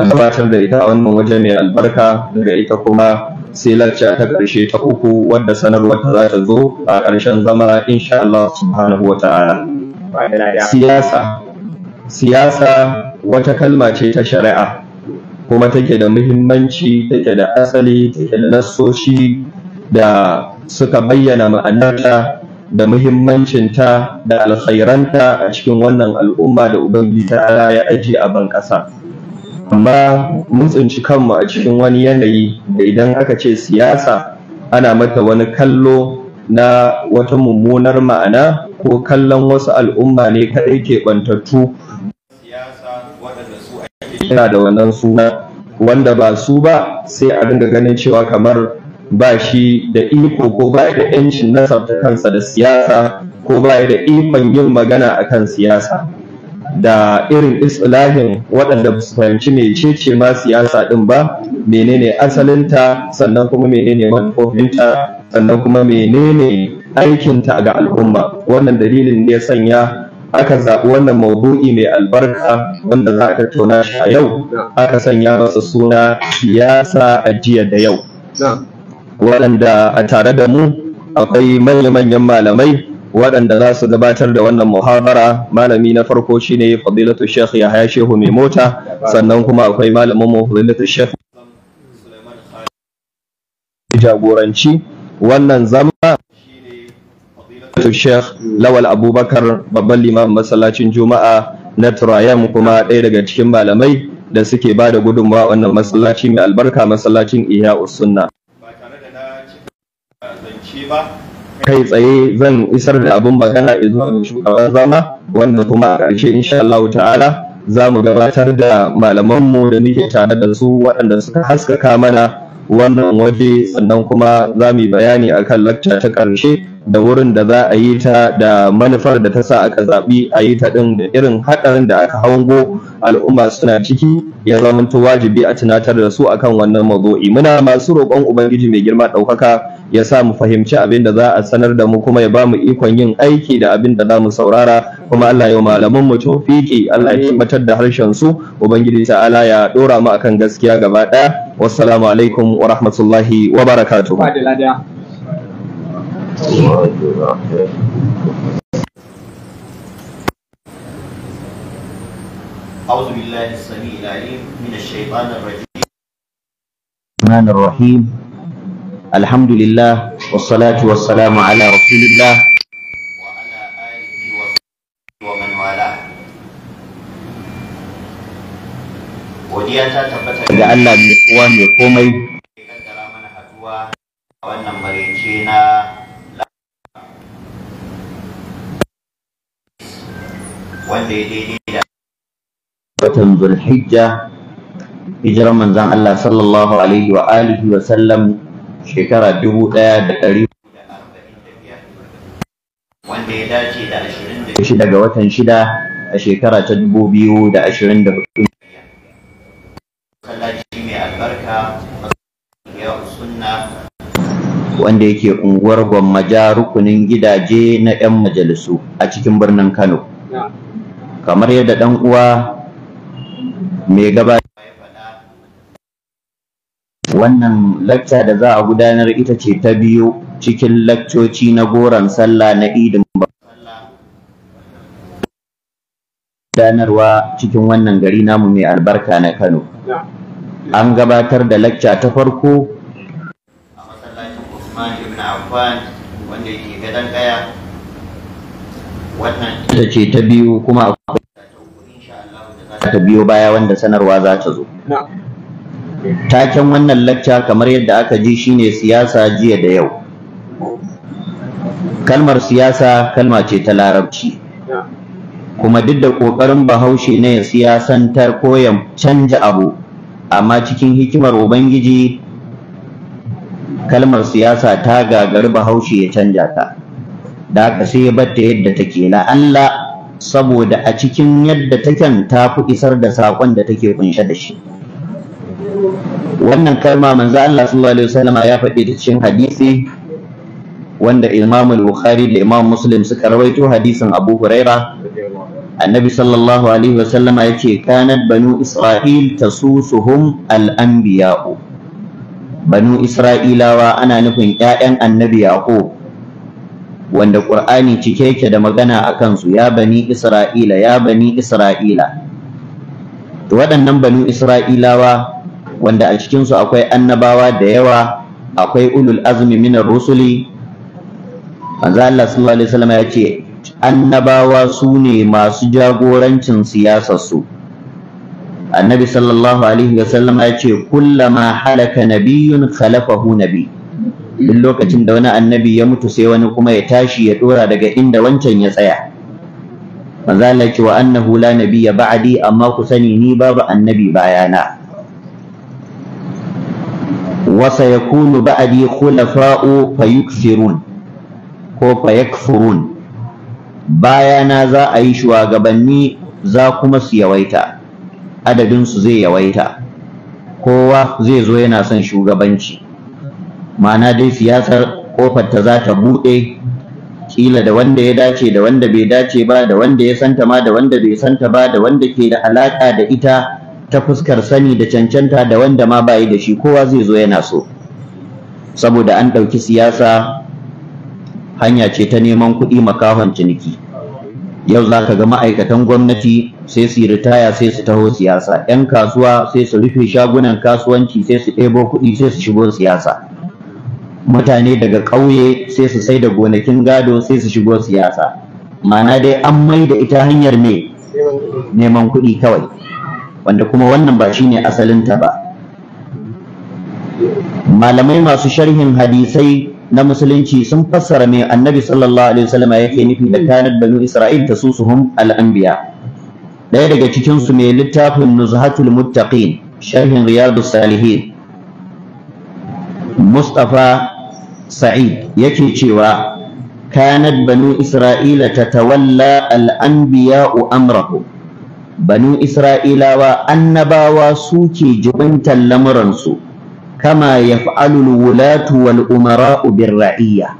a gabatar da ita a wannan waje mai albarka daga ita kuma sai lacca ta karshe ta uku wadda sanarwar ta za ta zo a ƙarshen zama insha Allah subhanahu wa ta'ala. Siyasa Siyasa wata kalma ce ta shari'a kuma take da muhimmanci take da asali take da nassoshi da suka bayyana ma'anarta da muhimmancinta da alkhairanta a cikin wannan al'umma da Ubangiji ta ya ajiye a ban ƙasa. amma mun tsinci kanmu a cikin wani yanayi da idan aka ce siyasa ana mata wani kallo na wata mummunar ma'ana ko kallon wasu al'umma ne kaɗai ɓantattu yana da wannan suna wanda ba su ba sai a dinga ganin cewa kamar ba shi da iko ko ba da 'yancin nasarta kansa da siyasa ko ba da ikon yin magana akan siyasa da irin islahin waɗanda ba su fahimci cece ma siyasa ɗin ba menene asalinta sannan kuma menene manufofinta sannan kuma menene aikinta ga al'umma wannan dalilin ne ya sanya aka zaɓi wannan maudu'i mai albarka wanda za a tattauna shi a yau aka sanya masa suna siyasa a jiya da yau waɗanda a tare da mu akwai manya-manyan malamai waɗanda za su gabatar da wannan muhabara malami na farko shine fadilatu shekh yahaya shehu mai mota sannan kuma akwai malamin mu fadilatu shekh jagoranci wannan zama fadilatu shekh lawal abubakar babban limamin masallacin juma'a na turayen kuma ɗaya daga cikin malamai da suke ba da gudunmawa wannan masallaci mai albarka masallacin iya usunna kai tsaye zan isar da abin magana zuwa ga shugaban zama wanda kuma a ƙarshe insha Allah ta'ala za mu gabatar da malamanmu da muke tare da su waɗanda suka haskaka mana wannan waje sannan kuma za mu yi bayani akan lakta ta ƙarshe da wurin da za a yi ta da manufar da ta sa aka zaɓi a yi ta ɗin da irin haɗarin da aka hango al'umma suna ciki ya zamanta wajibi a tunatar da su akan wannan mazo'i muna masu roƙon ubangiji mai girma ɗaukaka ya sa mu fahimci abin da za a sanar da mu kuma ya ba mu ikon yin aiki da abin da za mu saurara kuma Allah ya malaman mu tofiki Allah ya tabbatar da harshen su ubangiji ta'ala ya dora mu akan gaskiya gaba daya wassalamu alaikum wa rahmatullahi wa barakatuh أعوذ بالله السميع العليم من الشيطان الرجيم الرحمن الرحيم الحمد لله والصلاة wa على رسول الله وعلى آله ومن والاه godiya ta tabbata ga Allah mai kowa mai komai ya kaddara mana haduwa a wannan marece na wanda ya daidai da watan zulhijja hijirar manzon Allah sallallahu alaihi wa alihi wa sallam shekara dubu ɗaya da ɗari wanda ya dace da ashirin da shida ga watan shida a shekara ta dubu biyu da ashirin da hudu mai wanda yake unguwar gwammaja rukunin gidaje na 'yan majalisu a cikin birnin kano kamar yadda dan uwa mai gabata. wannan lacca da za a gudanar ita ce ta biyu cikin laccoci na goron sallah na idin gudanarwa cikin wannan gari namu mai albarka na kano an gabatar da lacca ta farko a masallacin usman ibn affan wanda yake gadon kaya wannan ita ce ta biyu kuma akwai ta biyo baya wanda sanarwa za ta zo taken wannan lacca kamar yadda aka ji shine siyasa jiya da yau kalmar siyasa kalma ce ta larabci kuma duk da ƙoƙarin bahaushe ne siyasantar ko ya canja abu amma cikin hikimar ubangiji kalmar siyasa ta gagari bahaushe ya canja ta da haka sai ya batta yadda take la Allah saboda a cikin yadda taken ta fi isar da saƙon da take kunshe da shi wannan kalma manzo Allah sallallahu alaihi wasallam ya faɗi ta cikin hadisi wanda Imam Bukhari da Imam Muslim suka rawaito hadisin Abu Huraira Annabi sallallahu alaihi wasallam ya ce kanat banu Isra'il tasusuhum al-anbiya'u banu Isra'ilawa ana nufin ƴaƴan Annabi Yaqub wanda Qur'ani cike yake da magana akan su ya bani Isra'ila ya bani Isra'ila waɗannan banu Isra'ilawa wanda a cikinsu akwai annabawa da yawa akwai ulul azumi minar rusuli manzo Allah sallallahu alaihi wasallam ya ce annabawa su ne masu jagorancin siyasar su. annabi sallallahu alaihi wasallam ya ce kullama halaka nabiyyun khalafahu nabi duk lokacin da wani annabi ya mutu sai wani kuma ya tashi ya dora daga inda wancan ya tsaya manzo Allah ya ce wa annahu la nabiyya ba'di amma ku sani ni babu annabi bayana ya وسيكون بعدي خلفاء فيكثرون ko fayakfurun bayana za a yi shugabanni za kuma su yawaita adadinsu zai yawaita kowa zai zo yana son shugabanci ma'ana dai siyasar kofar ta za ta buɗe kila da wanda ya dace da wanda bai dace ba da wanda ya santa ma da wanda bai santa ba da wanda ke da alaƙa da ita ta fuskar sani da cancanta da wanda ma bayi da shi kowa zai zo yana so saboda an ɗauki siyasa hanya ce ta neman kuɗi makahon ciniki yau za ka ga ma'aikatan gwamnati sai su ritaya sai su taho siyasa 'yan kasuwa sai su rufe shagunan kasuwanci sai su ɗebo kuɗi sai su shigo siyasa mutane daga ƙauye sai su sai da gonakin gado sai su shigo siyasa ma'ana dai an mai da ita hanyar mai neman kuɗi kawai wanda kuma wannan ba shine asalinta ba malamai masu sharhin hadisai na musulunci sun fassara mai annabi sallallahu alaihi wasallam yake nufi da kanat banu isra'il tasusuhum al-anbiya ɗaya daga cikin su mai littafin nuzhatul muttaqin sharhin riyadus salihin mustafa sa'id yake cewa kanat banu isra'ila tatawalla al-anbiya'u amrahu banu isra'ilawa annabawa suke jubintan lamuransu kama ya wulatu wal umara'u Ra'iyya,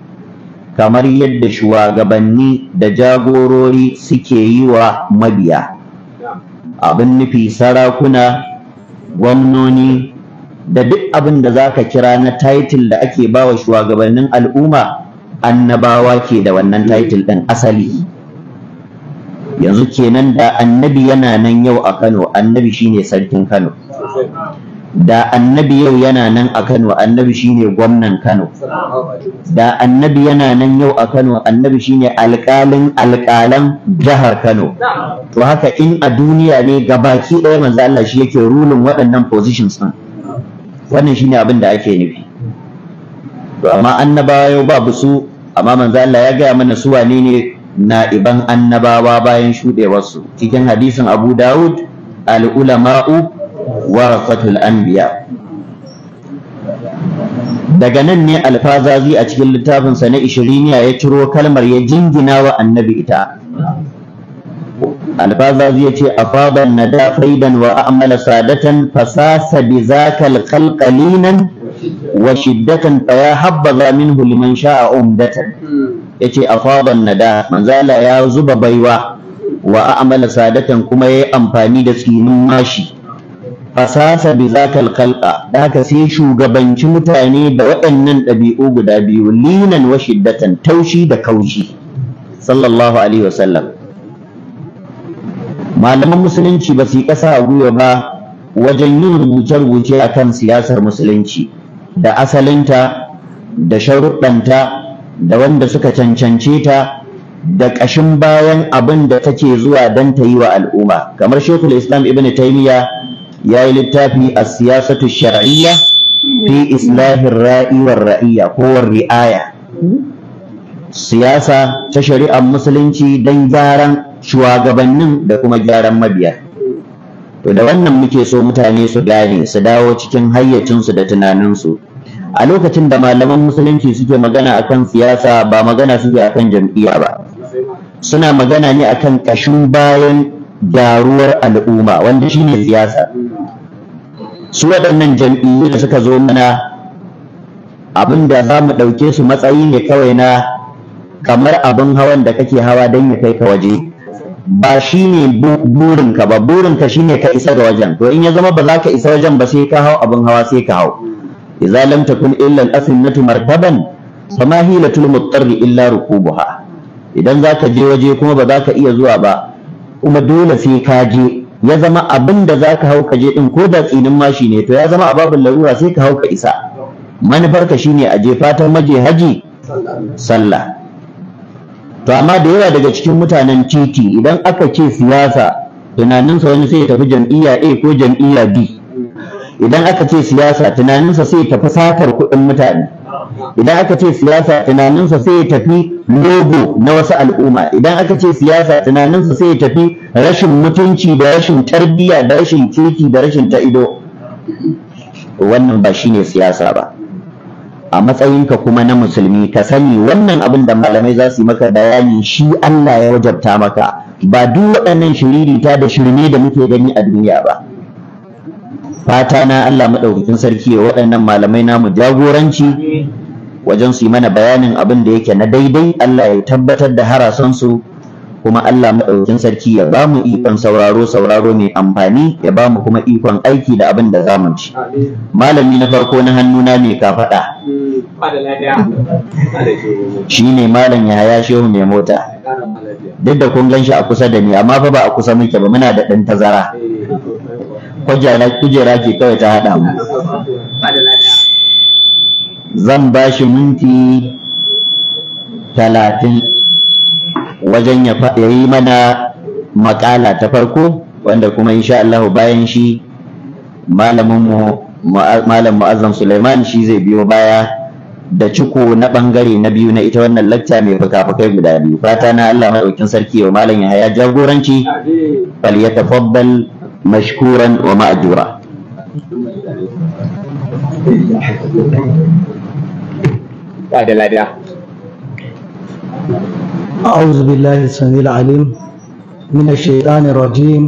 kamar yadda shugabanni da jagorori suke yi wa mabiya abin nufi sarakuna gwamnoni da duk abin da za ka kira na title da ake ba wa shugabannin al'umma annabawa ke da wannan title ɗin asali yanzu kenan da annabi yana nan yau a Kano annabi shine sarkin Kano da annabi yau yana nan a Kano annabi shine gwamnan Kano da annabi yana nan yau a Kano annabi shine alƙalin alƙalan jihar Kano to haka in a duniya ne gabaki ɗaya manzo Allah shi yake rulin waɗannan positions din wannan shine abin da ake nufi to amma annabawa yau babu su amma manzo Allah ya gaya mana su wane ne na'iban annabawa bayan shuɗewarsu cikin hadisin abu dawud al'ulama'u warasatul anbiya daga nan ne alfazazi a cikin littafinsa na ishiriniya ya ciro kalmar ya jingina wa annabi ita alfazazi ya ce a faɗan na da faidan wa amala sadatan fasasa bi zakal kalkalinan wa shiddatan ya habbaza minhu liman sha'a umdatan yace afadan nada manzala ya zuba baiwa wa a'mala sadatan kuma yayi amfani da tsinin mashi fasasa bi zakal khalqa da haka sai shugabanci mutane da waɗannan ɗabi'u guda biyu linan wa shiddatan taushi da kaushi sallallahu alaihi wasallam malaman musulunci ba su yi ƙasa a ba wajen yin rubuce-rubuce akan siyasar musulunci da asalinta da sharuɗanta da wanda suka cancance ta da ƙashin bayan abin da take zuwa don ta yi wa al'umma kamar shekul islam ibn taymiya ya yi littafi a siyasatu shar'iyya fi islahin ra'i war ra'iyya ko war ri'aya siyasa ta shari'ar musulunci don gyaran shugabannin da kuma gyaran mabiya to da wannan muke so mutane su gane su dawo cikin hayyacinsu da tunaninsu a lokacin da malaman musulunci suke magana akan siyasa ba magana suke akan jam'iyya ba suna magana ne akan kashin bayan gyaruwar al'umma wanda shine siyasa su waɗannan jam'iyyu da suka zo mana abin da za mu ɗauke su matsayi ne kawai na kamar abin hawan da kake hawa don ya kai ka waje ba shi ne burinka ba burinka shi ne ka isa ga wajen to in ya zama ba za ka isa wajen ba sai ka hau abin hawa sai ka hau idza lam takun illa al-asinnatu martaban fama hilatul muttari illa rukubuha idan za ka je waje kuma ba za ka iya zuwa ba kuma dole sai ka je ya zama abin da za ka hau ka je din ko da tsinin mashi ne to ya zama a larura sai ka hau ka isa manufarka shine a je fatan maje haji sallah to amma da yawa daga cikin mutanen titi idan aka ce siyasa tunaninsa wani sai ya tafi jam'iyya A ko jam'iyya B idan aka ce siyasa tunaninsa sai ya tafi safar kuɗin mutane idan aka ce siyasa tunaninsa sai ya tafi logo na wasu al'umma idan aka ce siyasa tunaninsa sai ya tafi rashin mutunci da rashin tarbiyya da rashin titi da rashin ta'ido wannan ba shine siyasa ba a matsayinka kuma na musulmi ka sani wannan abin da malamai za su yi maka bayani shi Allah ya wajabta maka ba duk waɗannan shiririta da shirme da muke gani a duniya ba fata na Allah maɗaukakin sarki waɗannan malamai namu jagoranci wajen su yi mana bayanin abin da yake na daidai Allah ya tabbatar da harasan su. kuma Allah maɗaukin sarki ya ba mu ikon sauraro sauraro mai amfani ya ba mu kuma ikon aiki da abin da za mu ci malami na farko na hannuna mai kafaɗa shi ne malam yahaya shehu mai mota duk da kun gan shi a kusa da ni amma fa ba a kusa muke ba muna da ɗan tazara kujera ke kawai ta haɗa mu zan ba shi minti talatin wajen ya yi mana makala ta farko wanda kuma insha Allah bayan shi malamin malam mu'azzam Suleiman shi zai biyo baya da ciko na bangare na biyu na ita wannan lacca mai fuka guda biyu fata na Allah madaukin sarki wa malam Yahaya jagoranci ya tafabbal mashkuran wa ma'ajura. da أعوذ بالله السميع العليم من الشيطان الرجيم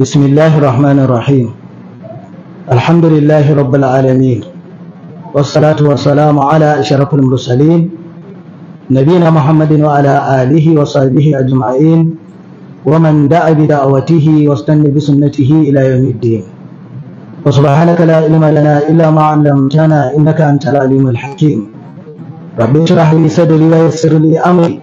بسم الله الرحمن الرحيم الحمد لله رب العالمين والصلاة والسلام على أشرف المرسلين نبينا محمد وعلى آله وصحبه أجمعين ومن دعا بدعوته واستنى بسنته إلى يوم الدين وسبحانك لا علم لنا إلا ما علمتنا إنك أنت العليم الحكيم رب اشرح لي صدري ويسر لي امري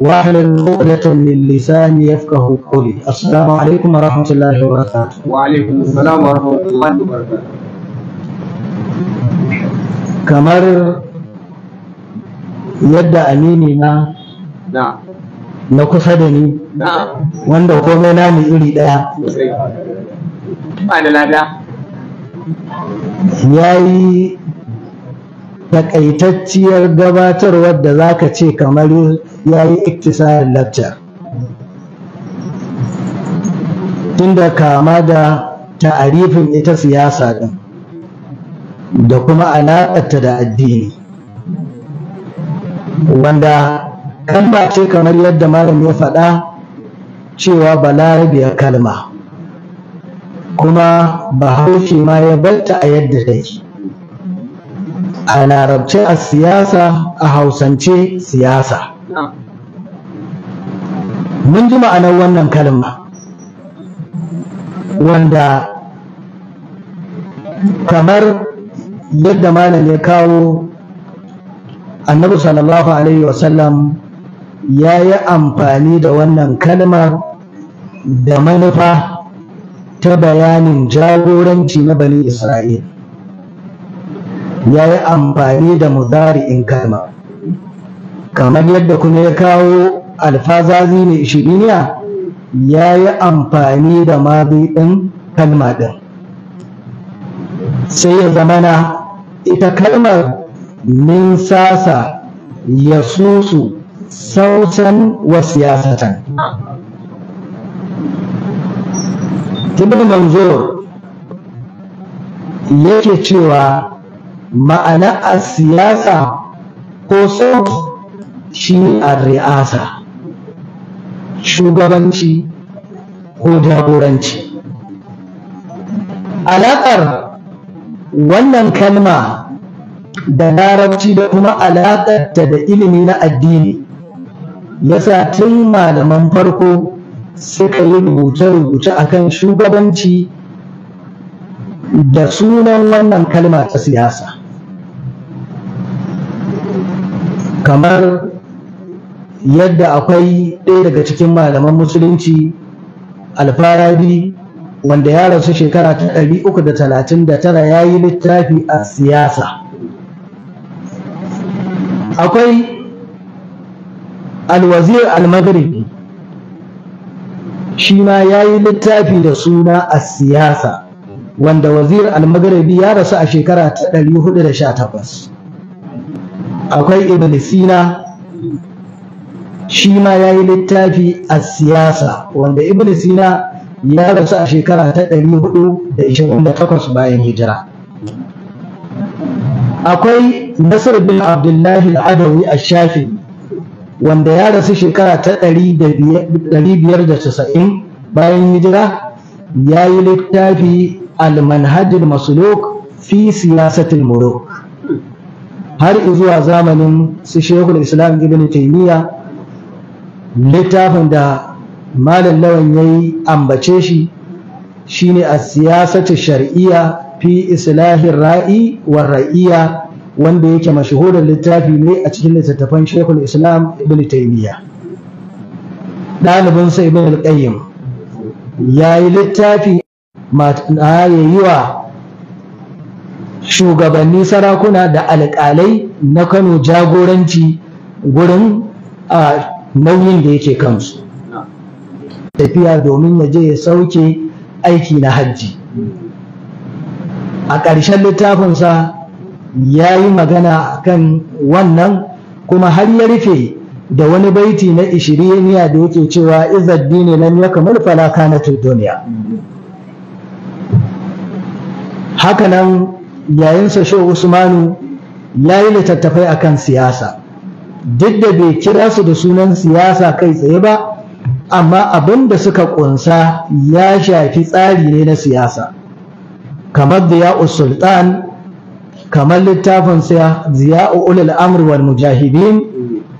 واحلل عقدة من لساني يفقه قولي السلام عليكم ورحمة الله وبركاته وعليكم السلام ورحمة الله وبركاته كمر يد yadda ما نعم na kusa da ni wanda kome na mu iri daya ya yi takaitacciyar gabatarwar da za ka ce kamar ya yi iktisarin lacca tunda kama da ta'arifin ita siyasa din da kuma alaƙarta da addini wanda ba ce kamar yadda malam ya faɗa cewa ya kalma kuma bahaushe ma ya barta a yadda take a larabce a siyasa a hausance siyasa mun ji ma'anar wannan kalma wanda kamar yadda malam ya kawo annabi sallallahu alaihi wasallam ya yi amfani da wannan kalmar da manufa ta bayanin jagoranci na bani isra'ila ya yi amfani da muzari'in kalma kamar yadda kuma ya kawo alfazazi ne shiriniya ya yi amfani da mazi ɗin kalma ɗin sai ya zamana ita kalmar min sasa ya susu sausan wasu siyasatan ibn yake cewa ma'ana a siyasa ko so shi a ri'asa shugabanci ko jagoranci alaƙar wannan kalma da larabci da kuma alaƙarta da ilimi na addini yasa tun malaman farko suka yi rubuce-rubuce akan shugabanci da sunan wannan kalma ta siyasa kamar yadda akwai ɗaya daga cikin malaman musulunci alfarabi wanda ya rasu shekara ta 339 ya yi littafi a siyasa akwai alwazir almagrib shi ma ya yi littafi da suna a siyasa wanda wazir almagribi ya rasu a shekara ta takwas. akwai ibn sina shi ma ya yi littafi a siyasa wanda ibn sina ya rasu a shekara ta 428 bayan hijira akwai nasir bin abdullahi al-adawi a shafi wanda ya rasu shekara ta 590 bayan hijira ya yi littafi al-manhajul masuluk fi siyasatul muluk har zuwa zamanin su shekul islam ibn taimiyya littafin da malam lawan ya yi ambace shi shine a siyasatu shari'a fi islahin ra'i wa ra'iyya wanda yake mashahurar littafi ne a cikin littattafan shekul islam ibn taimiyya ɗalibinsa ibn al-qayyim ya yi littafi ma yi wa shugabanni sarakuna da alƙalai na kano jagoranci gurin a nauyin da yake kansu tafiya domin ya je ya sauke aiki na hajji a ƙarshen littafinsa ya yi magana kan wannan kuma har ya rufe da wani baiti na ishiriniya da yake cewa izaddi ne nan ya kamar falaka na duniya hakanan yayinsa shi usmanu ya yi littattafai a kan siyasa duk da bai kira su da sunan siyasa kai tsaye ba amma abin da suka ƙunsa ya shafi tsari ne na siyasa kamar da sultan kamar littafin ziya'u ulul amr wal mujahidin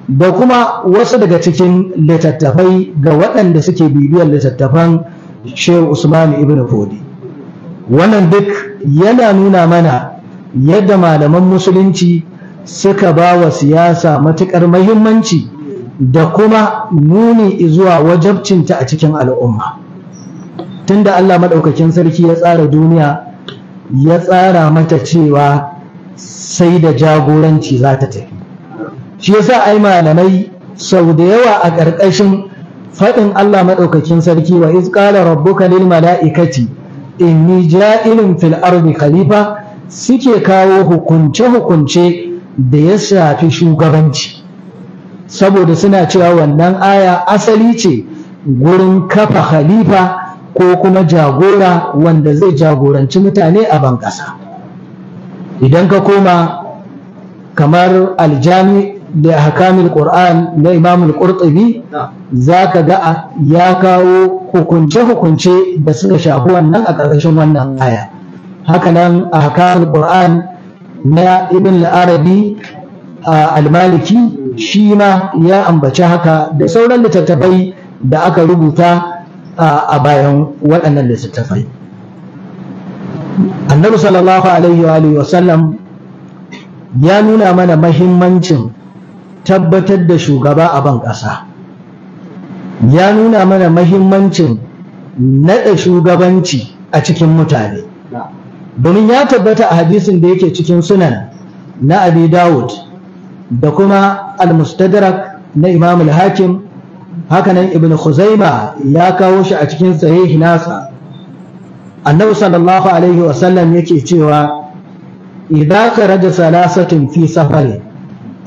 da kuma wasu daga cikin littattafai ga waɗanda suke bibiyar littattafan shehu usman ibn fodi wannan duk yana nuna mana yadda malaman musulunci suka ba wa siyasa matuƙar mahimmanci da kuma nuni zuwa wajabcinta a cikin al'umma tunda Allah maɗaukakin sarki ya tsara duniya ya tsara mata cewa sai da jagoranci za ta tafi shi yasa ai malamai sau da yawa a ƙarƙashin faɗin Allah maɗaukakin sarki wa iz qala rabbuka lil mala'ikati inni ja'ilin fil ardi khalifa suke kawo hukunce-hukunce da ya shafi shugabanci saboda suna cewa wannan aya asali ce gurin kafa khalifa ko kuma jagora wanda zai jagoranci mutane a ban idan ka koma kamar aljami da hakamin qur'an na imamul al-qurtubi zaka ga ya kawo hukunce hukunce da suka shafi wannan a ƙarƙashin wannan aya haka nan a hakamin qur'an na ibn al-arabi al-maliki shi ma ya ambaci haka da sauran littattafai da aka rubuta a bayan waɗannan littattafai annabi sallallahu alaihi wa sallam ya nuna mana mahimmancin tabbatar da shugaba a ban ƙasa ya nuna mana mahimmancin naɗa shugabanci a cikin mutane domin ya tabbata a hadisin da yake cikin sunan na abi dawud da kuma al-mustadrak na imam hakim hakanan ibn khuzaima ya kawo shi a cikin sahih nasa annabi sallallahu alaihi wasallam yake cewa idza kharaja salasatin fi safarin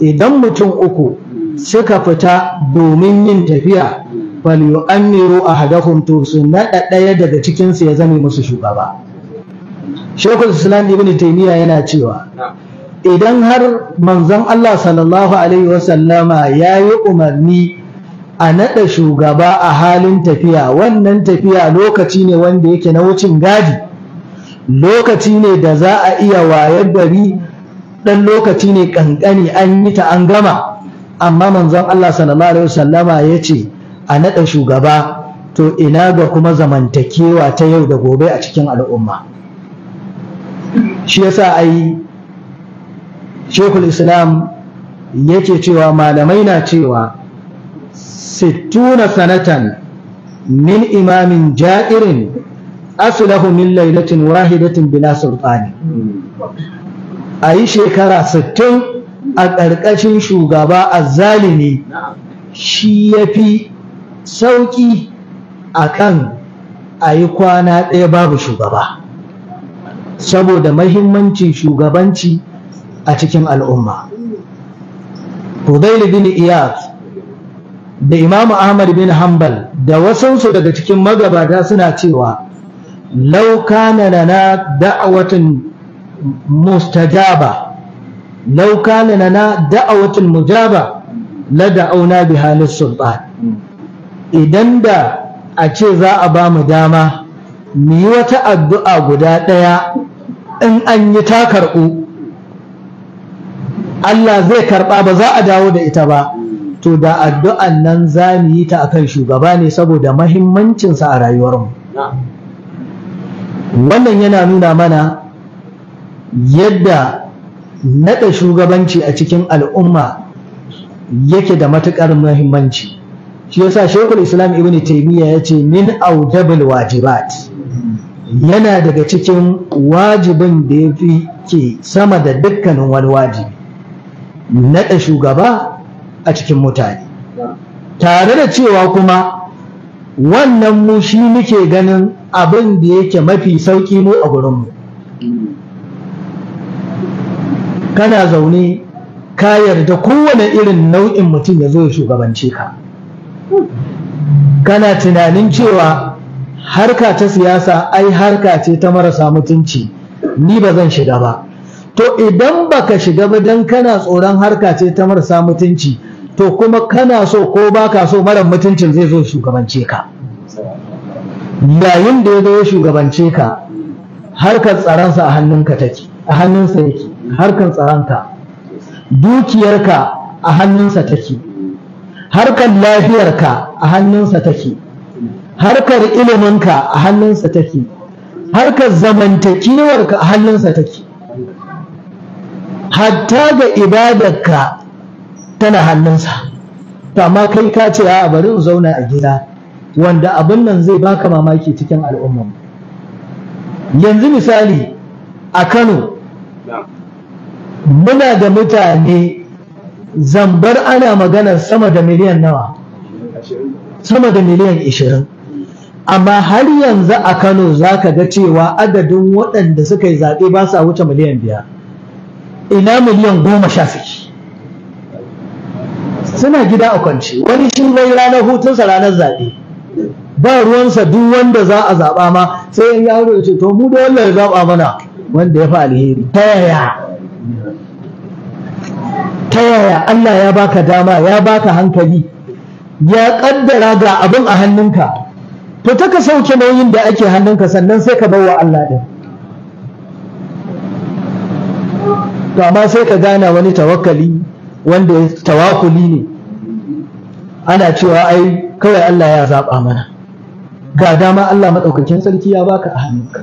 idan mutum uku suka fita domin yin tafiya an amiru a hadafin tursu naɗa ɗaya daga cikinsu ya zame musu shugaba shekul islam ibn taimiyya yana cewa idan har manzon Allah sallallahu alaihi wasallama ya yi umarni a naɗa shugaba a halin tafiya wannan tafiya lokaci ne wanda yake na wucin gadi lokaci ne da za a iya wayar gari Dan lokaci ne kankani an yi ta an gama amma manzon Allah sallallahu alaihi wasallama ya ce a naɗa shugaba to ina ga kuma zamantakewa ta yau da gobe a cikin al'umma shi yasa ai shekul islam yake cewa malamai na cewa sittuna sanatan min imamin ja'irin aslahu min lailatin wahidatin bila sultani a yi shekara sittin a ƙarƙashin shugaba azzalimi shi ya fi sauƙi a kan a yi kwana ɗaya babu shugaba saboda mahimmancin shugabanci a cikin al'umma Fudail bin iyaz da Imam Ahmad bin Hanbal da wasansu daga cikin magabata suna cewa law kana lana da'watun mustajaba law kana lana da'awatul mujaba la da'awna biha idan da a ce za a ba mu dama mu yi wata addu'a guda ɗaya in an yi ta karɓu Allah zai karɓa ba za a dawo da ita ba to da addu'an nan za mu yi ta akan shugaba ne saboda mahimmancinsa a rayuwarmu wannan yana nuna mana yadda naɗa shugabanci a cikin al'umma yake da matuƙar muhimmanci shi yasa shekul islam ibn taimiyya ya ce min audabul wajibat yana daga cikin wajibin da ya fi ke sama da dukkanin wani wajibi naɗa shugaba a cikin mutane tare da cewa kuma wannan mu shi muke ganin abin da yake mafi sauƙi mu a gurinmu kana zaune ka yarda kowane irin nau'in mutum ya zo ya shugabance ka kana tunanin cewa harka ta siyasa ai harka ce ta marasa mutunci ni ba zan shiga ba to idan baka shiga ba dan kana tsoron harka ce ta marasa mutunci to kuma kana so ko baka so mara mutuncin zai zo shugabance ka yayin da ya zo ya shugabance ka harkar tsaronsa a hannunka a hannunsa yake harkan tsaronka dukiyarka a hannunsa take harkar lafiyarka a hannunsa take harkar iliminka a hannunsa take harkar zamantakewarka a hannunsa take hatta ga ka tana hannunsa to kai ka ce a bari in zauna a gida wanda abin nan zai baka mamaki cikin al'umma yanzu misali a Kano muna da mutane zambar ana maganar sama da miliyan nawa sama da miliyan 20 amma har yanzu a kano za ka ga cewa adadin waɗanda suka yi zaɓe ba sa wuce miliyan biyar ina miliyan goma sha suna gida a kwance wani shi mai ranar hutunsa ranar zaɓe ba ruwansa duk wanda za a zaɓa ma sai in ya ce to mu da ya zaɓa mana wanda ya fi alheri ta yaya ta yaya Allah ya baka dama ya baka hankali ya kaddara ga abin a hannunka to ta ka sauke nauyin da ake hannunka sannan sai ka bawa Allah din to amma sai ka gana wani tawakkali wanda tawakuli ne ana cewa ai kawai Allah ya zaba mana ga dama Allah madaukakin sarki ya baka a hannunka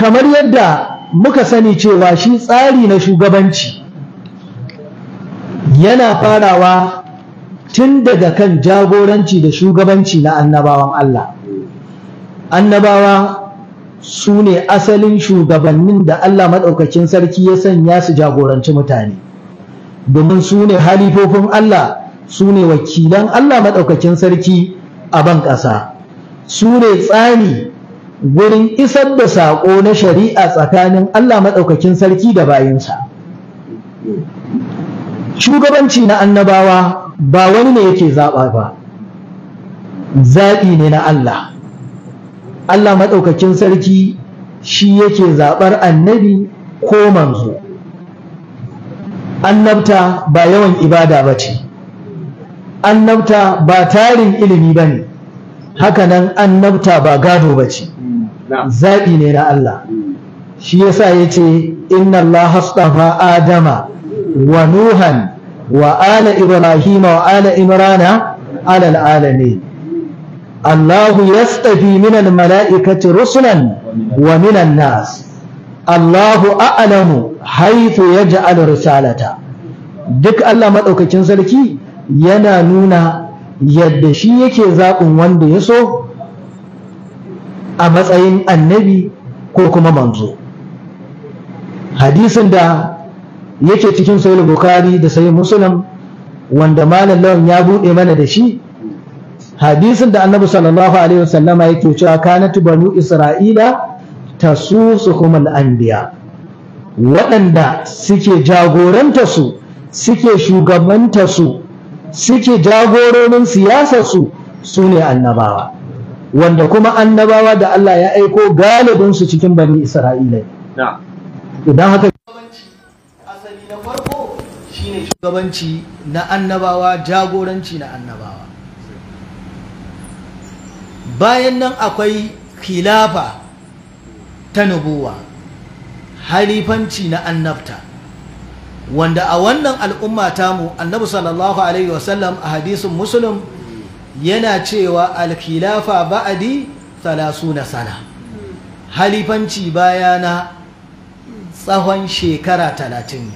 kamar yadda muka sani cewa shi tsari na shugabanci yana farawa tun daga kan jagoranci da shugabanci na annabawan Allah annabawa su ne asalin shugabannin da Allah maɗaukakin sarki ya sanya su jagoranci mutane domin su ne halifofin Allah su ne wakilan Allah maɗaukakin sarki a ban ƙasa su ne tsani gurin isar da saƙo na shari'a tsakanin Allah maɗaukakin sarki da bayinsa shugabanci na annabawa ba wani ne yake zaɓa ba zaɓi ne na Allah Allah maɗaukakin sarki shi yake zaɓar annabi ko manzo annabta ba yawan ibada ba ce annabta ba tarin ilimi bane, ne hakanan annabta ba gado ba ce zaɓi ne na Allah shi yasa ya ce inna Allah astafa adama wa nuhan wa ala ibrahima wa ala imrana ala alalami Allah yastafi minan mala'ikaci rusulan wa minan nas Allahu a'lamu haythu yaj'al risalata duk Allah maɗaukakin sarki yana nuna yadda shi yake zaɓin wanda ya so a matsayin annabi ko kuma manzo hadisin da yake cikin sahih bukhari da sahih muslim wanda malam lawan ya bude mana da shi hadisin da annabi sallallahu alaihi wasallama yake cewa kanat banu isra'ila tasusuhum al-anbiya waɗanda suke jagoranta su suke shugabanta su suke jagororin siyasarsu, su su ne annabawa wanda kuma annabawa da Allah ya aiko galibin su cikin bani Isra'ila idan haka asali na farko shine shugabanci na annabawa jagoranci na annabawa bayan nan akwai khilafa ta nubuwa halifanci na annabta wanda a wannan al'umma tamu annabi sallallahu alaihi wasallam a hadisin musulun. yana cewa alkhilafa ba'adi na sana halifanci baya na tsawon shekara talatin ne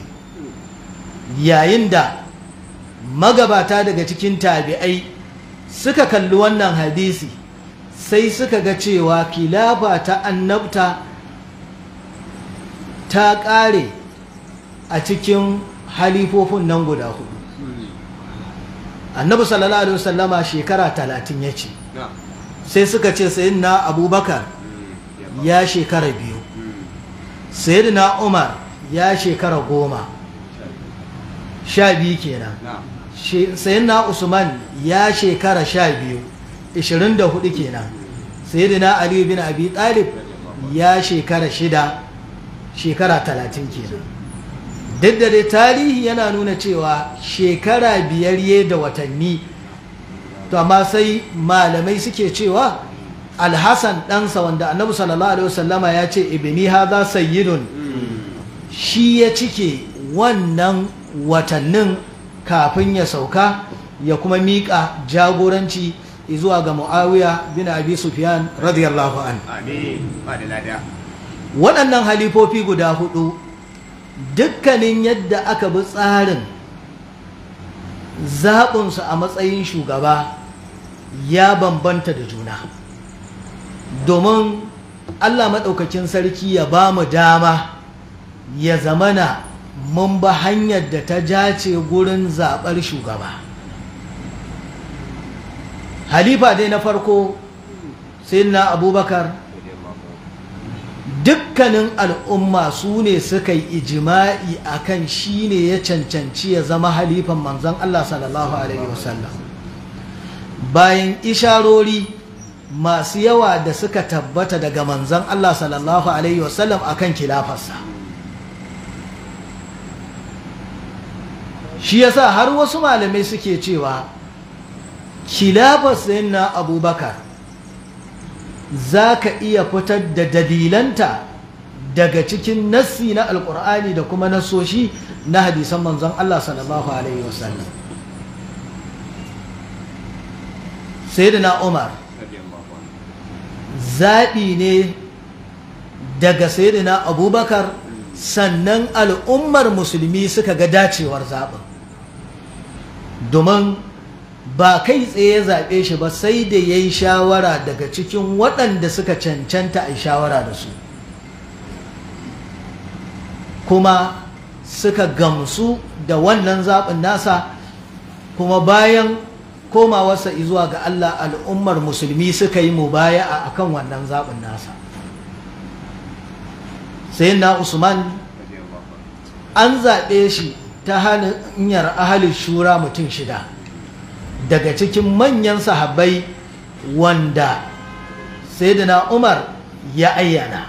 yayin da magabata daga cikin tabi'ai suka kalli wannan hadisi sai suka ga cewa kilafa ta annabta ta ƙare a cikin halifofin nan guda hudu annabi sallallahu alaihi wasallama shekara talatin ya ce sai suka ce sayidina abubakar ya shekara biyu sayidina umar ya shekara goma sha biyu kenan sayidina usman ya shekara sha biyu ishirin da hudu kenan sayidina ali bin abi talib ya shekara shida shekara talatin kenan duk da tarihi yana nuna cewa shekara biyar ye da watanni to amma sai malamai suke cewa alhassan ɗansa wanda annabi sallallahu alaihi wasallama ya ce ibini za sayyidun shi ya cike wannan watannin kafin ya sauka ya kuma miƙa jagoranci zuwa ga mu'awiya bin abi sufyan radiyallahu an waɗannan halifofi guda hudu dukkanin yadda aka bi tsarin zaɓinsu a matsayin shugaba ya bambanta da juna domin allah maɗaukacin sarki ya ba mu dama ya zamana mun ba hanyar da ta jace gurin zaɓar shugaba halifa dai na farko sai na abubakar dukkanin al'umma su ne suka yi ijima'i akan shi ne ya cancanci ya zama halifan manzan Allah sallallahu alaihi wasallam bayan isharori masu yawa da suka tabbata daga manzan Allah sallallahu alaihi wasallam akan kilafarsa shi yasa har wasu malamai suke cewa kilafar yana abubakar za ka iya fitar da dalilanta daga cikin nassi na alkur'ani da kuma nasoshi na hadisan manzon Allah sallallahu alaihi wasallam sayyidina Umar zaɓi ne daga sayyidina Abubakar sannan al'ummar musulmi suka ga dacewar zaɓin domin ba kai tsaye zaɓe shi ba sai da ya yi shawara daga cikin waɗanda suka cancanta a shawara da su kuma suka gamsu da wannan zaɓin nasa kuma bayan komawarsa zuwa ga Allah al'ummar musulmi suka yi mu a akan wannan zaɓin nasa sai na usman an zaɓe shi ta hanyar ahalin shura mutum shida daga cikin manyan sahabbai wanda sayyidina umar ya ayyana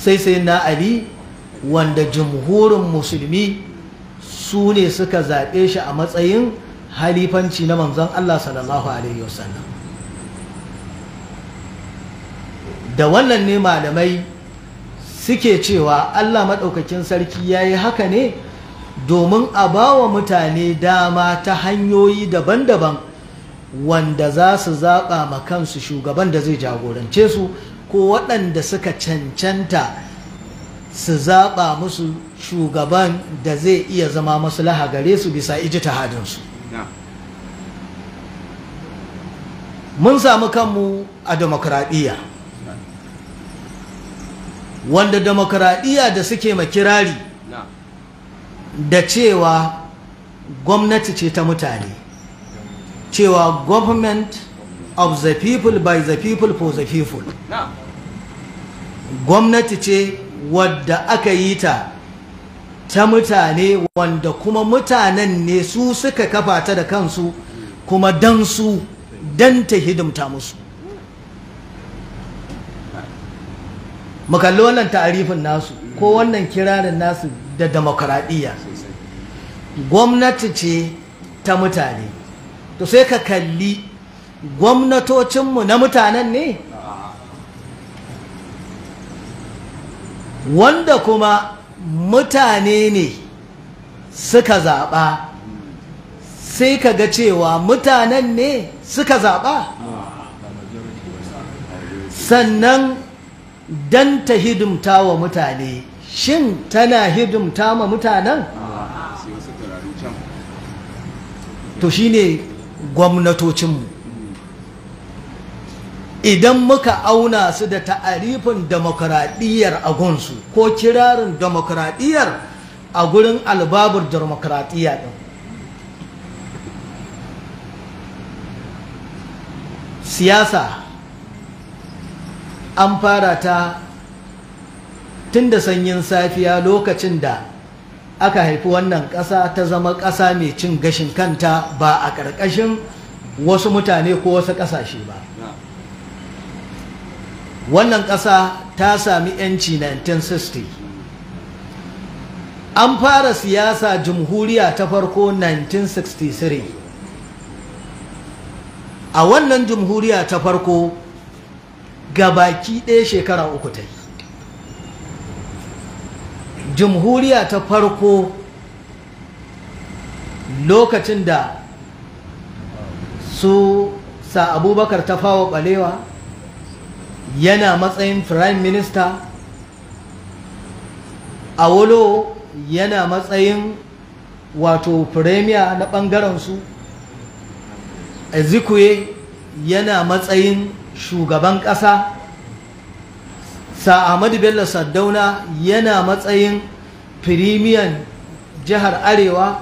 sai sayyidina ali wanda jumhurin musulmi su ne suka zaɓe shi a matsayin halifanci na manzon Allah sallallahu alaihi wasallam da wannan ne malamai suke cewa Allah maɗaukakin sarki ya yi haka ne domin a bawa mutane dama ta hanyoyi daban-daban wanda za su zaɓa ma kansu shugaban da zai jagorance su ko waɗanda suka cancanta su zaɓa musu shugaban da zai iya zama masu gare su bisa hadinsu mun samu kanmu a demokradiyya wanda demokradiyya da suke makirari kirari da cewa gwamnati ce ta mutane cewa government of the people by the people for the people gwamnati ce wadda aka yi ta ta mutane wanda kuma mutanen ne su suka kafa ta da kansu kuma dan su dan ta hidimta musu mu kalli wannan ta'arifin nasu ko wannan kirarin nasu da demokuraɗiyya gwamnati ce ta mutane to sai ka kalli gwamnatocinmu na mutanen ne wanda kuma mutane ne suka zaɓa sai ka ga cewa mutanen ne suka zaɓa sannan don ta hidimta wa mutane shin tana hidimta ma mutanen to shine gwamnatocinmu idan muka auna su da ta'arifin demokradiyyar a gunsu ko kirarin demokradiyyar a gurin albabar demokuraɗiyya ɗin siyasa an fara ta tun da sanyin safiya lokacin da aka haifi wannan ƙasa ta zama ƙasa mai cin gashin kanta ba a ƙarƙashin wasu mutane ko wasu ƙasashe ba wannan ƙasa ta sami 'yanci 1960 an fara siyasa jamhuriya ta farko 1963 a wannan jamhuriya ta farko ga baki ɗaya shekara uku ta yi jamhuriya ta farko lokacin da su sa abubakar ta fawa balewa yana matsayin prime minister awolo yana matsayin wato premier na ɓangaren su ezikuye yana matsayin shugaban ƙasa sa ahmadu bello saddauna yana matsayin firimiyan jihar arewa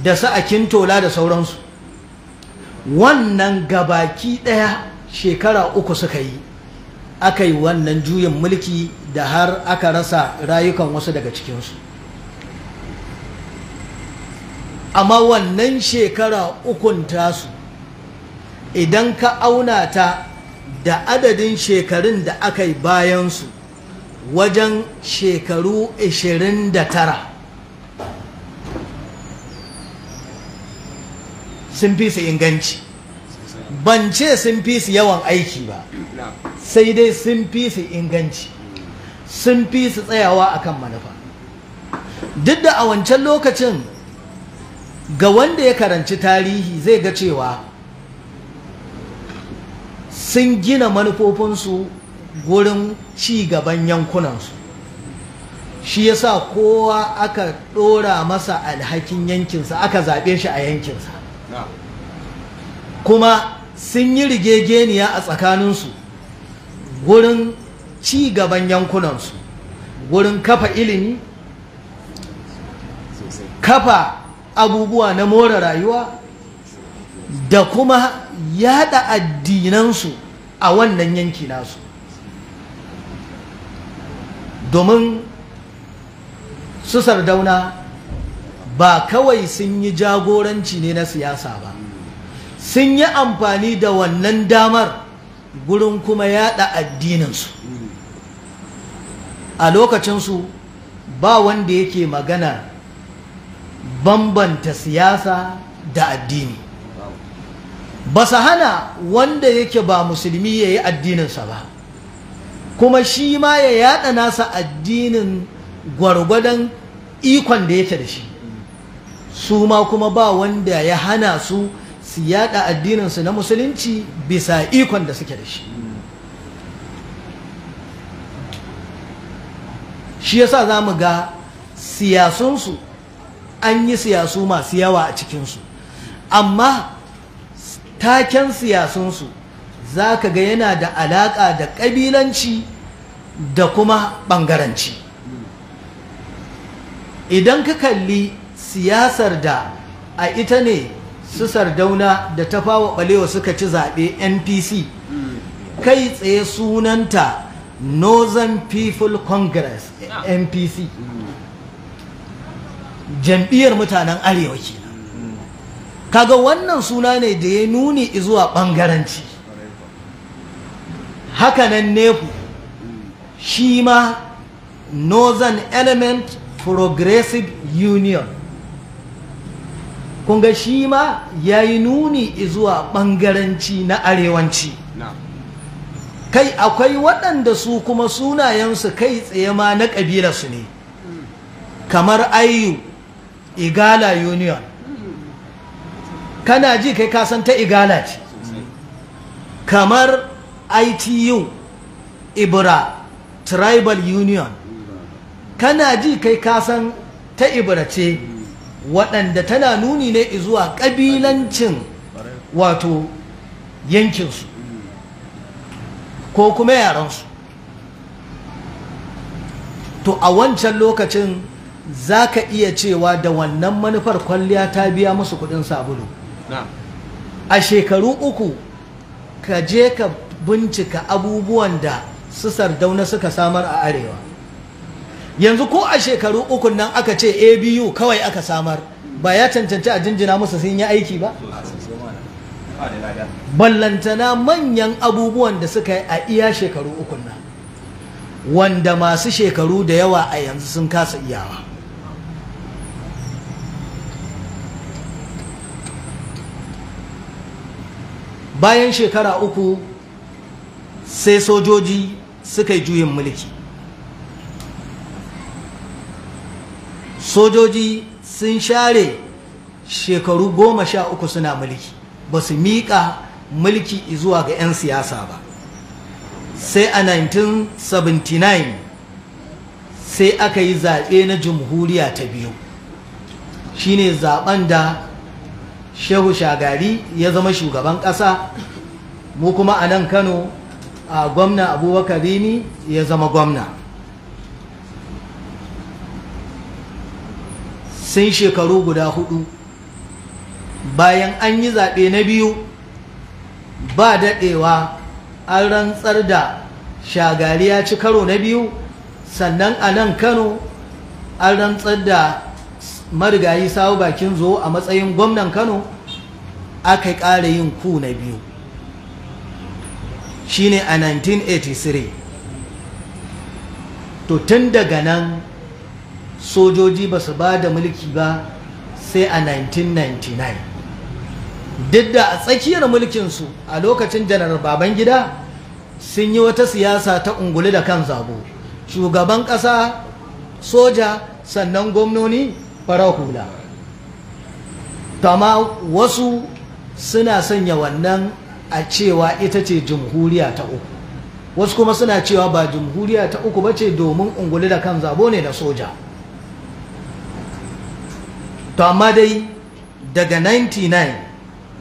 da sa'akin tola da sauransu wannan gabaki ɗaya shekara uku suka yi aka yi wannan juyin mulki da har aka rasa rayukan wasu daga cikinsu amma wannan shekara ukun tasu idan ka auna ta da adadin shekarun da aka yi bayansu wajen shekaru 29 sun fi su inganci ban ce sun fi su yawan aiki ba sai dai sun fi su inganci sun fi su tsayawa akan manufa duk da a wancan lokacin ga wanda ya karanci tarihi zai ga cewa sun gina manufofinsu wurin ci gaban yankunansu shi ya sa kowa aka ɗora masa alhakin yankinsa aka zaɓe shi a yankinsa kuma sun yi rigegeniya a tsakaninsu wurin ci gaban yankunansu wurin kafa ilimi kafa abubuwa na more rayuwa da kuma yada addinansu a wannan yanki nasu domin su sardauna ba kawai sun yi jagoranci ne na siyasa ba sun yi amfani da wannan damar gurin kuma yada addininsu a lokacinsu ba wanda yake magana bambanta siyasa da addini ba su hana wanda yake ba musulmi ya yi addininsa ba kuma shi ma ya yada nasa addinin gwargwadon ikon da yake da shi su ma kuma ba wanda ya hana su su yada addininsu na musulunci bisa ikon da suke da shi shi yasa za mu ga siyasunsu an yi siyasu masu yawa a cikinsu amma taken siyasunsu za ka ga yana da alaƙa da ƙabilanci da kuma ɓangaranci idan ka kalli siyasar da a ita ne su sardauna da ta fawa ɓalewa suka ci zaɓe npc kai tsaye sunanta northern people congress npc jam'iyyar mutanen arewa ke kaga wannan suna ne da ya nuni zuwa ɓangaranci hakanan nefu shi ma northern element progressive union kunga shi ma ya yi nuni zuwa ɓangaranci na arewanci kai akwai waɗanda su kuma sunayensu kai tsaye ma na ƙabilarsu ne hmm. kamar ayu igala union kana ji kai kasan ta igala ce kamar itu ibra tribal union kana ji kai kasan ta ibra ce waɗanda tana nuni ne zuwa ƙabilancin wato yankinsu ko kuma yaransu to a wancan lokacin za ka iya cewa da wannan manufar kwalliya ta biya musu kuɗin sabulu a shekaru uku ka je ka bincika abubuwan da su sardauna suka samar a arewa yanzu ko a shekaru uku nan aka ce abu kawai aka samar ba ya cancanci a jinjina musu sun yi aiki ba ballantana manyan abubuwan da suka yi a iya shekaru uku nan wanda masu shekaru da yawa a yanzu sun kasa iyawa bayan shekara uku sai sojoji suka yi juyin mulki sojoji sun share shekaru goma sha uku suna mulki ba su miƙa mulki zuwa ga 'yan siyasa ba sai a 1979 sai aka yi zaɓe na jamhuriya ta biyu shine zaɓen da shehu shagari ya zama shugaban ƙasa mu kuma a nan kano a gwamna abubakar rimi ya zama gwamna sun shekaru guda hudu bayan an yi zaɓe na biyu ba daɗewa an rantsar da shagari ya ci karo na biyu sannan a nan kano an rantsar da marigayi sawo bakin zo a matsayin gwamnan kano aka kare yin ku na biyu shine a 1983 to tun daga nan sojoji ba su ba da mulki ba sai a 1999 duk da a tsakiyar mulkinsu a lokacin janar gida sun yi wata siyasa ta unguli da kan zabo shugaban ƙasa soja sannan gwamnoni farar hula wasu suna sanya wannan a cewa ita ce jamhuriya ta uku wasu kuma suna cewa ba jamhuriya ta uku ba ce domin unguli da kan zabo ne da soja to dai daga 99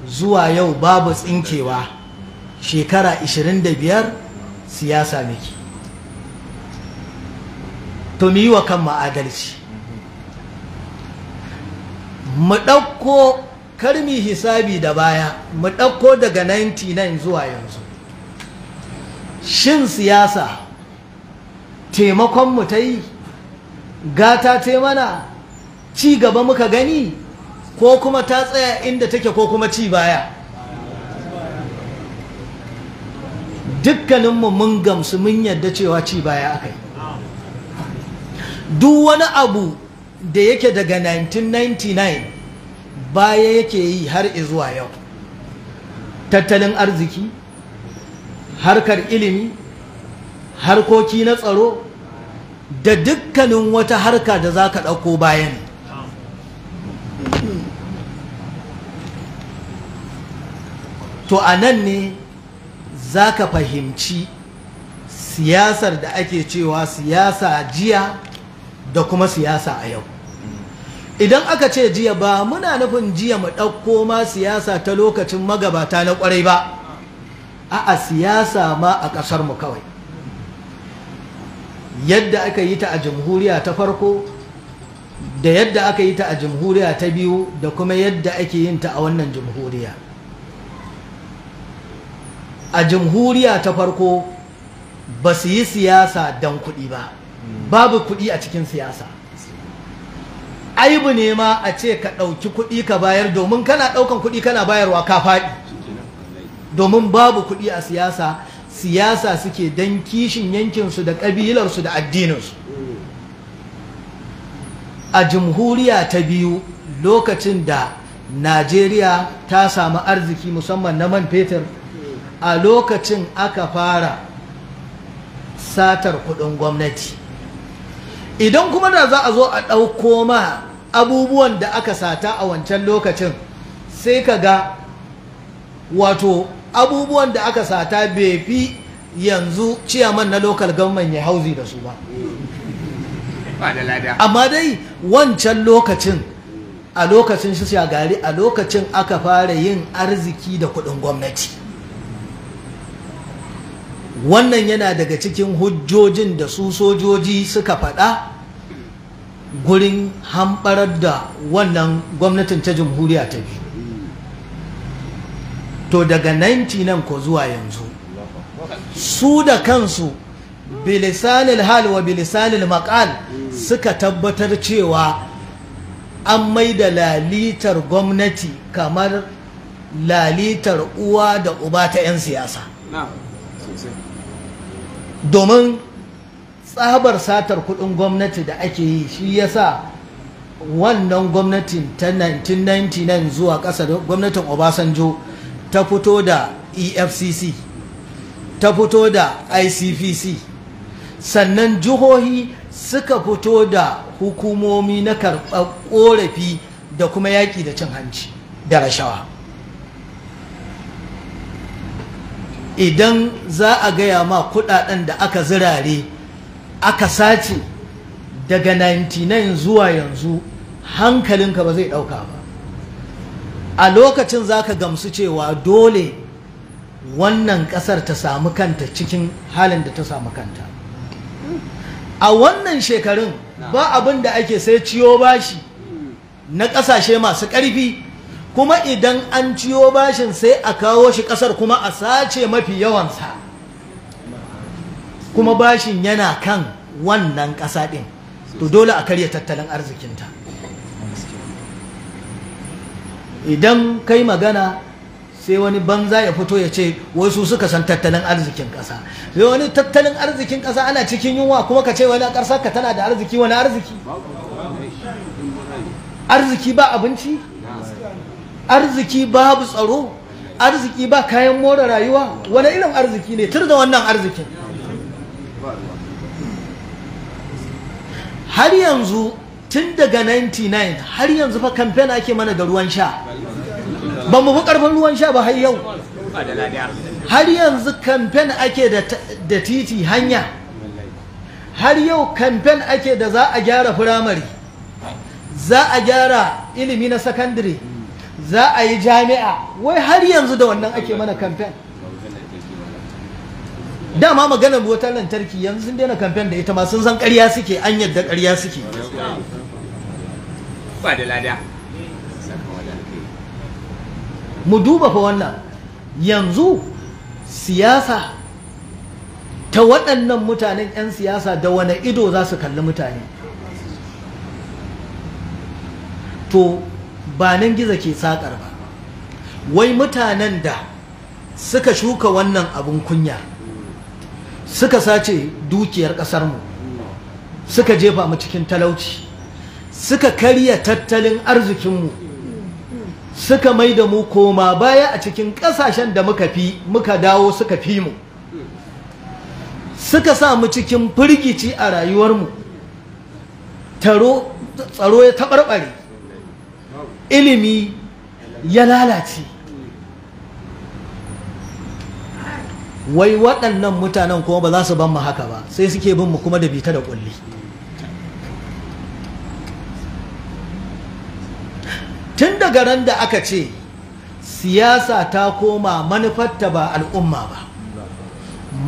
zuwa yau babu tsinkewa shekara 25 siyasa miki to mu yi wa kan ma'adalci mu ɗauko karmi hisabi da baya mu ɗauko daga 99 zuwa yanzu shin siyasa taimakon mu ta yi gata ta mana ci gaba muka gani ko kuma ta tsaya inda take ko kuma ci baya dukkaninmu mun gamsu mun yadda cewa ci baya akai duk wani abu da yake daga 1999 baya yake yi har zuwa yau tattalin arziki harkar ilimi harkoki na tsaro da dukkanin wata harka da za ka ɗauko bayan to a nan ne za ka fahimci siyasar da ake cewa siyasa jiya da kuma siyasa a yau idan aka ce jiya ba muna nufin jiya mu ɗauko ma siyasa ta lokacin magabata na ƙwarai ba a siyasa ma a ƙasar mu kawai yadda aka yi ta a jamhuriya ta farko da yadda aka yi ta a jamhuriya ta biyu da kuma yadda ake yin ta a wannan jamhuriya a jamhuriya ta farko ba su yi siyasa don kuɗi ba babu kuɗi a cikin siyasa aibu ne ma a ce ka ɗauki kuɗi ka bayar domin kana ɗaukan kuɗi kana bayarwa ka faɗi domin babu kuɗi a siyasa siyasa suke don kishin yankinsu da ƙabilarsu da addininsu a jamhuriya ta biyu lokacin da najeriya ta samu arziki musamman na man fetur a lokacin aka fara satar kuɗin gwamnati idan kuma da za a zo a ɗauko ma abubuwan da aka sata a wancan lokacin sai ka ga wato abubuwan da aka sata bai fi yanzu ciyaman na lokal government ya hauzi da su ba amma dai wancan lokacin a lokacin shi shagari a lokacin aka fara yin arziki da kudin gwamnati wannan yana daga cikin hujjojin da su sojoji suka faɗa gurin hamɓarar da wannan gwamnatin ta jamhuriya ta biyu to daga 90 nan ko zuwa yanzu su da kansu bilisanil hal wa bilisanil maƙal, suka tabbatar cewa an mai da lalitar gwamnati kamar lalitar uwa da uba ta 'yan siyasa domin tsabar satar kudin gwamnati da ake yi shi yasa wannan gwamnatin ta 1999 zuwa ƙasa gwamnatin obasanjo ta fito da efcc ta fito da icpc sannan jihohi suka fito da hukumomi na karɓar ƙorafi da kuma yaƙi da cin hanci da rashawa idan za a gaya ma kudaden da aka zirare aka sace daga 99 zuwa yanzu hankalinka ba zai dauka ba a lokacin za ka gamsu cewa dole wannan kasar ta samu kanta cikin halin da ta samu kanta a wannan shekarun ba abin da ake sai ciyo bashi na kasashe masu ƙarfi kuma idan an ciyo bashin sai a kawo shi kasar kuma a sace mafi yawansa kuma bashin yana kan wannan ƙasa ɗin to dole a karya tattalin arzikinta idan kai magana sai wani banza ya fito ya ce wai su suka san tattalin arzikin ƙasa sai wani tattalin arzikin ƙasa ana cikin yunwa kuma ka ce wani ƙasar ka tana da arziki wani arziki arziki ba abinci arziki babu tsaro arziki ba kayan more rayuwa wani irin arziki ne tur da wannan arzikin har yanzu tun daga 99 har yanzu fa kamfen ake mana da ruwan sha ba mu fi karfin ruwan sha ba har yau har yanzu kamfen ake da titi hanya har yau kamfen ake da za a gyara firamare za a gyara ilimi na sakandare za a yi jami'a wai har yanzu da wannan ake mana kamfen dama maganar wutar lantarki yanzu sun daina kamfen da ita ma sun san karya suke an yadda karya suke ba da lada mu duba fa wannan yanzu siyasa ta waɗannan mutanen 'yan siyasa da wane ido za su kalli mutane to ba nan gizo ke sakar ba wai mutanen da suka shuka wannan abun kunya suka sace dukiyar kasar mu suka jefa mu cikin talauci suka karya tattalin arzikin mu. suka mai da mu koma baya a cikin kasashen da muka fi muka dawo suka fi mu suka sa mu cikin firgici a rayuwar taro tsaro ya taɓarɓare ilimi ya lalace wai waɗannan mutanen kuma ba za su ban mu haka ba sai suke bin mu kuma da bita da ƙulli tun daga ran da aka ce siyasa ta koma manufarta ba al'umma ba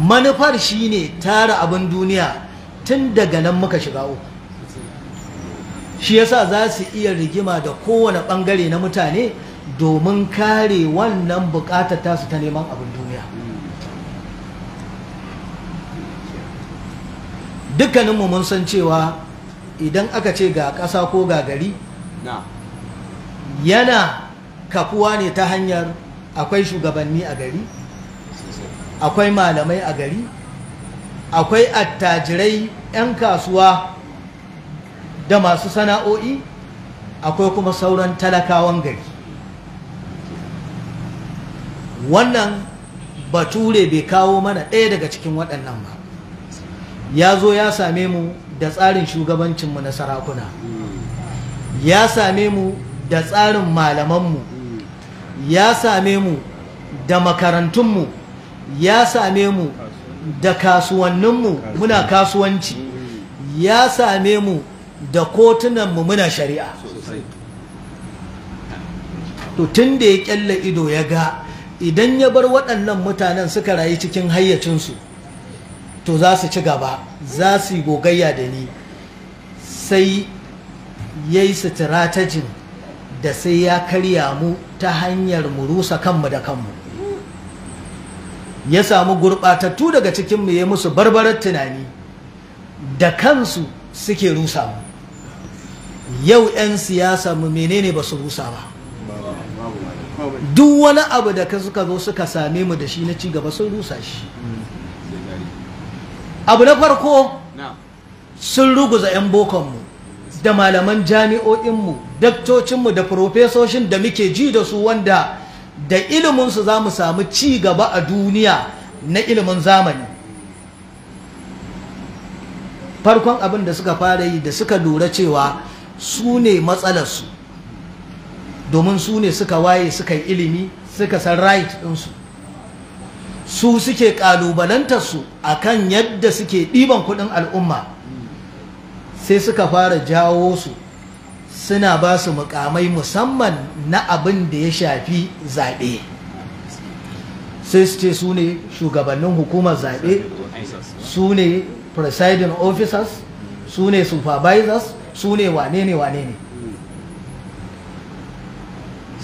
manufar shine tara abin duniya tun daga nan muka shiga uku shi yasa za su iya rigima da kowane bangare na mutane domin kare wannan bukatar tasu ta neman abin duniya dukkaninmu mun san cewa idan aka ce ga ƙasa ko ga gari yana kafuwa ne ta hanyar akwai shugabanni a gari akwai malamai a gari akwai attajirai 'yan kasuwa da masu sana'o'i akwai kuma sauran talakawan gari wannan bature bai kawo mana ɗaya daga cikin waɗannan ba ya zo ya same mu da tsarin shugabancinmu na sarakuna ya same mu da tsarin malamanmu ya same mu da makarantunmu ya same mu da kasuwanninmu muna kasuwanci ya same mu da kotunan mu muna shari'a to tun da ya kyalle ido ya ga idan ya bar waɗannan mutanen suka rayu cikin hayyacinsu to za su ci gaba za su yi gogayya da ni sai ya yi sitiratajin da sai ya karya mu ta hanyar mu rusa kanmu da kanmu ya samu gurɓatattu daga cikinmu ya musu barbarar tunani da kansu suke rusa mu yau 'yan siyasa mu menene ba su rusa ba duk wani abu da ka suka zo suka same mu da shi na cigaba sun rusa shi abu na farko sun ruguza 'yan bokonmu da malaman jami'o'inmu daktocinmu da profesoshin da muke ji da su wanda da iliminsu za mu samu cigaba a duniya na ilimin zamani farkon abin da suka fara yi da suka lura cewa su ne matsalarsu domin su ne suka waye suka yi ilimi suka san right ɗinsu su suke ƙalubalantarsu a kan yadda suke ɗiban kuɗin al'umma sai suka fara jawo su suna ba su mukamai musamman na abin da ya shafi zaɓe sai su ce su ne shugabannin hukumar zaɓe su ne presiding officers su ne supervisors su ne wane ne wane ne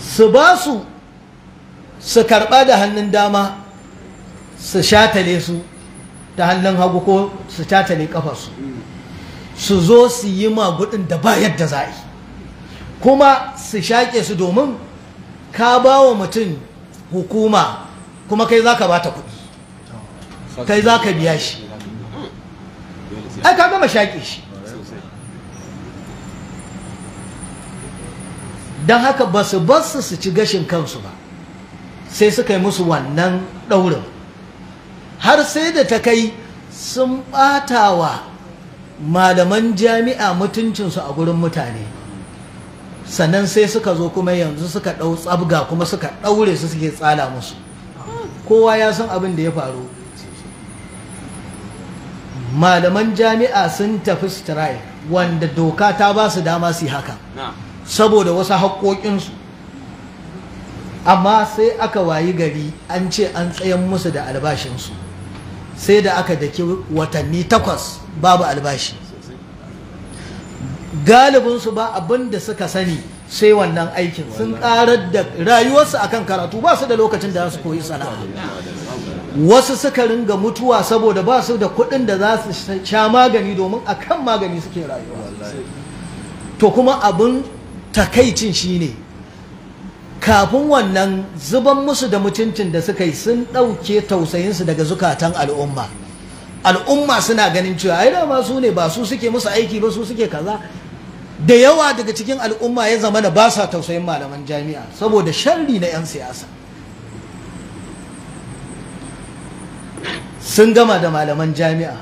su ba su su karɓa da hannun dama su shatale su ta hannun hagu ko su shatale kafarsu su zo su yi magudin da ba yadda za yi kuma su shaƙe su domin ka ba wa mutum hukuma kuma kai za ka ba ta kuɗi kai za ka biya shi ai ka gama shaƙe shi don haka ba su basu su ci gashin kansu ba sai suka yi musu wannan ɗaurin har sai da ta kai sun ɓata wa malaman jami'a mutuncinsu a gurin mutane sannan sai suka zo kuma yanzu suka ɗau tsabga kuma suka ɗaure su suke tsala musu kowa ya san abin da ya faru malaman jami'a sun tafi strike wanda doka ta ba su dama su yi haka saboda wasu haƙoƙinsu amma sai aka wayi gari an ce an tsayan musu da albashinsu sai da aka daki watanni takwas babu albashi galibinsu ba abin da suka sani sai wannan aikin sun karar da rayuwarsu akan karatu ba su da lokacin da su koyi sana'a wasu suka ringa mutuwa saboda ba su da kuɗin da za su sha magani domin akan magani suke rayuwa to kuma abin takaicin shine kafin wannan zuban musu da mutuncin da suka yi sun ɗauke tausayinsu daga zukatan al'umma al'umma suna ganin cewa ai ma su ne ba su suke musu aiki ba su suke kaza da yawa daga cikin al'umma ya zama da ba sa tausayin malaman jami'a saboda sharri na 'yan siyasa sun gama da malaman jami'a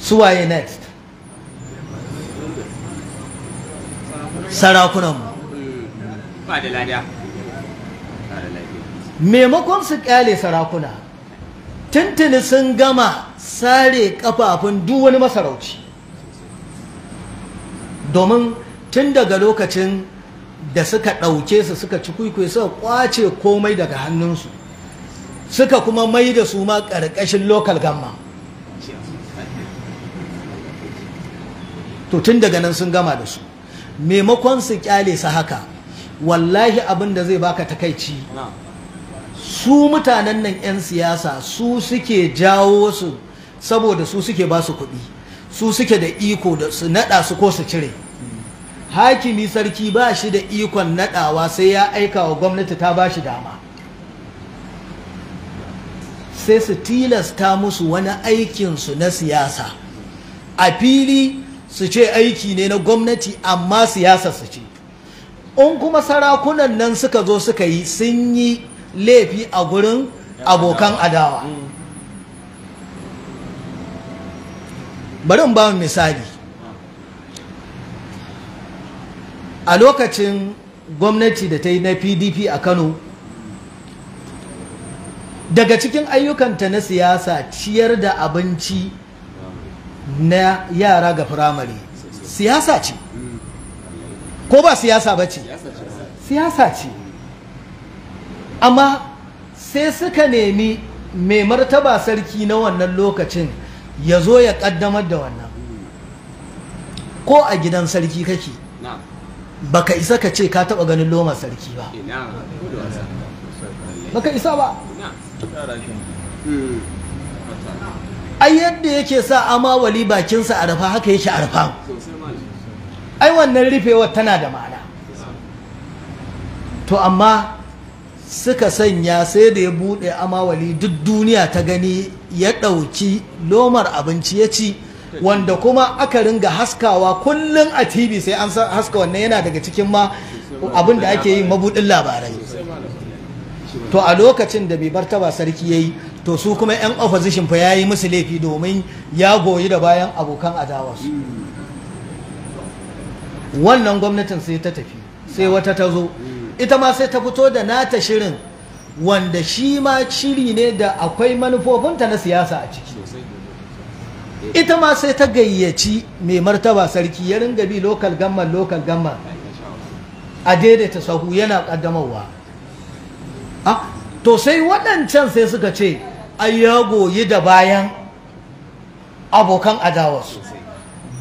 suwaye next mu ba da lafiya maimakon su kyale sarakuna tuntuni sun gama sare kafafun duk wani masarauci domin tun daga lokacin da suka ɗauke su suka ci kwaikwai suka kwace komai daga hannunsu suka kuma mai da su ma ƙarƙashin lokal gamma to tun daga nan sun gama da su maimakon su kyale su haka wallahi abin da zai baka takaici su mutanen nan 'yan siyasa su suke jawo su saboda su suke ba su kuɗi su suke da iko da su naɗa su ko su cire hakimi sarki ba shi da ikon naɗawa sai ya aika wa gwamnati ta ba shi dama sai su tilasta musu wani aikinsu na siyasa a fili su ce aiki ne na gwamnati amma siyasa su ce in kuma sarakunan nan suka zo suka yi sun yi laifi a gurin abokan adawa bari ba misali a lokacin gwamnati da ta yi na pdp a kano daga cikin ayyukanta na siyasa ciyar da abinci na yara ga firamare siyasa ce ko ba siyasa ba ce siyasa ce amma sai suka nemi mai martaba sarki na wannan lokacin ya zo ya kaddamar da wannan ko a gidan sarki kake baka isa ka ce ka taba ganin loma sarki ba eh, baka isa ba ai yadda yake sa amawali bakinsa a rafa haka yake a rafa ai wannan rufewar tana da ma'ana to amma suka sanya sai da ya buɗe amawali duk duniya ta gani ya ɗauki lomar abinci ya ci wanda kuma aka ringa haskawa kullum a tv sai an haska wannan yana daga cikin ma abin da ake yi mabuɗin labarai to a lokacin da bai bar taba sarki ya yi to su kuma 'yan opposition fa yayi musu laifi domin ya goyi da bayan abokan adawarsu wannan gwamnatin sai ta tafi sai wata ta zo ita ma sai ta fito da nata shirin wanda shi ma shiri ne da akwai manufofinta na siyasa a ciki ita ma sai ta gayyaci mai martaba sarki ya ringa bi lokal gamman local gamman a daidaita sahu yana kaddamarwa ah, to sai waɗancan sai suka ce ai ya goyi da bayan abokan adawarsu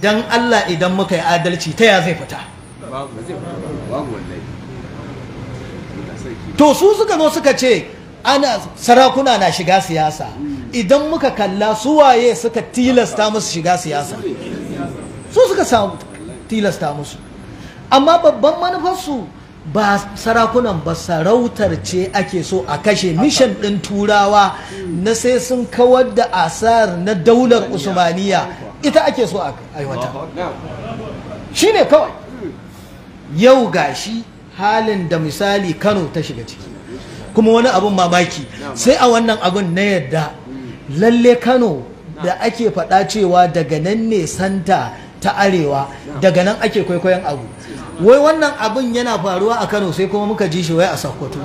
don Allah idan muka yi adalci ta ya zai fita to su suka zo suka ce ana sarakuna na shiga siyasa idan muka kalla su waye suka tilasta musu shiga siyasa su suka samu tilasta musu amma babban manufarsu ba sarakunan ba sarautar ce ake so a kashe mishan ɗin turawa na sai sun kawar da asar na daular usmaniya ita ake so a aiwata shi ne kawai yau shi, halin da misali kano ta shiga ciki kuma wani abun mamaki sai a wannan abun na yadda lalle kano da ake faɗa cewa daga nan ne santa ta arewa daga nan ake kwaikwayon abu wai wannan abin yana faruwa a kano sai kuma muka ji shi wai a sokoto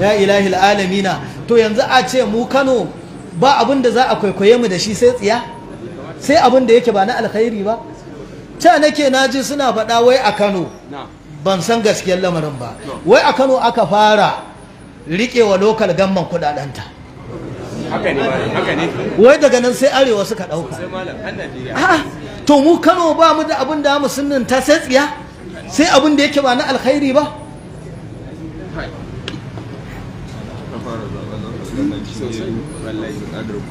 ya ilahi alamina to yanzu a ce mu kano ba abin da za a kwaikwaye mu da shi sai tsiya sai abin da yake ba na alkhairi ba ta nake naji suna faɗa wai a kano ban san gaskiyar lamarin ba wai a kano aka fara riƙewa lokal gamman kuɗaɗenta wai daga nan sai arewa suka ɗauka to mu kano ba mu da abin da mu sunnin ta sai tsiya sai abin da yake ba na alkhairi ba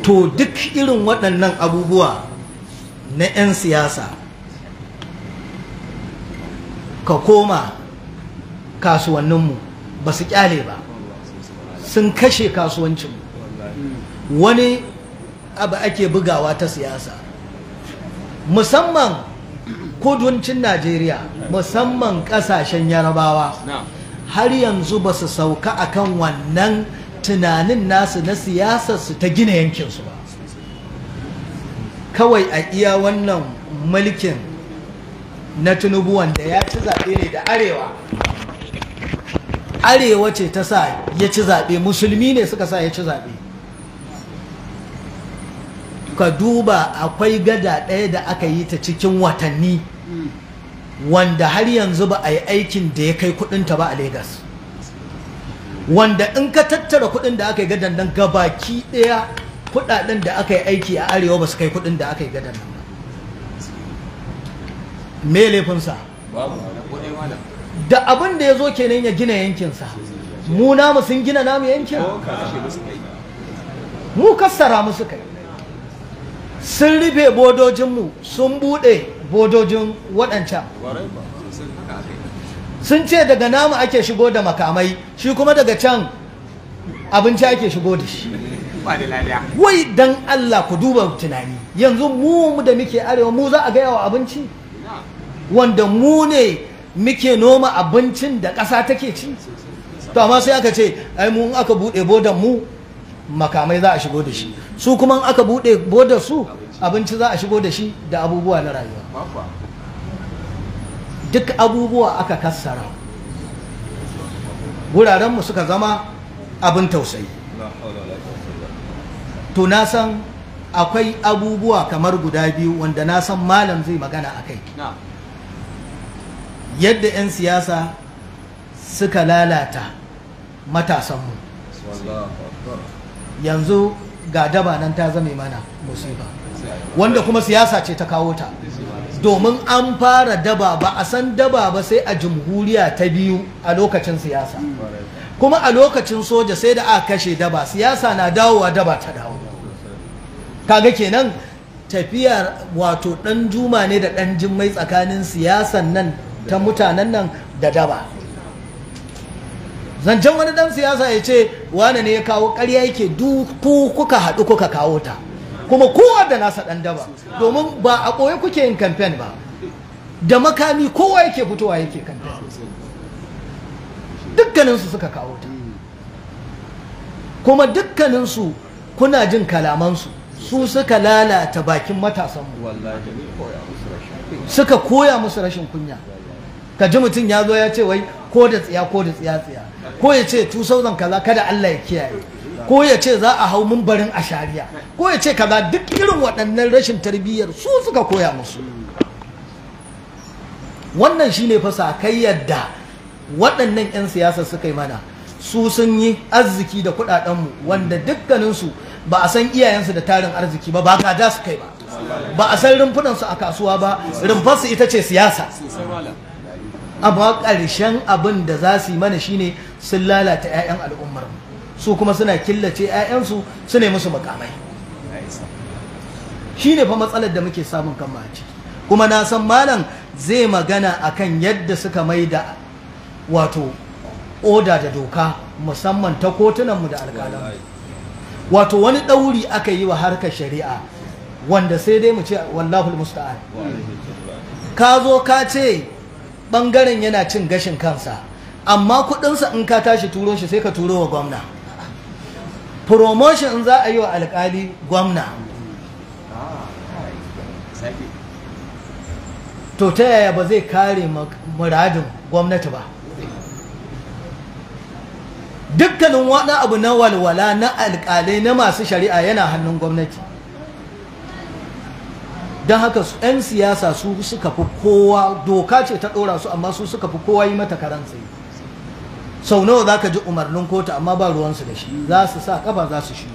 to duk irin waɗannan abubuwa na 'yan siyasa ka koma kasuwanninmu ba su kyale ba sun kashe kasuwancinmu wani abu ake bugawa ta siyasa musamman kudancin najeriya musamman kasashen yarabawa har yanzu ba su sauka kan wannan tunanin nasu na siyasa su ta gina yankinsu ba kawai a iya wannan mulkin na tinubu wanda ya ci zaɓe ne da arewa arewa ce ta sa ya ci zaɓe musulmi ne suka sa ya ci zaɓe ka duba akwai gada ɗaya da aka yi ta cikin watanni wanda har yanzu ba a yi aikin da ya kai kudinta ba a Legas. wanda in ka tattara kudin da aka yi gadan nan baki ɗaya kudaden da aka yi aiki a arewa ba su kai kudin da aka yi gadan nan ba me laifinsa da abin da ya zo kenan ya gina yankinsa mu namu sun gina namu yankin mu kassara musu kai sun rufe bodojinmu sun buɗe bodojin waɗancan sun ce daga namu ake shigo da makamai shi kuma daga can abinci ake shigo da shi wai dan Allah ku duba tunani yanzu mu da muke arewa mu za a gaya wa abinci wanda mu ne muke noma abincin da ƙasa take ci to amma sai aka ce ai mu aka buɗe bodan mu makamai za a shigo da shi su kuma aka buɗe bodar su abinci za a shigo da shi da abubuwa na rayuwa duk abubuwa aka kassara wurarenmu suka zama abin tausayi to na san akwai abubuwa kamar guda biyu wanda na san malam zai magana a kai yadda 'yan siyasa suka lalata matasanmu yanzu ga daba nan ta zame mana musiba wanda kuma siyasa ce ta kawo ta domin an fara daba ba a san daba ba sai a jamhuriya ta biyu a lokacin siyasa kuma a lokacin soja sai da aka kashe daba siyasa na dawowa daba ta dawo kaga kenan tafiyar wato dan juma ne da dan jimmai tsakanin siyasan nan ta mutanen nan da daba zancen wani dan siyasa ya ce wane ne ya kawo karya yake duk kuka haɗu kuka kawo ta kuma kowa da nasa ɗan daba domin ba a ɓoye kuke yin kamfen ba da makami kowa yake fitowa yake kamfen dukkaninsu suka kawo ta kuma dukkaninsu kuna jin kalamansu su suka lalata bakin matasanmu suka koya musu rashin kunya Kaji ji mutum ya zo ya ce wai ko da tsiya ko da tsiya tsiya ko ya ce tu sauran kaza kada Allah ya kiyaye ko ya ce za a hau mumbarin a shari'a ko ya ce kaza duk irin waɗannan rashin tarbiyyar su suka koya musu wannan shine fasa kai yadda waɗannan 'yan siyasa suka yi mana su sun yi arziki da kuɗaɗenmu, wanda dukkaninsu ba a san iyayensu da tarin arziki ba ba gada su kai ba ba a san rumfunansu a kasuwa ba rumfarsu ita ce siyasa amma ƙarshen abin da za su yi mana shine sun lalata 'ya'yan al'ummar su kuma suna killace 'ya'yansu su ne musu makamai shi ne fa matsalar da muke samun kan ciki kuma na san malam zai magana akan yadda suka mai da wato oda da doka musamman ta kotunanmu da alƙalanmu wato wani ɗauri aka yi wa harkar shari'a wanda sai dai mu ce wallahul musta'an ka zo ka ce ɓangaren yana cin gashin kansa amma kudinsa in ka tashi turo shi sai ka turo wa gwamna promotion in za a yi wa alkali gwamna to ta yaya ba zai kare muradin gwamnati ba dukkanin wani abu na walwala na alkalai na masu shari'a yana hannun gwamnati don haka 'yan siyasa su suka fi kowa doka ce ta ɗora su amma su suka fi kowa yi mata karan tsaye sau nawa za ka ji umarnin kotu amma ba ruwansu da shi za su sa kafa za su shi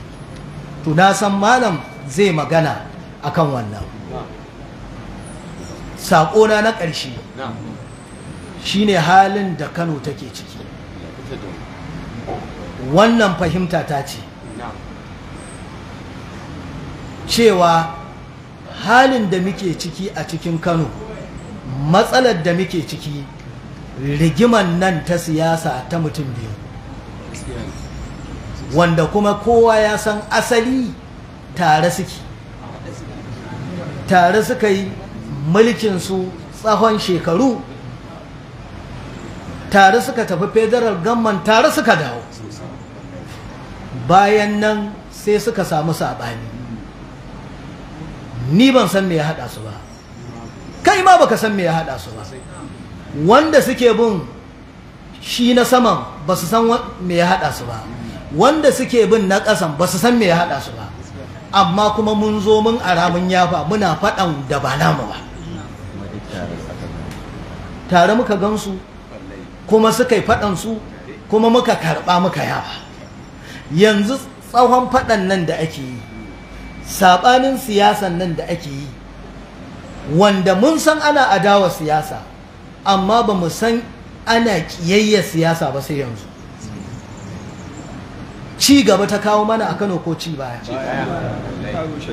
to na san malam zai magana a kan wannan saƙona na ƙarshe shi ne halin da kano take ciki wannan fahimta ta ce cewa halin da muke ciki a cikin kano matsalar da muke ciki rigiman nan ta siyasa ta mutum biyu wanda kuma kowa ya san asali tare suke tare suka yi mulkinsu tsahon shekaru tare suka tafi federal gamman tare suka dawo bayan nan sai suka samu saɓani ni ban san me ya haɗa su ba kai ma baka san me ya haɗa su ba wanda suke bin shi na saman ba su san me ya haɗa su ba wanda suke bin na ƙasan ba su san me ya haɗa su ba amma kuma mun zo mun aramun yafa muna faɗan da ba namu ba tare muka gansu kuma suka yi su, kuma muka karɓa muka yafa yanzu tsawon faɗan nan da ake yi saɓanin siyasan nan da ake yi wanda mun san ana adawa siyasa amma ba mu san ana kiyayya siyasa ba sai yanzu ci gaba ta kawo mana a kano ko ci baya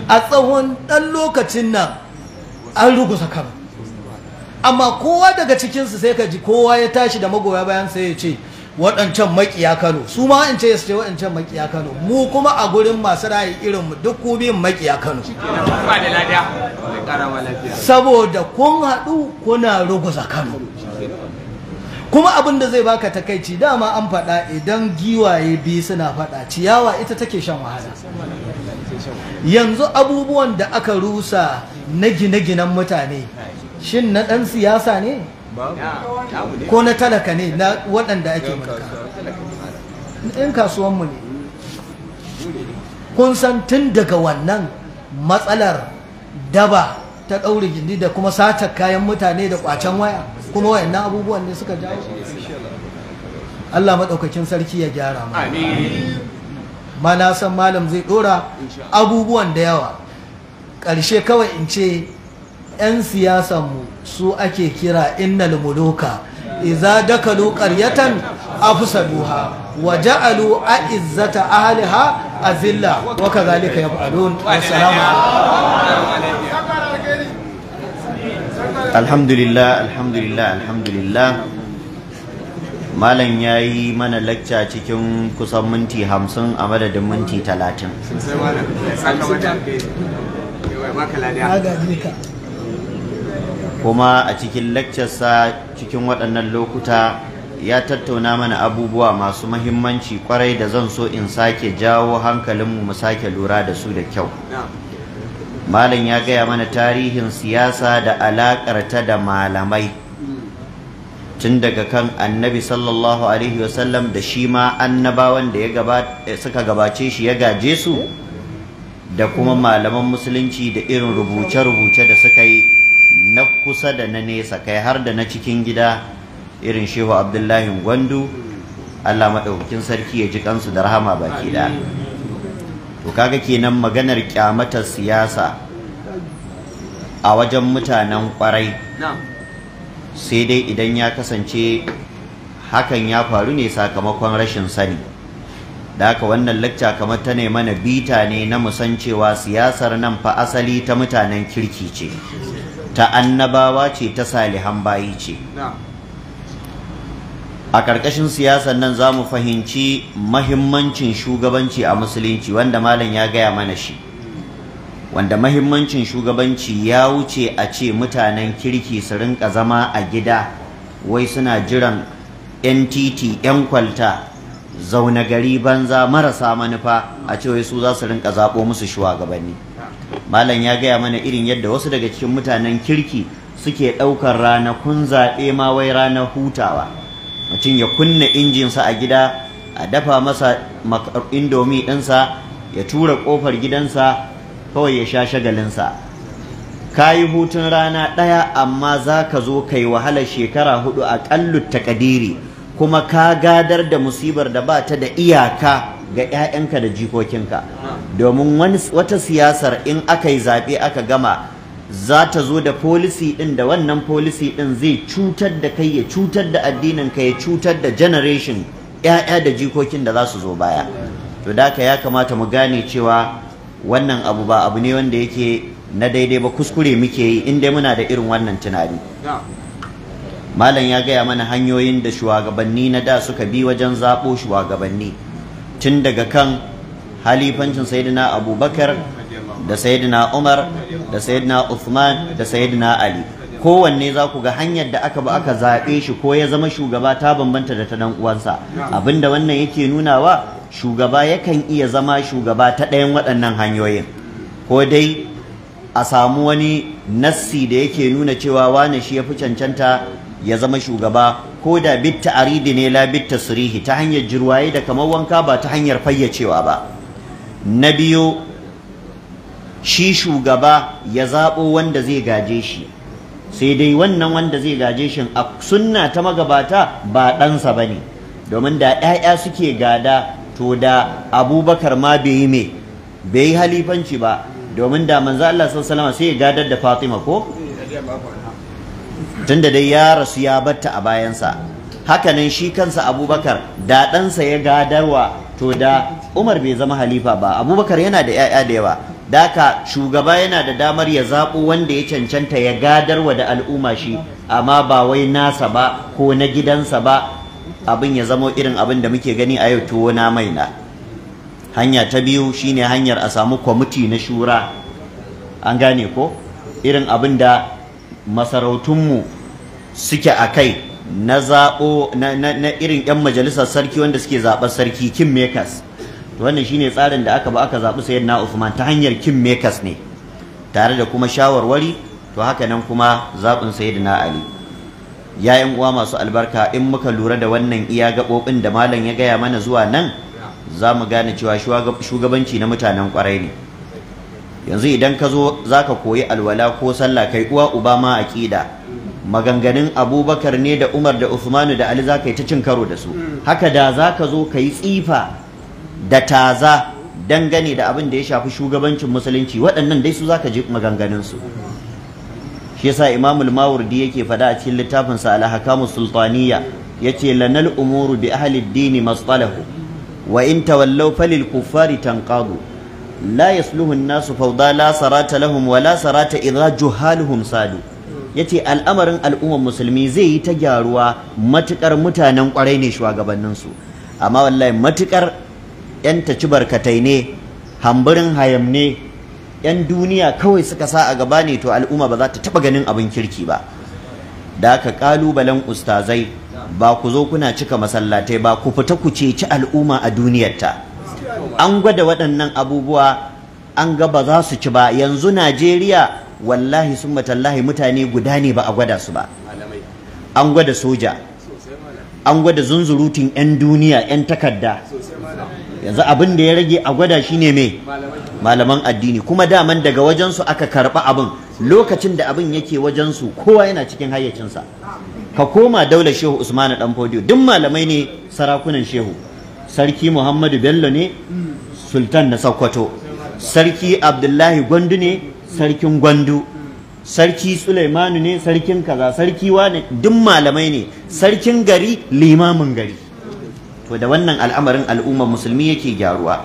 a tsawon ɗan lokacin nan an rugusa kano amma kowa daga cikinsu sai ka ji kowa ya tashi da magoya bayan sai ya ce waɗancan makiya Kano su ma in ce su ce waɗancan makiya Kano mu kuma a gurin masu rayu irin duk ku biyun makiya Kano saboda kun haɗu kuna ruguza Kano kuma abin da zai baka takaici dama an faɗa idan giwaye biyu suna faɗa ciyawa ita take shan wahala yanzu abubuwan da aka rusa na gine-ginen mutane shin na ɗan siyasa ne ko na talaka ne na waɗanda ake mulka in kasuwanmu ne kun san tun daga wannan matsalar daba ta ɗaure gindi da kuma satar kayan mutane da ƙwacen waya kuma wayannan abubuwan ne suka jawo Allah maɗaukakin sarki ya gyara mu ma na san malam zai ɗora abubuwan da yawa ƙarshe kawai in ce 'yan siyasanmu su ake kira innal muluka iza dakalu qaryatan duha wa ja'alu a'izzata a Zilla. wa ya yaf'alun assalamu alhamdulillah alhamdulillah alhamdulillah malam ya yi mana lakca cikin kusan minti hamsin a madadin minti talatin kuma a cikin sa cikin waɗannan lokuta ya tattauna mana abubuwa masu mahimmanci kwarai da zan so in sake jawo hankalinmu mu sake lura da su da kyau malam ya gaya mana tarihin siyasa da alaƙar ta da malamai tun daga kan annabi sallallahu alaihi wasallam da shi ma annabawan da suka gabace shi ya gaje su da kuma malaman musulunci da irin rubuce-rubuce da suka yi na kusa da na nesa kai har da na cikin gida irin shehu abdullahi gwandu allah maɗaukakin sarki ya ji kansu da rahama baki da to kaga kenan maganar kyamatar siyasa a wajen mutanen kwarai sai dai idan ya kasance hakan ya faru ne sakamakon rashin sani da haka wannan lacca kamar ta ne mana bita ne na musancewa, siyasar nan fa asali ta mutanen kirki ce ta annabawa ce ta salihan bayi ce a ƙarƙashin siyasar nan za mu fahimci mahimmancin shugabanci a musulunci wanda malam ya gaya mana shi wanda mahimmancin shugabanci ya wuce a ce mutanen kirki su rinka zama a gida wai suna jiran NTT titi 'yan kwalta zauna gari banza marasa manufa a cewa su za su rinka zaɓo musu shugabanni malam ya gaya mana irin yadda wasu daga cikin mutanen kirki suke ɗaukar ranakun zaɓe ma wai ranar hutawa mutum ya kunna injinsa a gida a dafa masa indomi ɗinsa ya tura ƙofar gidansa kawai ya sha shagalinsa ka yi hutun rana ɗaya amma za ka zo ka yi wahalar shekara hudu a ƙallu takadiri kuma ka gadar da musibar da ba ta da iyaka ga 'ya'yanka da jikokinka domin wata siyasar in aka yi zaɓe aka gama za ta zo da folisi ɗin da wannan folisi ɗin zai cutar da kai ya cutar da addinin ka ya cutar da generation 'ya'ya da jikokin da za su zo baya to da ya kamata mu gane cewa wannan abu ba abu ne wanda yake na daidai ba kuskure muke yi in dai muna da irin wannan tunani malam ya gaya mana hanyoyin da shugabanni na da suka bi wajen zaɓo shugabanni tun daga kan halifancin sayyidina abubakar da sayyidina umar da sayyidina uthman da sayyidina ali kowanne za ku ga hanyar da aka ba aka zaɓe shi ko ya zama shugaba ta bambanta da ta dan uwansa abinda wannan yake nunawa shugaba yakan iya zama shugaba ta ɗayan waɗannan hanyoyin ko dai a samu wani nassi da yake nuna cewa wane shi ya fi cancanta ya zama shugaba ko da bitta aridi ne la bitta tasrihi ta hanyar jirwaye da kamar wanka ba ta hanyar fayyacewa ba na biyu shi shugaba ya zaɓo wanda zai gaje shi sai dai wannan wanda zai gaje shi a sunna ta magabata ba ɗansa ba ne domin da ‘ya'ya suke gada to da abubakar ma bai yi me halifanci ba domin da manzo Allah sallallahu sai ya gadar da Fatima ko tunda dai ya rasu ya batta a bayansa hakanan shi kansa abubakar da ɗansa ya gadarwa to da umar bai zama halifa ba abubakar yana da 'ya'ya da yawa daka shugaba yana da damar ya zaɓo wanda ya cancanta ya gadarwa da al'umma shi amma ba wai nasa ba ko na gidansa ba abin ya zamo irin abin da muke gani a yau tuwo na maina hanya ta biyu shine hanyar a samu kwamiti na shura an gane ko irin abin da masarautunmu suke a kai na zaɓo na irin 'yan majalisar sarki wanda suke zaɓar sarki kim makers wannan shine tsarin da aka ba aka zaɓi na Usman ta hanyar kim makers ne tare da kuma shawarwari to haka nan kuma zaɓin sayyidina Ali ya yan uwa masu albarka in muka lura da wannan iya gaɓoɓin da malam ya gaya mana zuwa nan za mu gane cewa shugabanci na mutanen ƙwarai ne yanzu idan ka zo za ka koyi alwala ko sallah kai uwa uba ma aƙida maganganun abubakar ne da umar da usmanu da ali za ka yi ta cin karo da su haka da za ka zo ka yi tsifa da taza dangane da abin da ya shafi shugabancin musulunci waɗannan dai su za ka ji maganganunsu shi yasa imamul mawardi yake faɗa a cikin littafinsa al-ahkamus sultaniya ce lanal umuru bi ahli dini mastalahu wa in tawallau falil kuffari tanqadu la yasluhu nasu fawda la sarata lahum wa la sarata idha juhaluhum sadu yace al'amarin al'ummar musulmi zai yi ta gyaruwa matukar mutanen ƙwarai ne shugabannin su amma wallahi matukar yan ci barkatai ne hamburin hayam ne yan duniya kawai suka sa a gaba ne to al'umma ba za ta taɓa ganin abin kirki ba da haka kalubalen ustazai ba ku zo kuna cika masallatai ba ku fita ku ceci al'umma a duniyarta an gwada waɗannan abubuwa an ga ba za su ci ba yanzu Najeriya wallahi sun matallahi mutane guda ne ba a gwada su ba an gwada soja an gwada zunzurutun 'yan duniya 'yan takarda yanzu abin da ya rage a gwada shine mai. malaman addini kuma daman daga wajensu aka karɓa abin lokacin da abin yake wajen su kowa yana cikin hayyacinsa ka koma daular shehu usmanu dan fodiyo duk malamai ne sarakunan shehu sarki muhammadu bello ne sultan na sokoto sarki abdullahi gwandu ne sarkin gwandu sarki sulaimanu ne sarkin kaza sarki wane duk malamai ne sarkin gari limamin gari to da wannan al'amarin al'ummar musulmi yake gyaruwa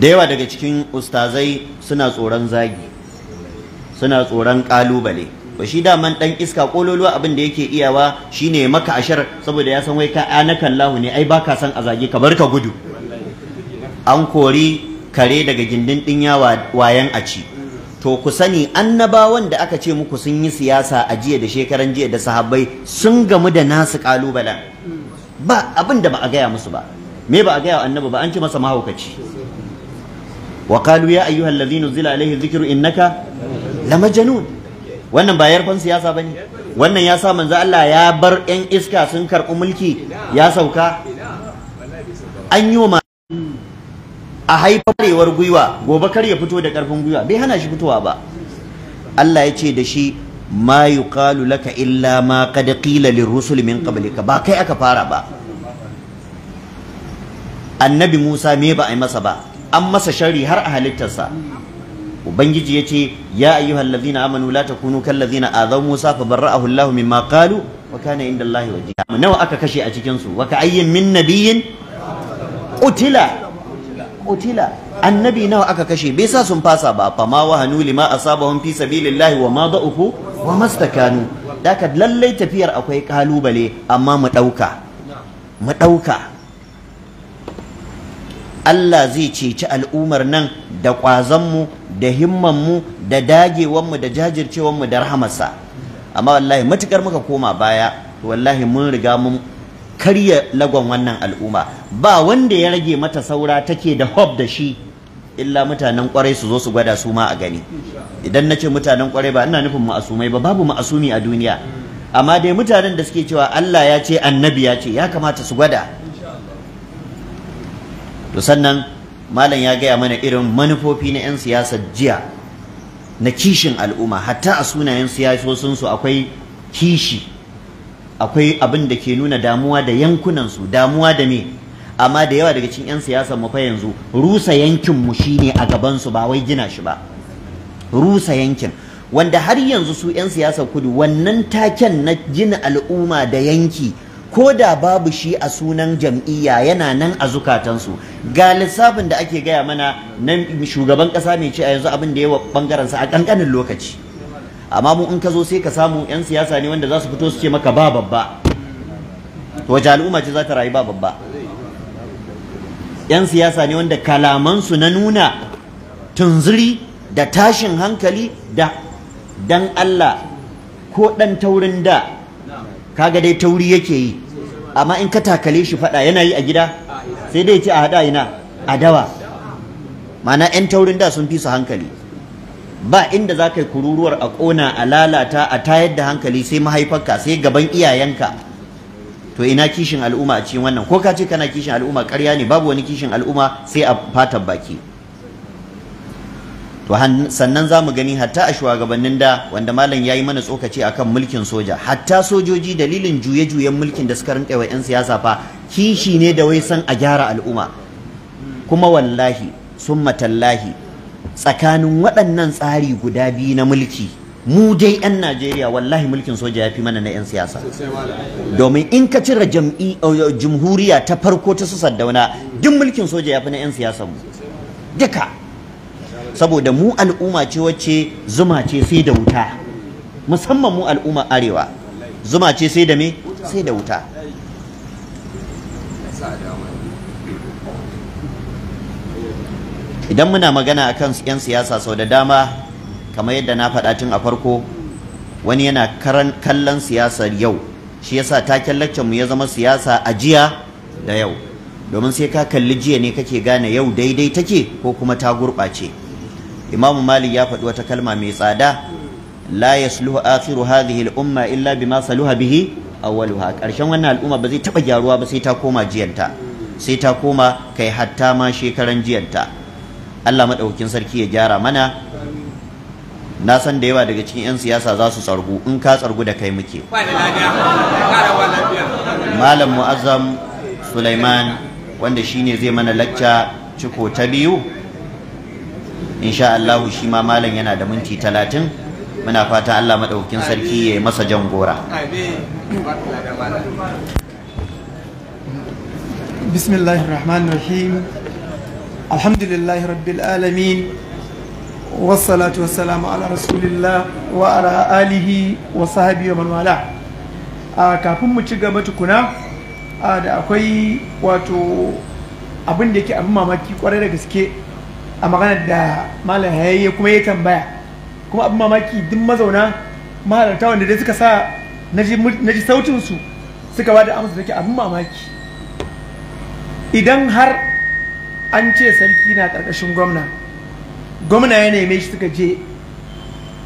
da yawa daga cikin ustazai suna tsoron zagi suna tsoron ƙalubale ba shi daman dan iska kololuwa abin da yake iyawa shine maka ashar saboda ya san wai ka anakan lahu ne ai baka san a zage ka bar gudu an kori kare daga gindin dinya wayan a ci to ku sani annabawan da aka ce muku sun yi siyasa a jiya da shekaran jiya da sahabbai sun gamu da nasu kalubalen ba abin da ba a gaya musu ba me ba a gaya annabi ba an ce masa mahaukaci wa qalu ya ayyuhal ladhina zila alayhi dhikru innaka lamajnun wannan ba yarfan siyasa bane wannan ya sa manzo Allah ya bar yan iska sun karɓi mulki ya sauka an yi ma a haifarewar gwiwa gobe kar ya fito da karfin gwiwa bai hana shi fitowa ba Allah ya ce da shi ma yuqalu laka illa ma qad qila lirrusul min qablika ba kai aka fara ba annabi Musa me ba a yi masa ba an masa shari har a halittarsa ubangiji yace ya ayyuhal ladzina amanu la takunu kal ladzina azaw musa fa barra'ahu allah mimma qalu wa kana inda allah wajiha nawa aka kashe a cikin su wa ka ayyin min nabiyyin utila utila annabi nawa aka kashe bai sa sun fasa ba fa ma wahanu lima asabahum fi sabilillahi wa ma da'ufu wa mastakanu daka lallai tafiyar akwai kalubale amma mu dauka mu dauka Allah zai ceci al'umar nan da ƙwazonmu da himmanmu da dagewanmu da jajircewanmu da rahamarsa amma wallahi matukar muka koma baya wallahi mun riga mun karya lagon wannan al'umma ba wanda ya rage mata saura take da hope da shi illa mutanen kwarai su zo su gwada su ma a gani idan na ce mutanen kwarai ba ina nufin ma'asumai ba babu ma'asumi a duniya amma dai mutanen da suke cewa Allah ya ce annabi ya ce ya kamata su gwada to sannan malam ya gaya mana irin manufofi na 'yan siyasa jiya na kishin al'umma hatta a sunayen siyasosinsu akwai kishi akwai abin da ke nuna damuwa da yankunansu damuwa da me amma da yawa daga cikin 'yan siyasar mu fa yanzu rusa yankin mu shine a gabansu ba wai gina shi ba rusa yankin wanda har yanzu su 'yan siyasar kudu wannan taken na gina al'umma da yanki ko da babu shi a sunan jam'iyya yana nan a zukatansu ga lissafin da ake gaya mana na shugaban kasa mai ce a yanzu abin da yawa bangaren sa a kankanin lokaci amma mu in ka zo sai ka samu yan siyasa ne wanda za su fito su ce maka ba babba wace al'umma ce za ta rayu ba babba yan siyasa ne wanda kalamansu na nuna tunzuri da tashin hankali da dan Allah ko dan taurin da kaga dai tauri yake yi amma in ka takale shi fada yana yi a gida sai dai ce a hada ina a dawa mana yan taurin da sun fi su hankali ba inda za ka yi kururuwar a ƙona a lalata a tayar da hankali sai mahaifarka sai gaban iyayenka to ina kishin al'umma a cikin wannan ko ka ce kana kishin al'umma ƙarya ne babu wani kishin al'umma sai a fatan baki to sannan za mu gani hatta a shugabannin da wanda malam ya yi mana tsokaci akan mulkin soja hatta sojoji dalilin juye-juyen mulkin da suka rinƙa wa 'yan siyasa fa kishi ne da wai san a gyara al'umma kuma wallahi sun matallahi tsakanin waɗannan tsari guda biyu na mulki mu dai 'yan Najeriya wallahi mulkin soja ya fi mana na 'yan siyasa domin in ka cire jamhuriya ta farko ta su saddauna duk mulkin soja ya fi na 'yan siyasa mu duka saboda mu al'umma ce wacce zuma ce sai da wuta musamman mu al'umma arewa zuma ce sai da me sai da wuta idan muna magana akan yan siyasa sau da dama kamar yadda na faɗa tun a farko wani yana kallon siyasar yau shi yasa taken laccan mu ya zama siyasa a jiya da yau domin sai ka kalli jiya ne kake gane yau daidai take ko kuma ta gurɓace imamu malik ya faɗi wata kalma mai tsada la yasluhu akhiru hadhihi al illa bima saluha bihi awwaluha karshen wannan al'umma ba zai taba gyaruwa ba sai ta koma jiyanta sai ta koma kai hatta ma shekaran jiyanta Allah maɗaukin sarki ya gyara mana na san da yawa daga cikin 'yan siyasa za su tsargu in ka tsargu da kai muke malam mu'azzam sulaiman wanda ne zai mana lacca ciko ta biyu insha Allah shi ma malam yana da minti talatin muna fata Allah maɗaukin sarki ya yi masa jan gora bismillahir rahmanir rahim alhamdulillahi rabbil alamin wassalatu wassalamu ala rasulillah wa ala alihi wa sahbihi wa man wala kafin mu ci gaba tukuna da akwai wato abin da yake abin mamaki kwarai da gaske a magana da malam hayayye kuma ya tambaya kuma abin mamaki duk mazauna mahalarta wanda dai suka sa na ji sautinsu suka ba da amsa take abin mamaki idan har an ce sarki na ƙarƙashin gwamna gwamna ya neme shi suka je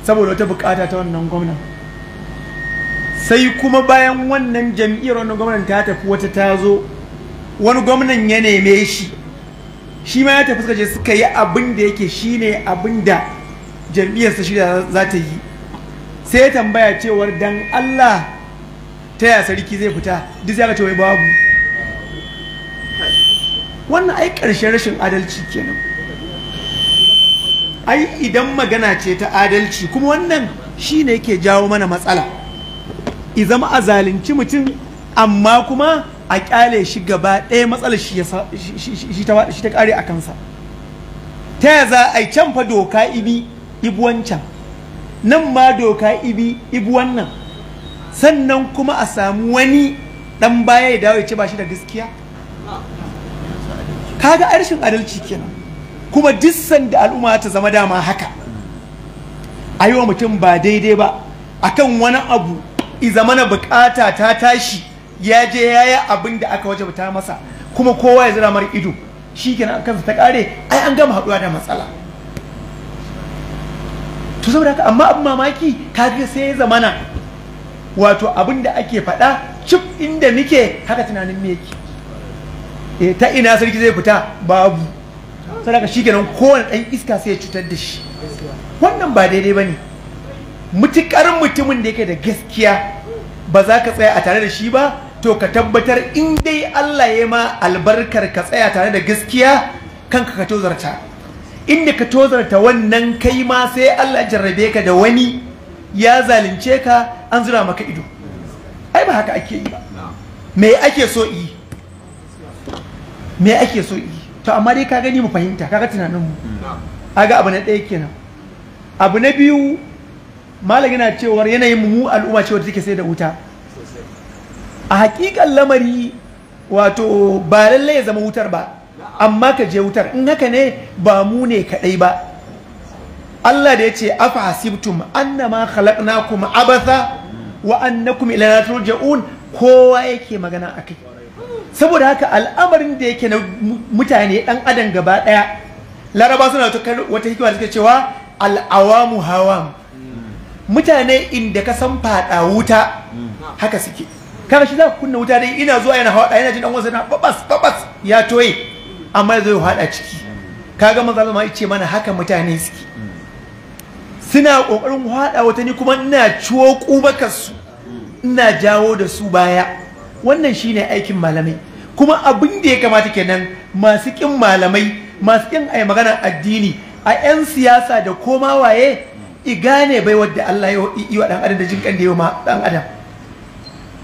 saboda wata bukata ta wannan gwamnan sai kuma bayan wannan jam'iyyar wannan gwamnan ta tafi wata ta zo wani gwamnan ya neme shi shi ma ya tafi suka je suka yi abin da yake shine abin da jam'iyyarsa shirya za ta yi sai ya tambaya cewar dan Allah ta ya sarki zai fita duk zai cewa babu wannan ai ƙarshen rashin adalci kenan ai idan magana ce ta adalci kuma wannan shine yake jawo mana matsala izama a zalunci mutum amma kuma a kyale shi gaba ɗaya matsalar shi ta ƙare a kansa ta yaya za a yi can fa doka ibi ibwancan nan ma doka ibi ibu nan sannan kuma a samu wani ɗan baya ya dawo ya ce ba shi da gaskiya kaga arshin adalci kenan kuma dissan da al'umma ta zama dama haka a yi wa mutum ba daidai ba akan wani abu i na bukata ta tashi ya je ya yi abin da aka ta masa kuma kowa ya zira mara ido shi ke nan kansa ta kare ai an gama haɗuwa da matsala to saboda haka amma abin mamaki kaga sai ya zamana wato abin da ake faɗa cif inda nike haka tunanin me yake eh ta ina sarki zai fita babu saboda shi kenan kowane ɗan iska sai ya cutar da shi wannan ba daidai ba ne mutukar mutumin da yake da gaskiya ba za ka tsaya a tare da shi ba to ka tabbatar in dai Allah ya ma albarkar ka tsaya tare da gaskiya kanka ka tozarta inda ka tozarta wannan kai ma sai Allah ya jarrabe ka da wani ya zalunce ka an zura maka ido ai ba haka ake yi ba me ake so yi me ake so yi to amma dai ka gani mu fahimta kaga tunanin mu mm. aga abu na ɗaya kenan abu na biyu malam yana cewar yanayin mu al'umma ce wadda take sai da wuta a hakikan lamari wato ba lallai ya zama wutar ba amma ka je wutar in haka ne ba mu ne kadai ba Allah da ya ce afa hasibtum annama khalaqnakum abatha wa annakum ilana turja'un kowa yake magana akai saboda haka al'amarin da yake na mutane dan adam gaba daya laraba suna wata hikima da suke cewa al'awamu hawam mutane inda ka san fada wuta haka suke kana shi za ku kunna wuta dai ina zuwa yana hawa yana jin dan wasu na babas babas ya toye amma zai hada ciki kaga manzo ma yace mana haka mutane suke suna kokarin hada wata ni kuma ina ciwo kubakar su ina jawo da su baya wannan shine aikin malamai kuma abin da ya kamata kenan masu kin malamai masu kin ai magana addini a 'yan siyasa da koma waye igane ne bai wadda Allah ya yi wa dan adam da jinkan da ya ma dan adam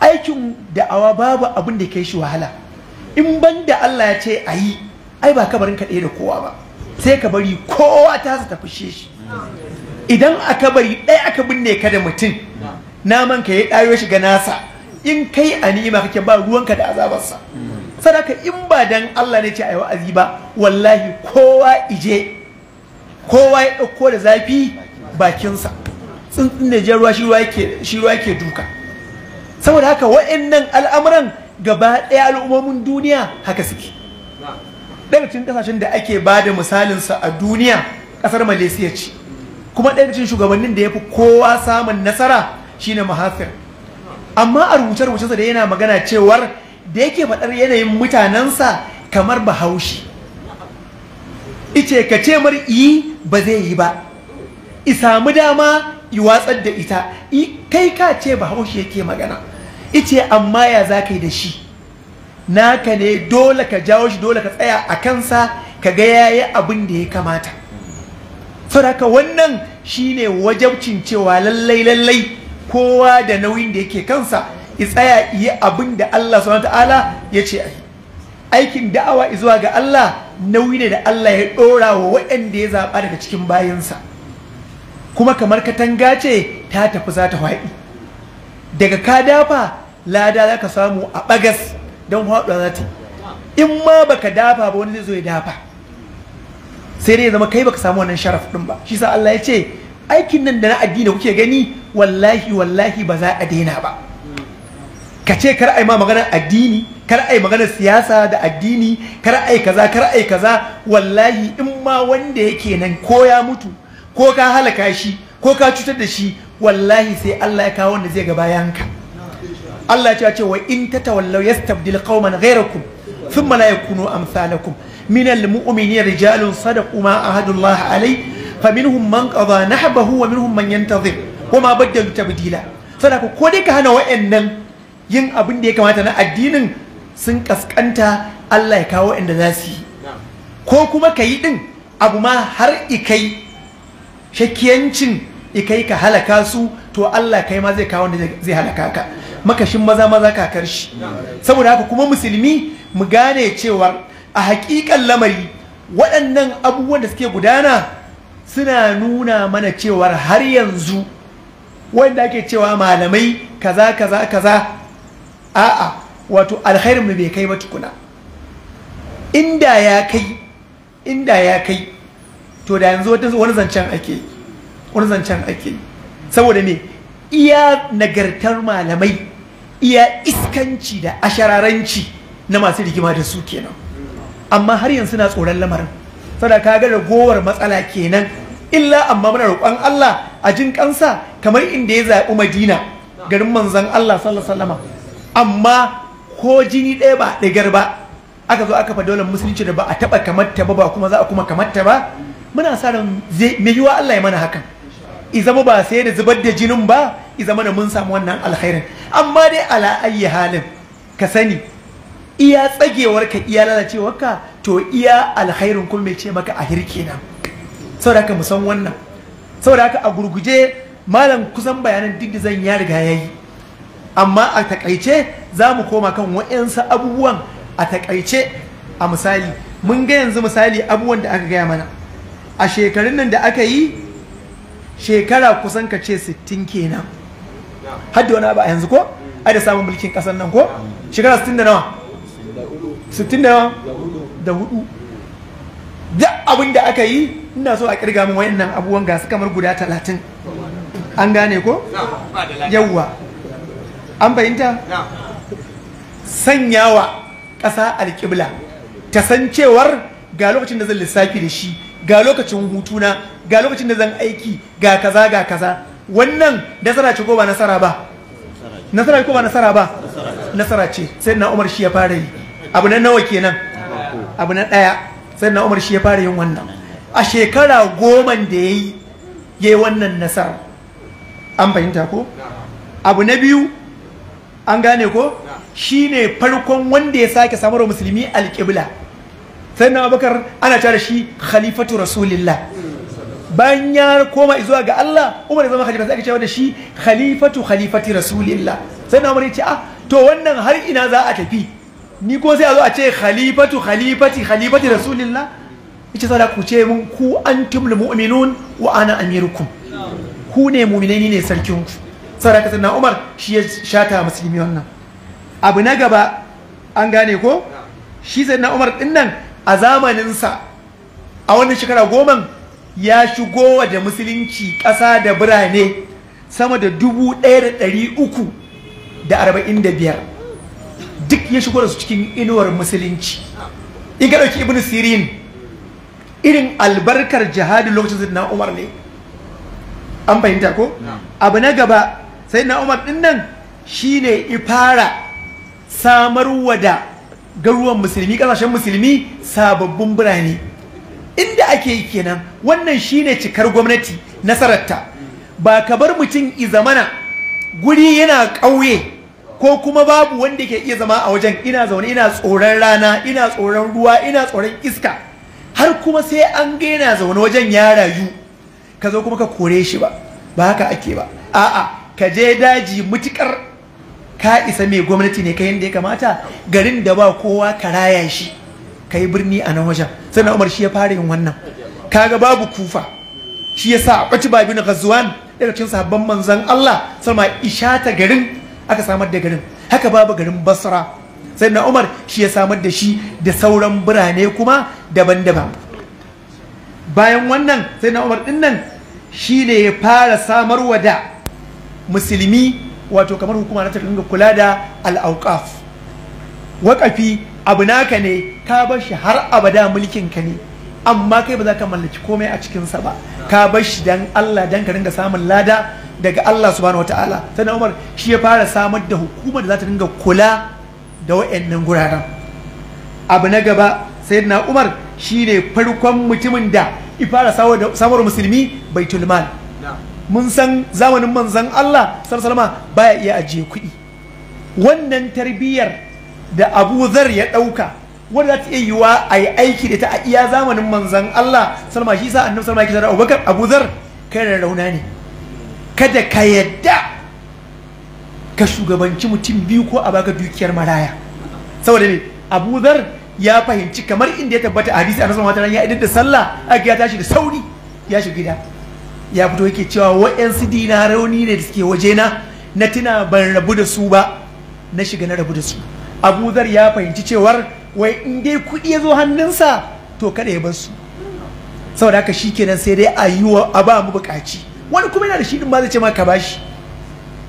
aikin da'awa babu abin da kai shi wahala in ban da Allah ya ce a yi ai ba kabarin ka ɗaya da kowa ba sai ka bari kowa ta ta tafi shi idan aka bari ɗaya aka binne ka da mutum naman ka ya ɗayo ga nasa in kai a ni'ima kake ba ruwanka da azabarsa sadaka in ba dan Allah ne ce a yi wa'azi ba wallahi kowa ije kowa ya ɗauko da zafi bakinsa tsuntsun da jan ruwa shi ruwa yake duka saboda haka wa'annan al'amuran gaba ɗaya al'ummomin duniya haka suke daga cikin kasashen da ake ba da misalinsa a duniya ƙasar malaysia ce kuma ɗaya cikin shugabannin da ya fi kowa samun nasara shine mahafir amma a rubuce rubucensa da yana magana cewar da yake faɗar yanayin mutanensa kamar bahaushe ice ka ce mar ba zai yi ba i samu dama i watsar da ita kai ka ce bahaushe yake magana ice amma ya za da shi naka ne dole ka jawo shi dole ka tsaya a kansa ka ga yayi abin da ya kamata saboda wannan shine wajabcin cewa lallai lallai kowa da nauyin da yake kansa i tsaya yi abin da Allah subhanahu ta'ala ya ce aikin da'awa zuwa ga Allah nauyi ne da Allah ya dora wa waɗanda ya zaɓa daga cikin bayansa kuma kamar katanga ce ta tafi za ta haɗi daga ka dafa lada za ka samu a ɓagas don haɗuwa za ta in ma baka dafa ba wani zai zo ya dafa sai dai zama kai baka samu wannan sharaf ɗin ba shi sa Allah ya ce aikin nan da na addini kuke gani wallahi wallahi ba za a daina ba ka ce kar ai ma maganar addini kar ai maganar siyasa da addini kar ai kaza kar ai kaza wallahi in ma wanda yake nan ko ya mutu ko ka halaka shi ko ka cutar da shi wallahi sai Allah ya kawo wanda zai ga bayanka Allah ya ce wa in tatawallaw yastabdil qauman ghayrakum thumma la yakunu amsalakum من المؤمنين رجال صدقوا ما عهد الله عليه فمنهم من قضى نحبه ومنهم من tabdila وما بدلوا ko dai ka hana wayannan yin abin da ya kamata na addinin sun kaskanta Allah ya kawo inda za su yi ko kuma ka yi din abu ma har ikai shakkiyancin ikai ka halaka su to Allah kai ma zai kawo wanda zai halaka ka makashin maza maza kakar shi saboda haka kuma musulmi mu gane cewa a hakikan lamari waɗannan abubuwan da suke gudana suna nuna mana cewar har yanzu wanda ake cewa malamai kaza kaza kaza a'a wato alkhairin bai kai ba tukuna inda ya kai inda ya kai to da yanzu wani zancen ake wani zancen ake saboda me iya nagartar malamai iya iskanci da ashararanci na masu rigima da su kenan amma har yanzu na tsoron lamarin saboda kaga ragowar matsala kenan illa amma muna roƙon Allah a jin kansa kamar inda ya zaɓi Madina garin manzon Allah sallallahu amma ko jini ɗaya ba ɗigar ba aka zo aka fa dole musulunci da ba a taɓa kamar ta ba ba kuma za a kuma kamar ta ba muna sa ran mai yiwa Allah ya mana hakan i zama ba sai da zubar da jinin ba i zama mun samu wannan alkhairin amma dai ala ayi halin ka sani iya tsagewar ka iya lalacewar ka to iya alkhairin kun mai ce maka a hirke na saboda haka mu san wannan saboda haka a gurguje malam kusan bayanan duk da zan ya riga yayi amma a takaice za mu koma kan wa'yansu abubuwan a takaice a misali mun ga yanzu misali abubuwan da aka gaya mana a shekarun nan da aka yi shekara kusan ka ce 60 kenan har da wani ba yanzu ko mm. ai da samun mulkin kasar nan ko shekara 60 da nawa 60 da nawa da hudu Da abin da aka yi ina so a kirga min wayannan abubuwan gasu kamar guda 30 an gane ko yawwa an fahimta sanyawa ƙasa alƙibla ta san cewar ga lokacin da zan lissafi da shi ga lokacin hutuna ga lokacin da zan aiki ga kaza ga kaza wannan nasara ce ko ba nasara ba nasara ko ba nasara ba nasara ce sai na umar shi ya fara yi abu na nawa kenan abu na ɗaya sai na umar shi ya fara yin wannan a shekara goma da ya yi ya yi wannan nasara an fahimta ko abu na biyu an gane ko shine farkon wanda ya sake samarwa musulmi alƙibla sai na abubakar ana tare shi khalifatu rasulillah bayan ya koma zuwa ga Allah umar ya zama khalifa sai ake cewa da shi khalifatu khalifati rasulillah sai na umar ya ce ah to wannan har ina za a tafi ni ko sai a zo a ce khalifatu khalifati khalifati rasulillah yace sai ku ce mun ku antumul mu'minun wa ana amirukum ku ne mu'minai ne sarkin ku saraka sai na umar shi ya shata musulmi wannan abu na gaba an gane ko shi sai na umar din nan a zamaninsa a wani shekara goma ya shigo da musulunci ƙasa da birane sama da dubu ɗaya da ɗari uku da arba'in da biyar duk ya shigo da su cikin inuwar musulunci in ka ɗauki ibn sirin irin albarkar jihadin lokacin na umar ne an fahimta ko abu na gaba sai na umar ɗin nan shine ifara samarwa da garuruwan musulmi kasashen musulmi sababbin birane inda ake yi kenan wannan shine cikar gwamnati nasararta ba ka bar mutum izamana guri yana ƙauye ko kuma babu wanda ke iya zama a wajen ina zaune ina tsoron rana ina tsoron ruwa ina tsoron iska har kuma sai an ga yana zaune wajen ya rayu ka zo kuma ka kore shi ba ba haka ake ba a'a ka je daji mutukar ka isa mai gwamnati ne ka yadda ya kamata garin da ba kowa ka raya shi ka yi birni a nan wajen sannan umar shi ya fara yin wannan kaga babu kufa shi ya sa a ɓaci babi na gazuwan daga cikin sabon manzan Allah sama ishata garin aka samar da garin haka babu garin basra sai na umar shi ya samar da shi da sauran birane kuma daban-daban bayan wannan sai na umar ɗin nan shi ne ya fara samarwa da musulmi wato kamar hukuma na ta dinga kula da al'aukaf waƙafi abu naka ne ka bar shi har abada mulkin ka ne amma kai ba za ka mallaki komai a cikinsa ba ka bar shi dan Allah dan ka dinga samun lada daga Allah subhanahu wataala sannan Umar shi ya fara samar da hukumar da za ta dinga kula da wayannan guraren abu na gaba sai sayyidina Umar shine farkon mutumin da ya fara samar musulmi baitul mal mun san zamanin manzan Allah ba baya iya ajiye kuɗi wannan tarbiyyar da Abu Zar ya ɗauka wanda za ta iya yiwa a yi aiki da ta a iya zamanin manzan Allah salma shi sa annabi salma yake da Abubakar Abu Zar kai da rauna ne kada ka yadda ka shugabanci mutum biyu ko a baka dukiyar maraya saboda me Abu Zar ya fahimci kamar inda ya tabbata hadisi annabi sallallahu alaihi wasallam ya idar da sallah aka ya tashi da sauri ya shiga gida ya fito yake cewa wa'yansu dina rauni ne da suke waje na tuna ban rabu da su ba na shiga na rabu da su abu zar ya fahimci cewar wai in dai kuɗi ya zo hannunsa to kada ya bar su saboda haka shi kenan sai dai a yi wa a ba mu buƙaci wani kuma yana da shi din ba zai ce ma ka bashi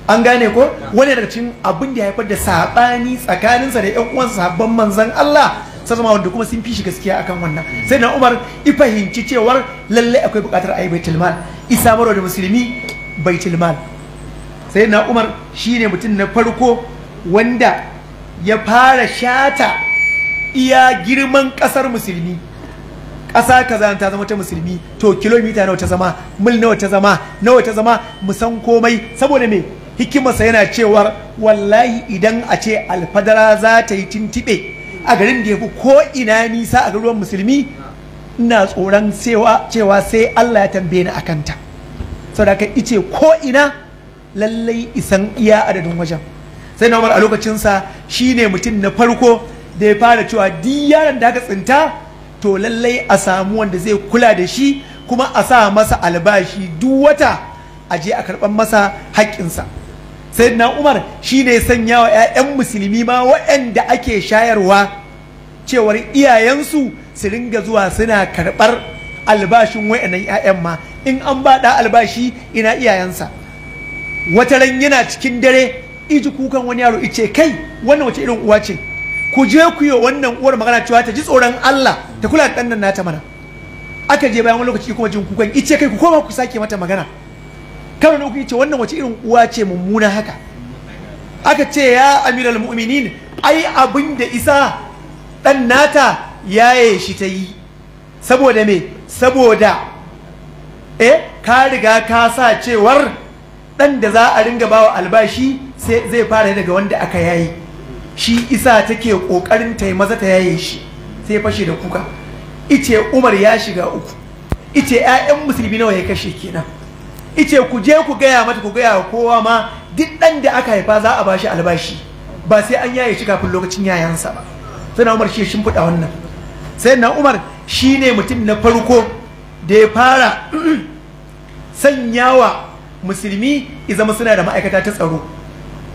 an gane ko wani daga cikin abin da ya haifar da saɓani tsakaninsa da ƴan uwansa sabon manzon Allah sai zama wanda kuma sun fi shi gaskiya akan wannan sai na Umar i fahimci cewar lallai akwai buƙatar a yi baitul mal isamar da musulmi bai mal sai na umar shine mutum na farko wanda ya fara shata iya girman kasar musulmi ƙasa zan ta zama ta musulmi to kilomita nawa ta zama mil nawa ta zama nawa ta zama musan komai saboda me hikimarsa yana cewa wallahi idan a ce alfadara za ta yi tintiɓe a garin da ya fi ko ina nisa a garuruwan musulmi ina tsoron cewa sai Allah ya tambaye ni kanta. ta saboda ka ice ko ina lallai isan iya adadin wajen sai na umar a lokacinsa shine mutum na farko da ya fara cewa duk yaron da aka tsinta to lallai a samu wanda zai kula da shi kuma a sa masa albashi duk wata a je a karɓar masa haƙƙinsa sai na umar shine sanya wa 'ya'yan musulmi ma waɗanda ake shayarwa cewar iyayensu su ringa zuwa suna karɓar albashin wayannan 'ya'yan ma in an ba albashi ina iyayensa wata ran yana cikin dare iji kukan wani yaro ice kai wannan wace irin uwa ce ku je ku yi wannan uwar magana cewa ta ji tsoron Allah ta kula da ɗannan nata mana aka je bayan wani lokaci kuma jin kukan ice kai ku koma ku sake mata magana kawai na uku ice wannan wace irin uwa ce mummuna haka aka ce ya amiral mu'minin ai abin da isa ɗan nata yaye shi ta yi saboda me saboda eh ka riga ka sa cewar ɗan da za a ringa bawa albashi sai zai fara daga wanda aka yaye shi isa take ƙoƙarin ta yi maza ta yaye shi sai fashe da kuka ice umar ya shiga uku ice 'ya'yan musulmi nawa ya kashe kenan ice ku je ku gaya mata ku gaya kowa ma duk ɗan da aka haifa za a bashi albashi ba sai an yaye shi kafin lokacin yayansa ba suna umar shi shimfiɗa wannan sai na umar shi ne mutum na farko da ya fara sanyawa musulmi izama suna da ma'aikata ta tsaro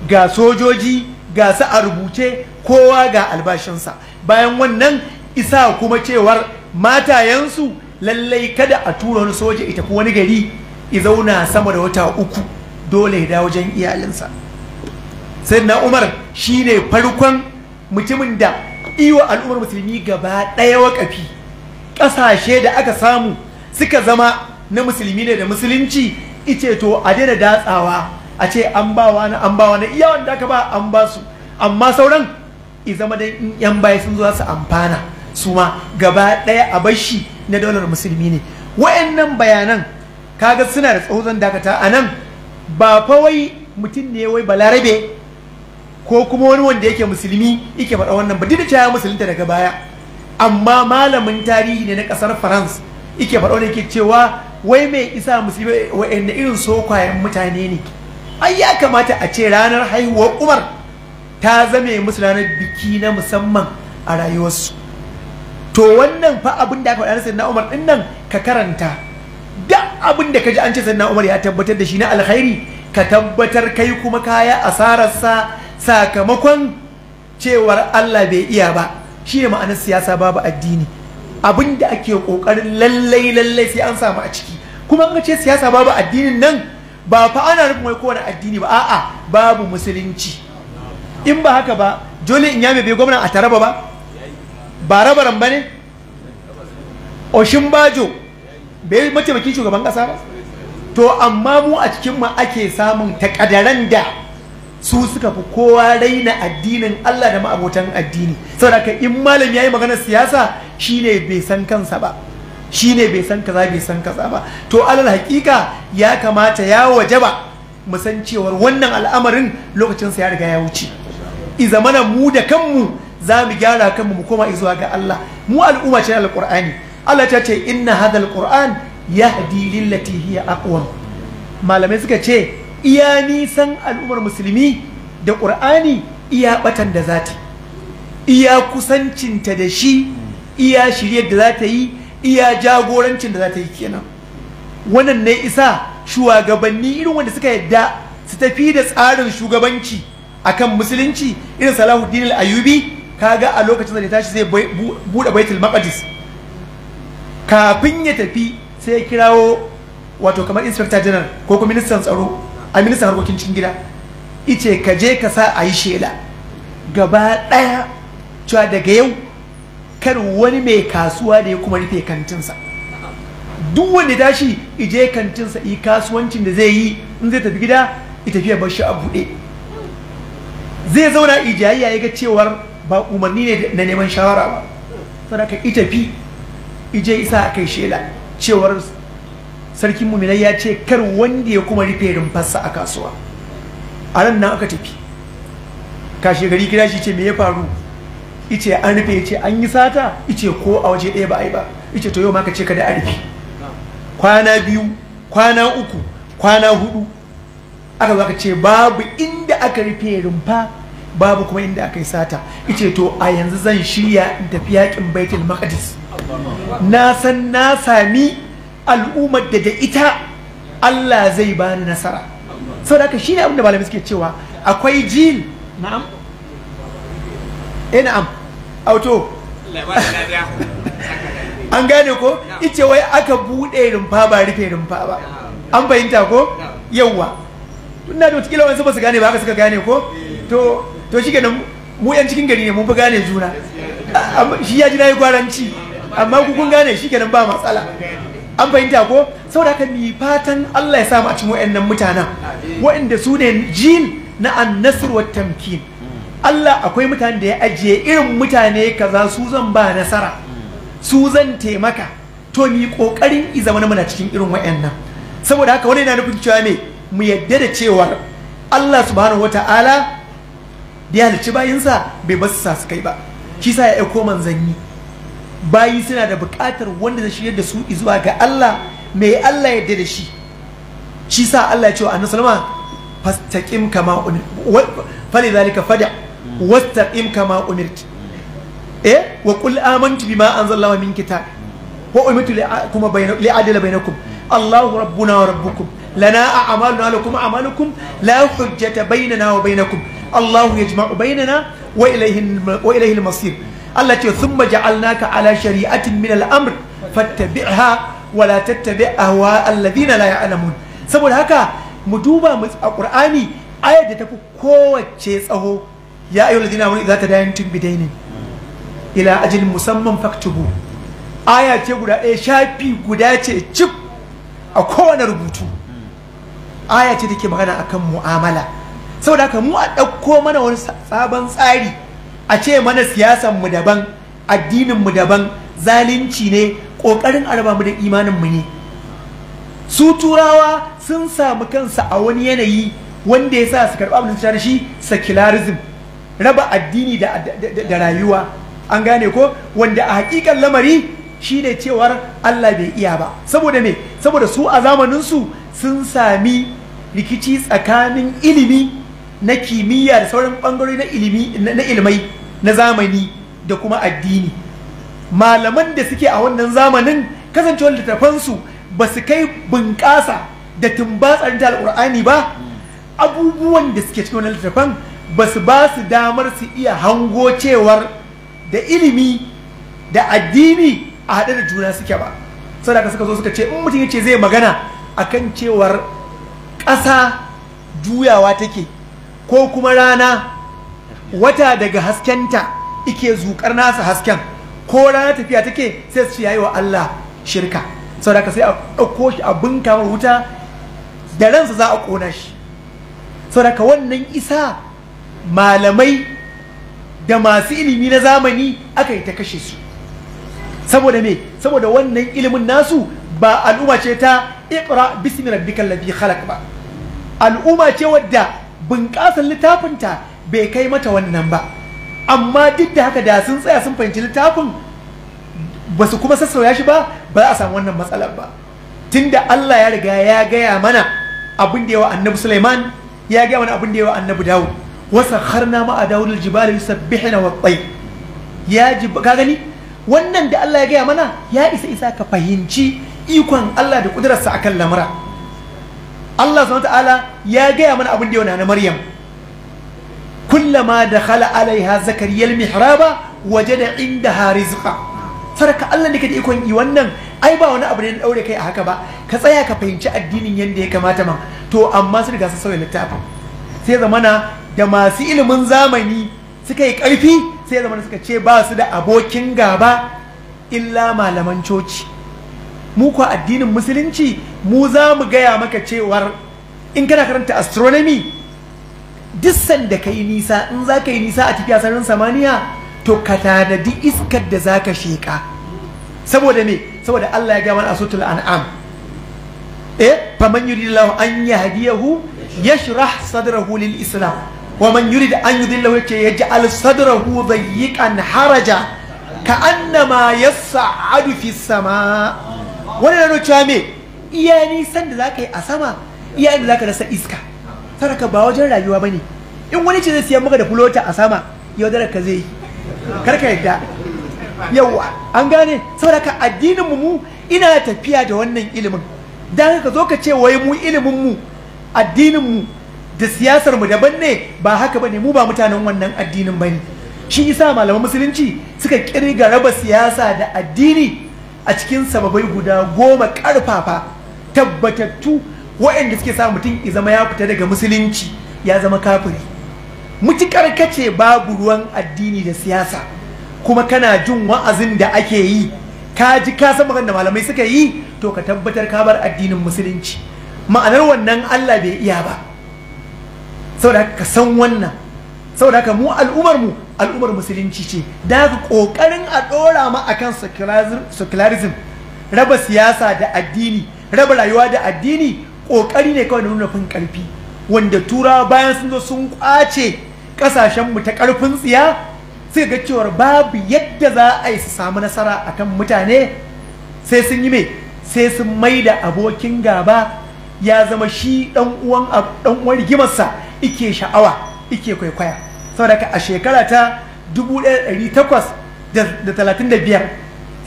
ga sojoji ga su a rubuce kowa ga albashinsa bayan wannan isa kuma cewar matayensu lallai kada a tura wani soja ita tafi wani gari i zauna sama da wata uku dole ya wajen iyalinsa sai na umar shine farkon mutumin da iwa al'ummar musulmi gaba ɗaya wakafi ƙasashe da aka samu suka zama na musulmi ne da musulunci ice to a daina datsawa a ce an ba na an ba na iya wanda aka ba an ba su amma sauran i zama dan in yan baya sun zo za su amfana su ma gaba ɗaya a bashi na daular musulmi ne wayannan bayanan kaga suna da tsohon dakata anan, nan ba fa wai mutum ne wai balarabe ko kuma wani wanda yake musulmi yake faɗa wannan ba duk da cewa musulunta daga baya amma malamin tarihi ne na ƙasar France yake faɗa wannan yake cewa wai mai isa musulmi wa'anne irin sokwayen mutane ne ai ya kamata a ce ranar haihuwar Umar ta zame musu ranar biki na musamman a rayuwarsu to wannan fa abin da aka faɗa na Umar din nan ka karanta duk abin da ka ji an ce sannan Umar ya tabbatar da shi na alkhairi ka tabbatar kai kuma kaya asararsa sakamakon cewar Allah bai iya ba shi ne ma'anar siyasa babu addini abin da ake kokarin lallai lallai sai an samu a ciki kuma an ce siyasa babu addinin nan ba fa ana nufin wai kowane addini ba a'a babu musulunci in ba haka ba jole in yame bai gwamna a taraba ba ba rabaran ba ne oshin bajo bai mataimakin shugaban ƙasa ba to amma mu a cikin mu ake samun takadaran da su suka fi kowa raina addinin Allah da ma'abotan addini saboda ka in malam ya yi maganar siyasa shine bai san kansa ba Shi ne bai san kaza bai san kaza ba to alal hakika ya kamata ya wajaba mu san cewar wannan al'amarin lokacin sa ya riga ya wuce i zamana mu da kanmu za mu gyara kanmu mu koma zuwa ga Allah mu al'umma ce alqur'ani Allah ta ce inna hadha alqur'an yahdi lillati hiya aqwam malamai suka ce iya nisan al'ummar musulmi da ƙur'ani iya batan da za ta iya kusancinta da shi iya shiryar da za ta yi iya jagorancin da za ta yi kenan wannan ne isa shugabanni irin wanda suka yadda su tafi da tsarin shugabanci akan musulunci irin salahuddin al-ayubi kaga a lokacin da ya tashi zai buɗe baitul maqdis kafin ya tafi sai ya kirawo wato kamar inspector general ko kuma ministan tsaro a ministan harkokin cikin gida ice ka je ka sa a yi shela gaba ɗaya cewa daga yau kar wani mai kasuwa da ya kuma rufe kantinsa duk wanda tashi ije kantinsa yi kasuwancin da zai yi in zai tafi gida ya tafiya bar shi a buɗe zai zauna ijayya ya ga cewar ba umarni ne na neman shawara ba saboda ka itafi ije isa a kai shela cewar sarkin muminai ya ce kar wanda ya kuma rufe rumfarsa a kasuwa a ran nan aka tafi kashe gari gida shi ce me ya faru ice an rufe ya an yi sata ice ko a waje ɗaya ba a yi ba ice to yau ma ka ce kada a rufe kwana biyu kwana uku kwana hudu aka zaka ce babu inda aka rufe rumfa babu kuma inda aka yi sata ice to a yanzu zan shirya in tafi yakin baitul maqdis na san na sami al'ummar da da ita Allah zai bani nasara sau da shi ne abinda malamai suke cewa akwai jil na'am eh na'am auto an gane ko ice wai aka buɗe rumfa ba rufe rumfa ba an fahimta ko yawwa ina da wata wasu ba su gane ba aka suka gane ko to shi ganin mu yan cikin gari ne mun fi gane juna shi ya ji na yi gwaranci amma kukun kun gane shi ganin ba matsala an fahimta ko saboda haka mi fatan Allah ya sa mu a cikin wayannan mutanen waɗanda su ne jin na annasr wa tamkin Allah akwai mutanen da ya ajiye irin mutane kaza su zan ba nasara su zan taimaka to mi kokarin i zama muna cikin irin wayannan saboda haka wani yana nufin cewa me mu yadda da cewa Allah subhanahu wataala da ya halarci bayinsa bai basu sa su kai ba shi sa ya aiko manzanni bayi suna da buƙatar wanda zai shirya da su zuwa ga Allah mai Allah yadda da shi shi sa Allah ya ce wa annabi sallama fastaqim kama umir fali zalika fada wastaqim kama umirti eh wa qul amantu bima anzalallahu min kitab wa umirtu kuma li adla bainakum Allahu rabbuna wa rabbukum lana a'maluna lakum a'malukum la hujjata bainana wa bainakum Allahu yajma'u bainana wa ilayhi wa ilayhi al-masir Allah ce sun maja alnaka ala shari'atin min al-amr fattabi'ha wa la tattabi' ahwa la ya'lamun saboda haka mu duba mu a Qur'ani ayar da tafi kowace tsaho ya ayyul ladina amanu idza tadayantum bidainin ila ajin musamman faktubu aya ce guda ɗaya shafi guda ce cik a kowane rubutu aya ce take magana akan mu'amala saboda haka mu a ɗauko mana wani sabon tsari a ce mana siyasan mu daban addinin mu daban zalunci ne ƙoƙarin araba mu da imanin mu ne su turawa sun samu kansa a wani yanayi wanda ya sa su karɓa abin shi secularism raba addini da, rayuwa an gane ko wanda a hakikan lamari shi ne cewar Allah bai iya ba saboda me saboda su a zamaninsu sun sami rikici tsakanin ilimi na kimiyya da sauran bangarori na na ilimai na zamani da kuma addini malaman da suke a wannan zamanin kasancewar littafansu ba su kai bunƙasa da tumbatsar da alƙur'ani ba abubuwan da suke cikin wannan littafan ba su ba su damar su iya hango cewar da ilimi da addini a haɗe da juna suke ba sadaka suka zo suka ce in mutum ya ce zai magana akan cewar ƙasa juyawa take ko kuma rana wata daga haskenta ike zukar nasa hasken ko rana tafiya take sai su yayi wa Allah shirka saboda sai a ɗauko shi a bunka wuta da ransa za a ƙona shi saboda wannan isa malamai da masu ilimi na zamani aka yi ta kashe su saboda me saboda wannan ilimin nasu ba al'umma ce ta iqra bismi rabbikal ladhi khalaq ba al'umma ce wadda bunƙasar littafinta bai kai mata wannan ba amma duk da haka da sun tsaya sun fahimci littafin ba su kuma sassauya shi ba ba za a samu wannan matsalar ba tunda Allah ya riga ya gaya mana abin da yawa annabi Sulaiman ya gaya mana abin da yawa annabi Dawud wa sakharna ma Dawud Aljibali, jibala yusabbihna wa tayy ya ji ka gani wannan da Allah ya gaya mana ya isa isa ka fahimci ikon Allah da kudurarsa akan lamura Allah subhanahu wa ta'ala ya gaya mana abin da yawa na Maryam كلما دخل عليها زكريا المحراب وجد عندها رزقا Sarka Allah ne ka da ikon yi wannan ai ba wani abu ne na daure kai a haka ba ka tsaya ka fahimci addinin yadda ya kamata ma to amma su riga sauya littafin sai zamana da masu ilimin zamani sukayi yi ƙarfi sai zamana suka ce ba su da abokin gaba illa malaman coci mu addinin musulunci mu za mu gaya maka cewar in kana karanta astronomy dissan da ka yi nisa in za ka yi nisa a tafiya sarin samaniya to ka tanadi iskar da za ka sheƙa saboda me saboda Allah ya gama a sutul an'am eh faman yuridillahu an yahdiyahu yashrah sadrahu lil islam wa man yurid an yudillahu yaj'al sadrahu dayyiqan haraja annama yas'adu fi sama wannan ne cewa me iya nisan da za ka yi a sama iya inda za ka rasa iska saraka ba wajen rayuwa bane in wani ce zai siyan maka da fulota a sama yaudarar ka zai karka yadda yawa an gane saboda ka addinin mu ina tafiya da wannan ilimin dan ka zo ka ce wai mu ilimin mu addinin mu da siyasar mu daban ne ba haka bane mu ba mutanen wannan addinin bane shi isa malaman musulunci suka kirga raba siyasa da addini a cikin sababai guda goma karfafa tabbatattu waɗanda suke sa mutum ya zama ya fita daga musulunci ya zama kafiri mutukar kace babu ruwan addini da siyasa kuma kana jin wa'azin da ake yi ka ji ka san da malamai suka yi to ka tabbatar ka bar addinin musulunci ma'anar wannan Allah bai iya ba saboda ka san wannan saboda haka mu al'ummar mu al'ummar musulunci ce da haka kokarin a dora ma akan secularism raba siyasa da addini raba rayuwa da addini ƙoƙari ne kawai da nuna fin ƙarfi wanda tura bayan sun zo sun ƙwace mu ta karfin tsiya sai ga cewa babu yadda za a yi su samu nasara akan mutane sai sun yi mai sai sun mai da abokin gaba ya zama shi dan uwan rigimarsa ike sha'awa ike kwaikwaya saboda ka a shekara ta 1835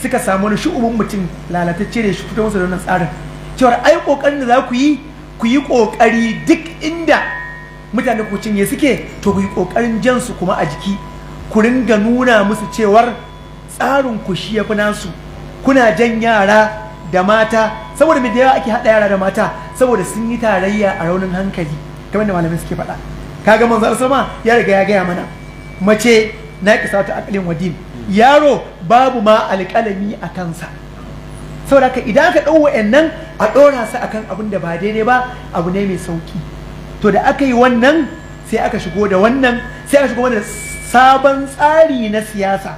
suka samu wani shi'ubin mutum lalatacce da shi fito musu da wannan tsarin cewar ai kokarin da za ku yi ku yi kokari duk inda mutane ku cinye suke to ku yi kokarin jan su kuma a jiki ku ringa nuna musu cewar tsarin ku shi ya fi nasu kuna jan yara da mata saboda mai da yawa ake haɗa yara da mata saboda sun yi tarayya a raunin hankali kamar da malamai suke faɗa kaga manzo sama ya riga ya gaya mana mace na kisa ta aqlin wadim yaro babu ma alƙalami a kansa saboda ka idan aka ɗau wa'annan a ɗora su akan abin da ba daidai ba abu ne mai sauki to da aka yi wannan sai aka shigo da wannan sai aka shigo da sabon tsari na siyasa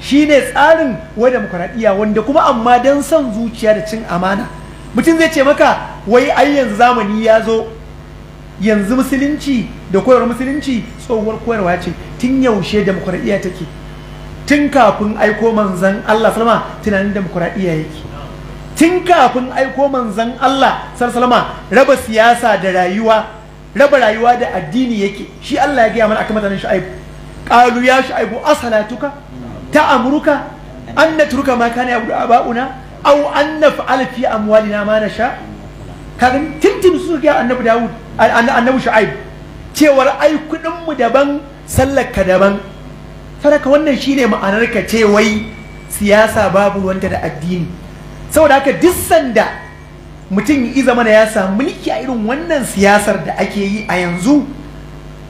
shi ne tsarin wa demokuraɗiyya wanda kuma amma don son zuciya da cin amana mutum zai ce maka wai ai yanzu zamani ya zo yanzu musulunci da koyarwar musulunci tsohuwar koyarwa ce tun yaushe demokuraɗiyya take tun kafin aiko manzan Allah salama tunanin demokuraɗiyya yake tun kafin aiko manzan Allah salama raba siyasa da rayuwa raba rayuwa da addini yake shi Allah ya gaya mana akan mutanen shu'aibu qalu ya shu'aibu asalatuka ta an natruka ma kana yabudu ba'una. Au an naf'ala fi amwalina ma nasha kaga tintin su ga annabi Dawud annabi shu'aib cewar ai kuɗin mu daban sallaka daban sadaka wannan shine ma'anar ka ce wai siyasa babu wanda da addini saboda haka duk sanda mutum ya zama ya samu mulki a irin wannan siyasar da ake yi a yanzu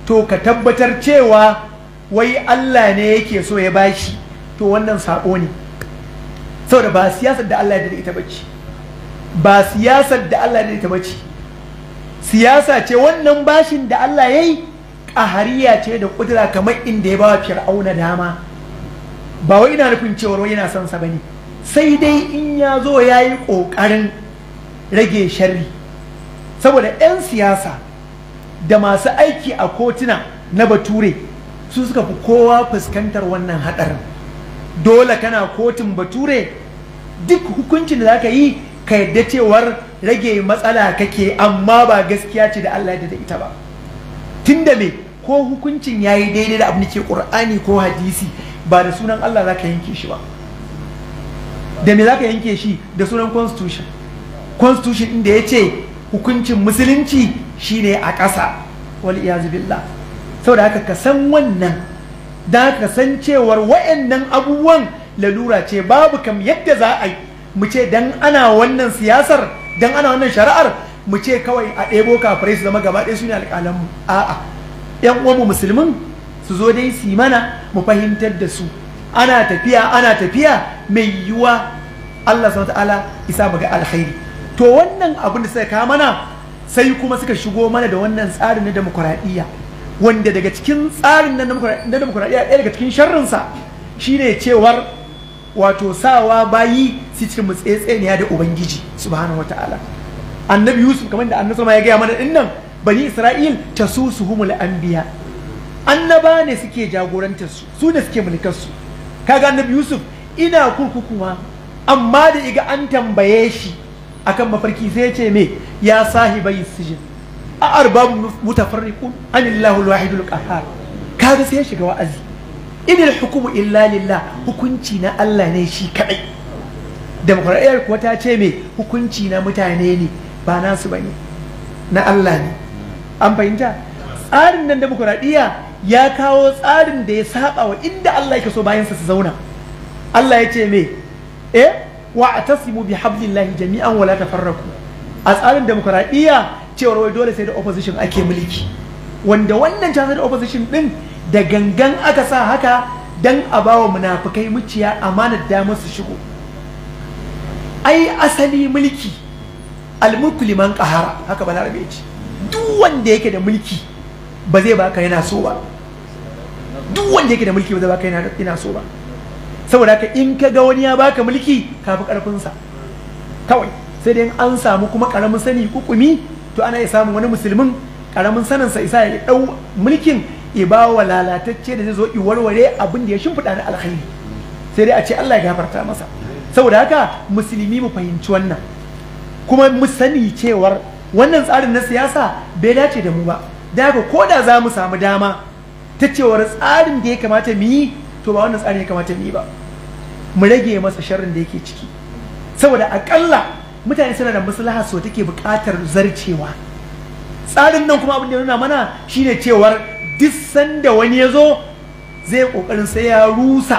to ka tabbatar cewa wai Allah ne yake so ya bashi to wannan sako ne saboda ba siyasar da Allah da ita bace ba siyasar da Allah da ita bace siyasa ce wannan bashin da Allah ya yi ƙahariya ce da ƙudura kamar inda ya bawa fir'auna dama ba wai ina nufin cewar wai yana son sa bane sai dai in ya zo ya yi ƙoƙarin rage sharri saboda 'yan siyasa da masu aiki a kotuna na bature su suka fi kowa fuskantar wannan haɗarin dole kana kotun bature duk hukuncin da za ka yi ka yadda cewar rage matsala kake amma ba gaskiya ce da Allah da ita ba tunda me ko hukuncin ya yi daidai da abin da ke ƙur'ani ko hadisi ba da sunan Allah za ka yanke shi ba da me za ka yanke shi da sunan constitution constitution inda ya ce hukuncin musulunci shi ne a ƙasa wal billah saboda haka ka san wannan da ka san cewar wa'annan abubuwan lalura ce babu kam yadda za a yi mu ce dan ana wannan siyasar dan ana wannan shari'ar mu ce kawai a ɗebo kafirai su zama gaba ɗaya su ne alƙalanmu a'a yan uwanmu musulmin su zo dai su yi mana mu fahimtar da su ana tafiya ana tafiya mai yiwuwa Allah subhanahu ta'ala isa ga alkhairi to wannan abin da suka kawo mana sai kuma suka shigo mana da wannan tsarin na demokuraɗiyya wanda daga cikin tsarin na demokuraɗiyya ɗaya daga cikin sharrinsa shine cewar wato sawa bayi su cikin mutsetseniya da ubangiji subhanahu ta'ala annabi yusuf kamar da annabi ya gaya mana dinnan bani isra'il ta su su humul anbiya annaba ne suke jagorantar su su ne suke mulkar su kaga annabi yusuf ina kurkuku ma amma da iga an tambaye shi akan mafarki sai ce me ya sahibai sijin a arbabun mutafarriqun anillahu alwahidul qahhar kaga sai ya shiga wa'azi inil hukumu illa lillah hukunci na Allah ne shi kadai demokradiyyar kuwa ta ce me hukunci na mutane ne ba nasu bane na Allah ne an fahimta tsarin nan demokuraɗiyya ya kawo tsarin da ya saba wa inda Allah yake so bayansa su zauna Allah ya ce me eh wa atasimu bi hablillahi jami'an wala tafarraku a tsarin demokuraɗiyya cewar wai dole sai da opposition ake mulki wanda wannan da opposition din da gangan aka sa haka dan a bawa munafukai muciya amanar damar su shigo ai asali mulki al-mulku liman qahara haka balarabe ya ce duk wanda yake da mulki ba zai baka yana so ba duk wanda yake da mulki ba zai baka yana so ba saboda haka in ka ga wani ya baka mulki kafi karfinsa kawai sai dai an samu kuma karamin sani kukumi to ana iya samun wani musulmin karamin saninsa isa ya dau mulkin ya ibawa lalatacce da zai zo warware abin da ya shimfiɗa na alkhairi sai dai a ce Allah ya gafarta masa saboda haka musulmi mu fahimci wannan kuma mu sani cewar wannan tsarin na siyasa bai dace da mu ba da haka ko da za mu samu dama ta cewar tsarin da ya kamata mu yi to ba wannan tsarin ya kamata mu yi ba mu rage masa sharrin da yake ciki saboda akalla mutane suna da maslaha so take buƙatar zarcewa tsarin nan kuma abin da nuna mana shine cewar duk sanda wani ya zo zai kokarin sai ya rusa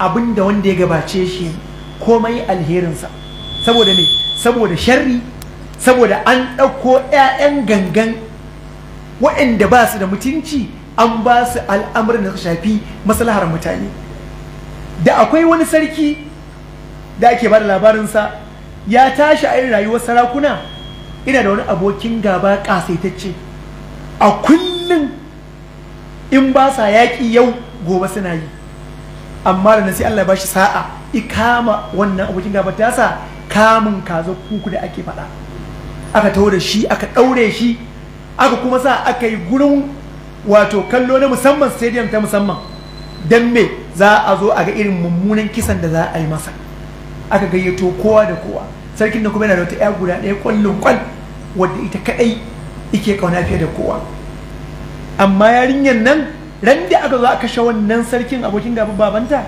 abin da wanda ya gabace shi komai alherinsa saboda ne saboda sharri saboda an ɗauko 'ya'yan gangan waɗanda ba su da mutunci an ba su al'amuran da shafi maslahar mutane da akwai wani sarki da ake ba da labarinsa ya tashi a yin rayuwar sarakuna ina da wani abokin gaba ƙasaitacce a kullum in ba sa yaƙi yau gobe suna yi amma da nasi Allah ba shi sa'a ikama wannan abokin gaba ta tasa kamun kazo kuku da ake faɗa aka taho da shi aka ɗaure shi aka kuma sa aka yi gurin wato kallo na musamman stadium ta musamman don me za a zo a ga irin mummunan kisan da za a yi masa aka gayyato kowa da kowa sarkin da kuma yana da wata ya guda ɗaya kwallon kwal wadda ita kaɗai ike kauna fiye da kowa amma yarinyar nan ran da aka zo aka kashe wannan sarkin abokin gaba babanta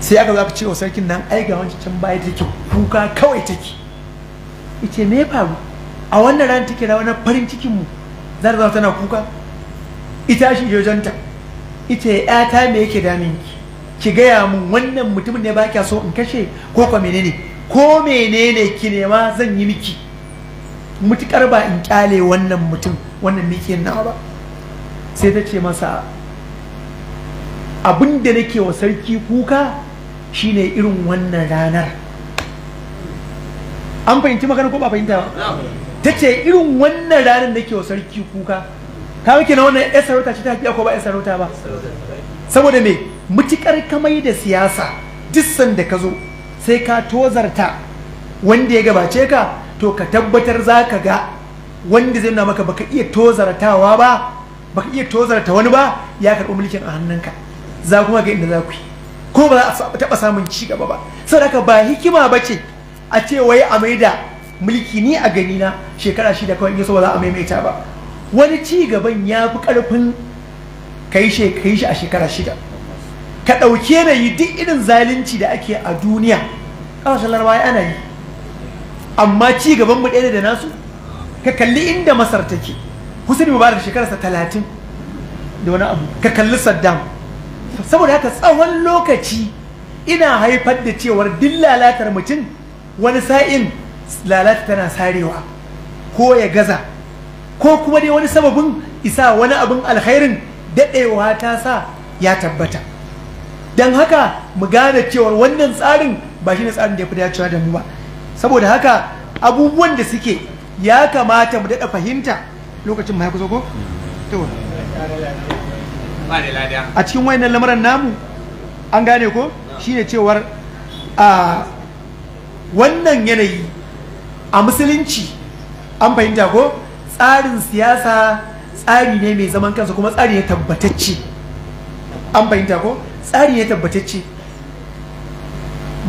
sai aka zo aka ce wa sarkin nan ai ga wancan baya take kuka kawai take ce me faru a wannan ran take rawa na farin cikin mu zarza tana kuka ita shi jojanta ita ya ta me yake damin ki ki gaya mun wannan mutumin ne ba so in kashe ko ko menene ko menene ki nema zan yi miki mutukar ba in kyale wannan mutum wannan miki na ba sai ta ce masa abin da nake wa sarki kuka shine irin wannan ranar an fahimci magana ko ba fahimta ba ta ce irin wannan ranar da ke wa sarki kuka ka wuke na wannan yan sarauta ce ta haƙiƙa ko ba yan sarauta ba saboda me mutukar kamai da siyasa dissan da ka zo sai ka tozarta wanda ya gabace ka to ka tabbatar za ka ga wanda zai na maka baka iya tozartawa ba baka iya tozarta wani ba ya karɓi mulkin a hannunka za kuma ga inda za ku yi ko ba za a taɓa samun ci gaba ba saboda ka ba hikima ba ce a ce wai a da mulki ni a gani na shekara shida kawai in so ba za a maimaita ba wani ci gaban ya fi karfin ka yi shi a shekara shida ka na yi duk irin zalunci da ake a duniya ƙasashen larabawa ana yi amma ci gaban mu ɗaya da nasu ka kalli inda masar take hussein mubarak sa talatin da wani abu ka kalli saddam saboda haka tsawon lokaci ina haifar da cewar duk lalatar mutum wani sa'in lalata tana sarewa ko ya gaza ko kuma dai wani sababin isa wani abin alkhairin daɗewa ta sa ya tabbata don haka mu gane cewar wannan tsarin ba shi ne tsarin da ya fi dacewa da mu ba saboda haka abubuwan da suke ya kamata mu daɗa fahimta lokacin mai kusa ko? a cikin wayannan lamuran namu an gane ko shine cewar a ah, wannan yanayi a musulunci an fahimta ko tsarin siyasa tsari ne mai zaman kansa kuma tsari ne tabbatacce an fahimta ko tsari ne tabbatacce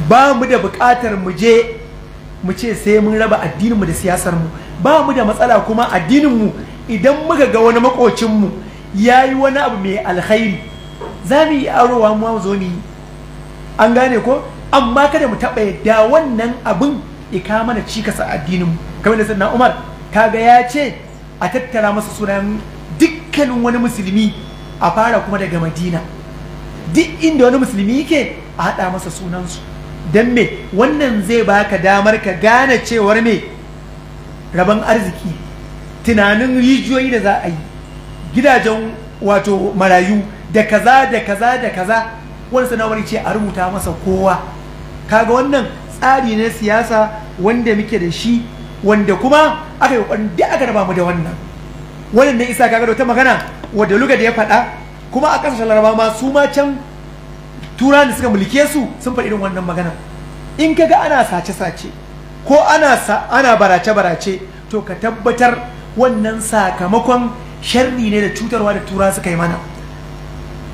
ba mu da buƙatar mu je mu ce sai mun raba addininmu da siyasarmu ba mu da matsala kuma addininmu idan muka ga wani makocinmu ya yi wani abu mai alkhairi za mu yi arowa mu zo mu an gane ko amma kada mu taɓa yadda wannan abin ika mana cikasa addinin kamar da sannan umar kaga ya ce a tattara masa sunan dukkanin wani musulmi a fara kuma daga madina duk inda wani musulmi yake a haɗa masa sunansu don me wannan zai baka damar ka gane cewar me rabon arziki tunanin rijiyoyi da za a yi gidajen wato marayu da kaza da kaza da kaza wani sanawar ce a rubuta masa kowa kaga wannan tsari ne siyasa wanda muke da shi wanda kuma aka yi kokarin da aka raba mu da wannan wannan ne isa kaga da wata magana wanda luga da ya faɗa kuma a ƙasashen laraba ma su ma can tura da suka mulke su sun faɗi irin wannan magana in kaga ana sace-sace ko ana ana barace-barace to ka tabbatar wannan sakamakon sharri ne da cutarwa da tura suka yi mana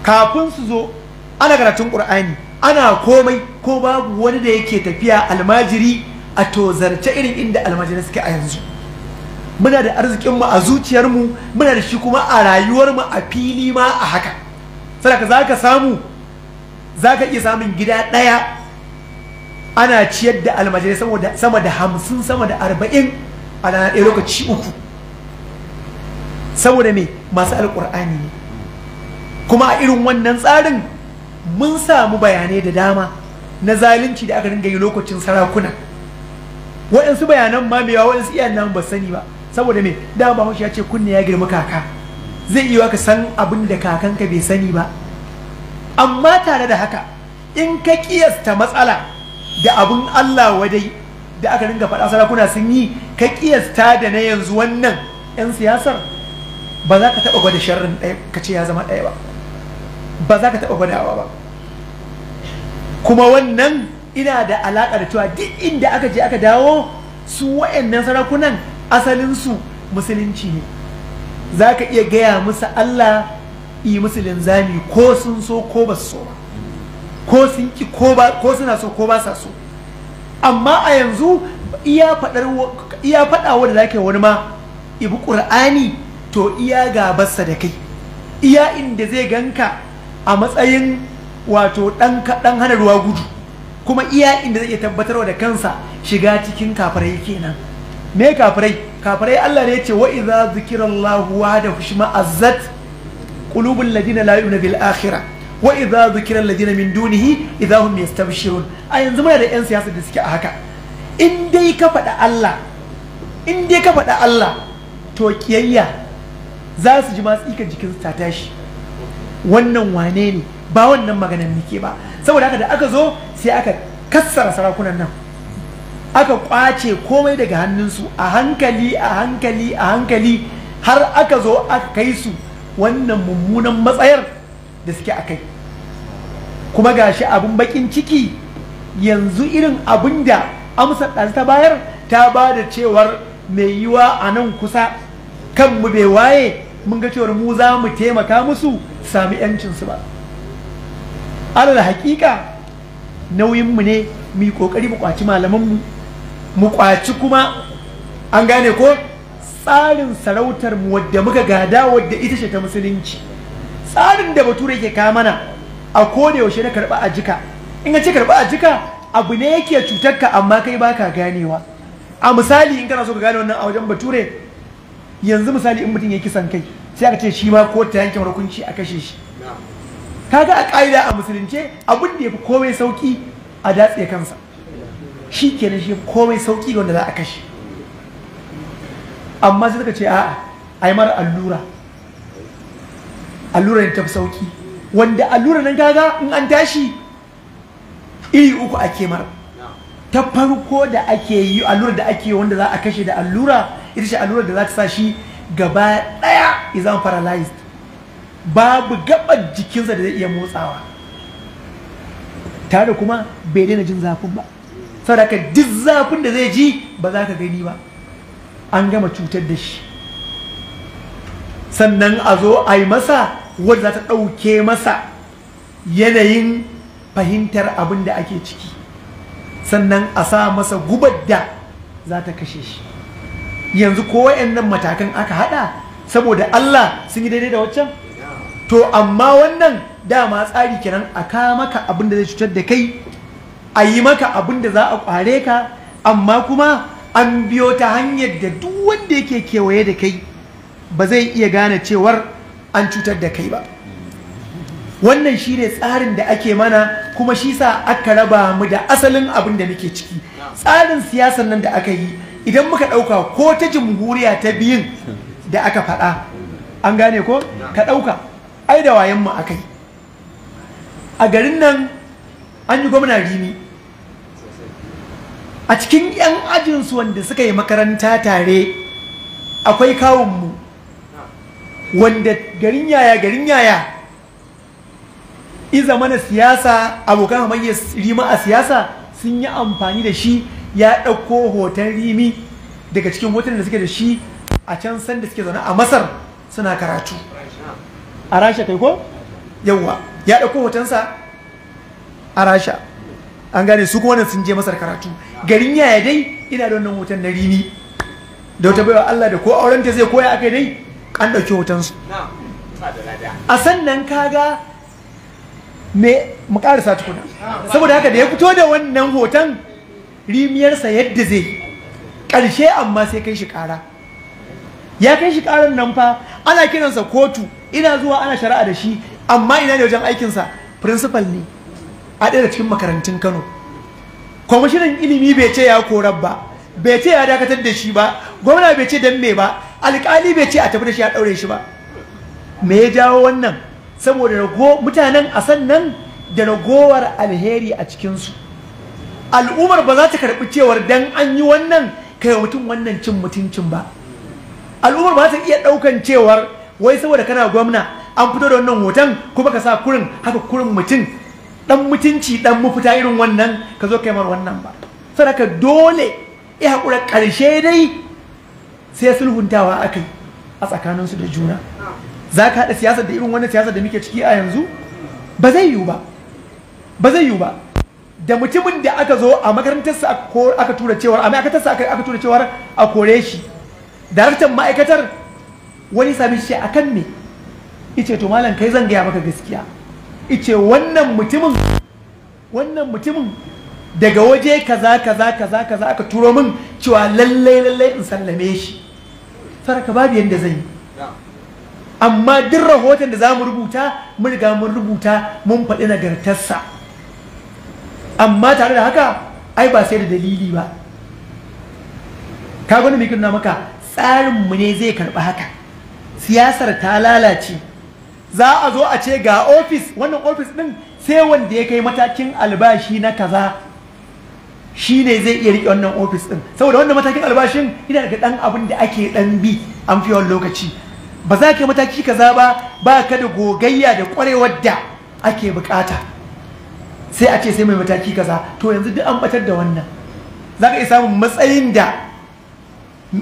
kafin su zo ana karatun qur'ani ana komai ko babu wani da yake tafiya almajiri a tozarce irin inda almajiri suke a yanzu muna da arzikinmu a zuciyarmu muna da shi kuma a rayuwarmu a fili ma a haka saboda za ka samu za ka iya samun gida ɗaya ana ciyar da almajirai sama da hamsin sama da arba'in a rana ɗaya lokaci uku saboda me masu alƙur'ani ne kuma a irin wannan tsarin mun samu bayanai da dama na zalunci da aka dinga yi lokacin sarakuna waɗansu bayanan ma mai waɗansu iya nan ba sani ba saboda me dama ba ya ce kunne ya girma kaka zai iya ka san abin da kakanka bai sani ba amma tare da haka in ka kiyasta matsala da abin Allah wadai da aka ringa faɗa sarakuna sun yi ka kiyasta da na yanzu wannan 'yan siyasar ba za ka taɓa gwada sharrin ɗaya ka ce ya zama ɗaya ba ba za ka taɓa gwadawa ba kuma wannan ina da alaƙa da cewa duk inda aka je aka dawo su wa'annan sarakunan asalinsu musulunci ne za ka iya gaya musu Allah yi musu linzami ko sun so ko ba so ba ko sun ki ko suna so ko ba sa so amma a yanzu iya faɗawa da zaka wani ma ibi ƙur'ani to iya gabarsa da kai iya inda zai ganka a matsayin wato ɗan kaɗan hana ruwa gudu kuma iya inda zai iya tabbatarwa da kansa shiga cikin kafirai kenan me kafirai kafirai Allah ne ya ce wa idza zikrallahu wahdahu shima azzat ladina la yu'minu bil akhirah wa idza zikrallahu ladina min dunihi idza hum yastabshirun a yanzu muna da yan siyasa da suke a haka in dai ka faɗa Allah in dai to kiyayya za su ji ma jikin jikinsu ta tashi wannan wane ne ba wannan maganan nike ba saboda haka da aka zo sai aka kassara sarakunan nan aka kwace komai daga hannunsu a hankali a hankali a hankali har aka zo aka kai su wannan mummunan matsayar da suke a kai kuma gashi abin bakin ciki yanzu irin abin da amsar ɗansu ta bayar ta ba da cewar mai yiwa a nan kusa kanmu bai waye mun ga cewar mu za mu taimaka musu sami yancinsu ba alal hakika nauyinmu ne mu yi ƙoƙari mu ƙwaci malamanmu mu kwaci kuma an gane ko tsarin sarautar mu wadda muka gada wadda ita ce ta musulunci tsarin da bature ke kawo mana a koda yaushe na karba a jika in ce karba a jika abu ne yake cutar ka amma kai baka ganewa a misali in kana so ka gane wannan a wajen bature yanzu misali in mutum ya kisan kai sai aka ce shi ma ko ta yanke hukunci a kashe shi kaga a ƙa'ida a musulunce abin da ya fi komai sauƙi a datse kansa shi kenan shi komai sauƙi wanda za a kashe amma sai suka ce a'a a yi mara allura allura ne ta fi sauƙi wanda allura nan kaga in an tashi iri uku ake mara ta farko da ake yi allura da ake wanda za a kashe da allura ita ce allura da za ta sa shi gaba ɗaya izan paralyzed babu gabar jikinsa da zai iya motsawa tare kuma bai daina jin zafin ba saboda duk zafin da zai ji ba za ka gani ba an gama cutar da shi sannan a zo a yi masa wadda za ta ɗauke masa yanayin fahimtar abin da ake ciki sannan a sa masa gubar da za ta kashe shi yanzu ko nan matakan aka haɗa. saboda Allah sun yi daidai da waccan to amma wannan dama tsari kenan a kawo maka abin da zai cutar da kai a yi maka abin da za a kware ka amma kuma an biyo ta hanyar da duk wanda yake kewaye da kai ba zai iya gane cewar an cutar da kai ba wannan shine tsarin da ake mana kuma shi sa aka raba mu da asalin abin da muke ciki tsarin siyasar nan da aka yi idan muka ɗauka ko ta jamhuriya ta biyin. da aka faɗa an gane ko ka ɗauka ai da wayan mu akai a garin nan an yi gwamna rimi a cikin 'yan ajinsu wanda suka yi makaranta tare akwai kawun mu wanda garin yaya garin yaya iza mana siyasa abokan hamayya rima a siyasa sun yi amfani da shi ya ɗauko hoton rimi daga cikin hoton da suke da shi a can san da suke zaune a masar suna karatu a rasha kai ko yawwa ya ɗauko hotonsa a rasha an gane su kuma sun je masar karatu garin yaya dai ina da wannan hoton na rini da wata baiwa Allah da ko auren ta zai koya aka dai an ɗauki hotonsu a sannan kaga me mu ƙarisa tukuna saboda haka da ya fito da wannan hoton rimiyarsa yadda zai ƙarshe amma sai kai shi ƙara ya kai shi ƙarin nan fa ana kiransa kotu ina zuwa ana shari'a da shi amma ina ne wajen aikinsa principal ne a ɗaya da cikin makarantun kano kwamishinan ilimi bai ce ya korar ba bai ce ya dakatar da shi ba gwamna bai ce don me ba alƙali bai ce a tafi da shi a ɗaure shi ba me ya jawo wannan saboda mutanen a sannan da ragowar alheri a cikinsu al'ummar ba za ta karɓi cewar dan an yi wannan kai mutum wannan cin mutuncin ba al'ummar ba ta iya ɗaukan cewar wai saboda kana gwamna an fito da wannan hoton kuma ka sa kurin haka kurin mutum dan mutunci dan mafita irin wannan ka zo kai mar wannan ba sadaka dole ya haƙura ƙarshe dai sai sulhuntawa aka yi a tsakaninsu da juna za ka haɗa siyasar da irin wannan siyasar da muke ciki a yanzu ba zai yiwu ba ba zai yiwu ba da mutumin da aka zo a makarantarsa aka tura cewar a makarantarsa aka tura cewar a kore shi daraktan ma'aikatar wani sami shi a kan me ice to malam kai zan gaya maka gaskiya ice wannan mutumin wannan mutumin daga waje kaza kaza kaza kaza aka turo min cewa lallai lallai in sallame shi saraka babu yadda zai amma duk rahoton da za mu rubuta mun riga mun rubuta mun faɗi nagartarsa amma tare da haka ai ba sai da dalili ba ka gani mai na maka tsarinmu ne zai karɓi haka siyasar ta lalace za a zo a ce ga ofis wannan ofis ɗin sai wanda ya kai matakin albashi na kaza shi ne zai iya riƙe wannan ofis ɗin saboda wannan matakin albashin yana da ɗan abin da ake ɗan bi an fi yawan lokaci ba za ka mataki kaza ba ba ka da gogayya da ƙwarewar da ake buƙata sai a ce sai mai mataki kaza to yanzu duk an batar da wannan za ka iya samun matsayin da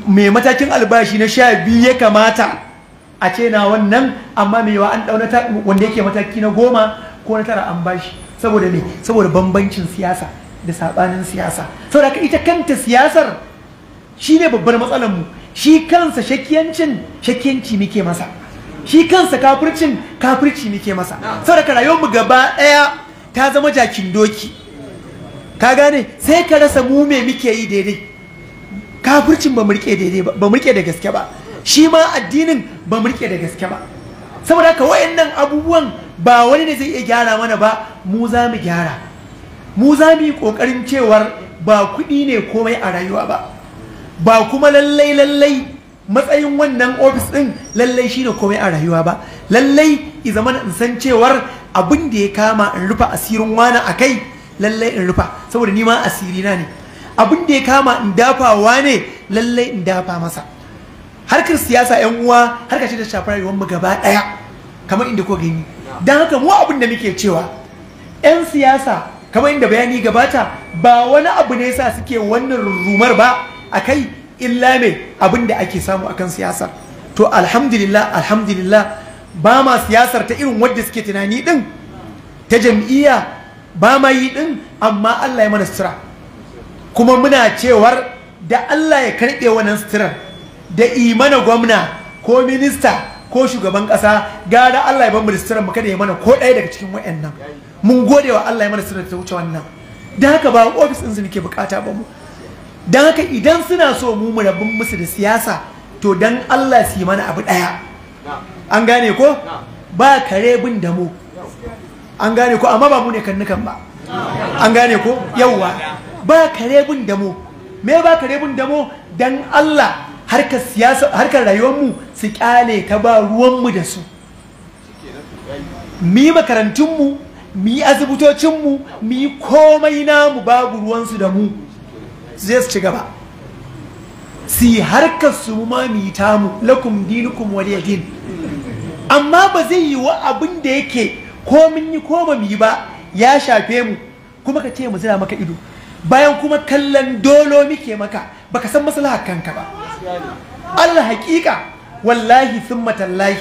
mai matakin albashi na sha biyu ya kamata a ce na wannan amma mai yawa an daunata wanda yake mataki na goma ko na tara an bashi saboda me saboda bambancin siyasa da sabanin siyasa saboda haka ita kanta siyasar shine babbar matsalar mu shi kansa shakiyancin shakiyanci muke masa shi kansa kafircin kafirci muke masa saboda ka rayuwar mu gaba ɗaya ta zama jakin doki ka gane sai ka rasa mu me muke yi daidai kafircin ba mu rike daidai ba ba mu rike da gaske ba shi ma addinin ba mu rike da gaske ba saboda haka wayannan abubuwan ba wani ne zai iya gyara mana ba mu za mu gyara mu za mu yi kokarin cewar ba kuɗi ne komai a rayuwa ba ba kuma lallai lallai matsayin wannan ofis ɗin lallai shi ne komai a rayuwa ba lallai i zama in san cewar abin da ya kama in rufa asirin wani a kai lallai in rufa saboda ni ma asirina ne abin da ya kama in dafawa ne lallai in dafa masa harkar siyasa yan uwa harka ce ta shafar rayuwar mu gaba daya kamar inda ko gani dan haka mu abin da muke cewa yan siyasa kamar inda bayani gabata ba wani abu ne yasa suke wannan rumar ba akai illa me abin da ake samu akan siyasa to alhamdulillah alhamdulillah ba ma siyasar ta irin wadda suke tunani din ta jam'iyya ba ma yi din amma Allah ya mana sutura kuma muna cewar da Allah ya karɓe wannan suturar da imana gwamna ko minista ko shugaban ƙasa gara Allah ya bambu da suturar mu kada ya mana ko ɗaya daga cikin wayannan mun gode wa Allah ya mana suturar ta wuce wannan don haka ba ofis ɗin su bukata ba mu dan haka idan suna so mu mu rabin musu da siyasa to dan Allah su yi mana abu ɗaya an gane ko ba kare bin da mu an gane ko amma ba mu ne kan nukan ba an gane ko yauwa ba damo me ba ka bin damo dan Allah harkar siyasa harkar rayuwarmu su kyale ta ba ruwanmu da su mi yi makarantunmu mu yi asibitocinmu mu yi komai namu babu ruwansu da mu zai su ci gaba si harkar su ma mu tamu lakum dinukum waliya din amma ba zai yi wa abin da yake ko mun yi ko ba mu ba ya shafe mu kuma ka ce mu zira maka ido bayan kuma kallon dolo muke maka baka san maslahar kanka ba Allah hakika wallahi thumma tallahi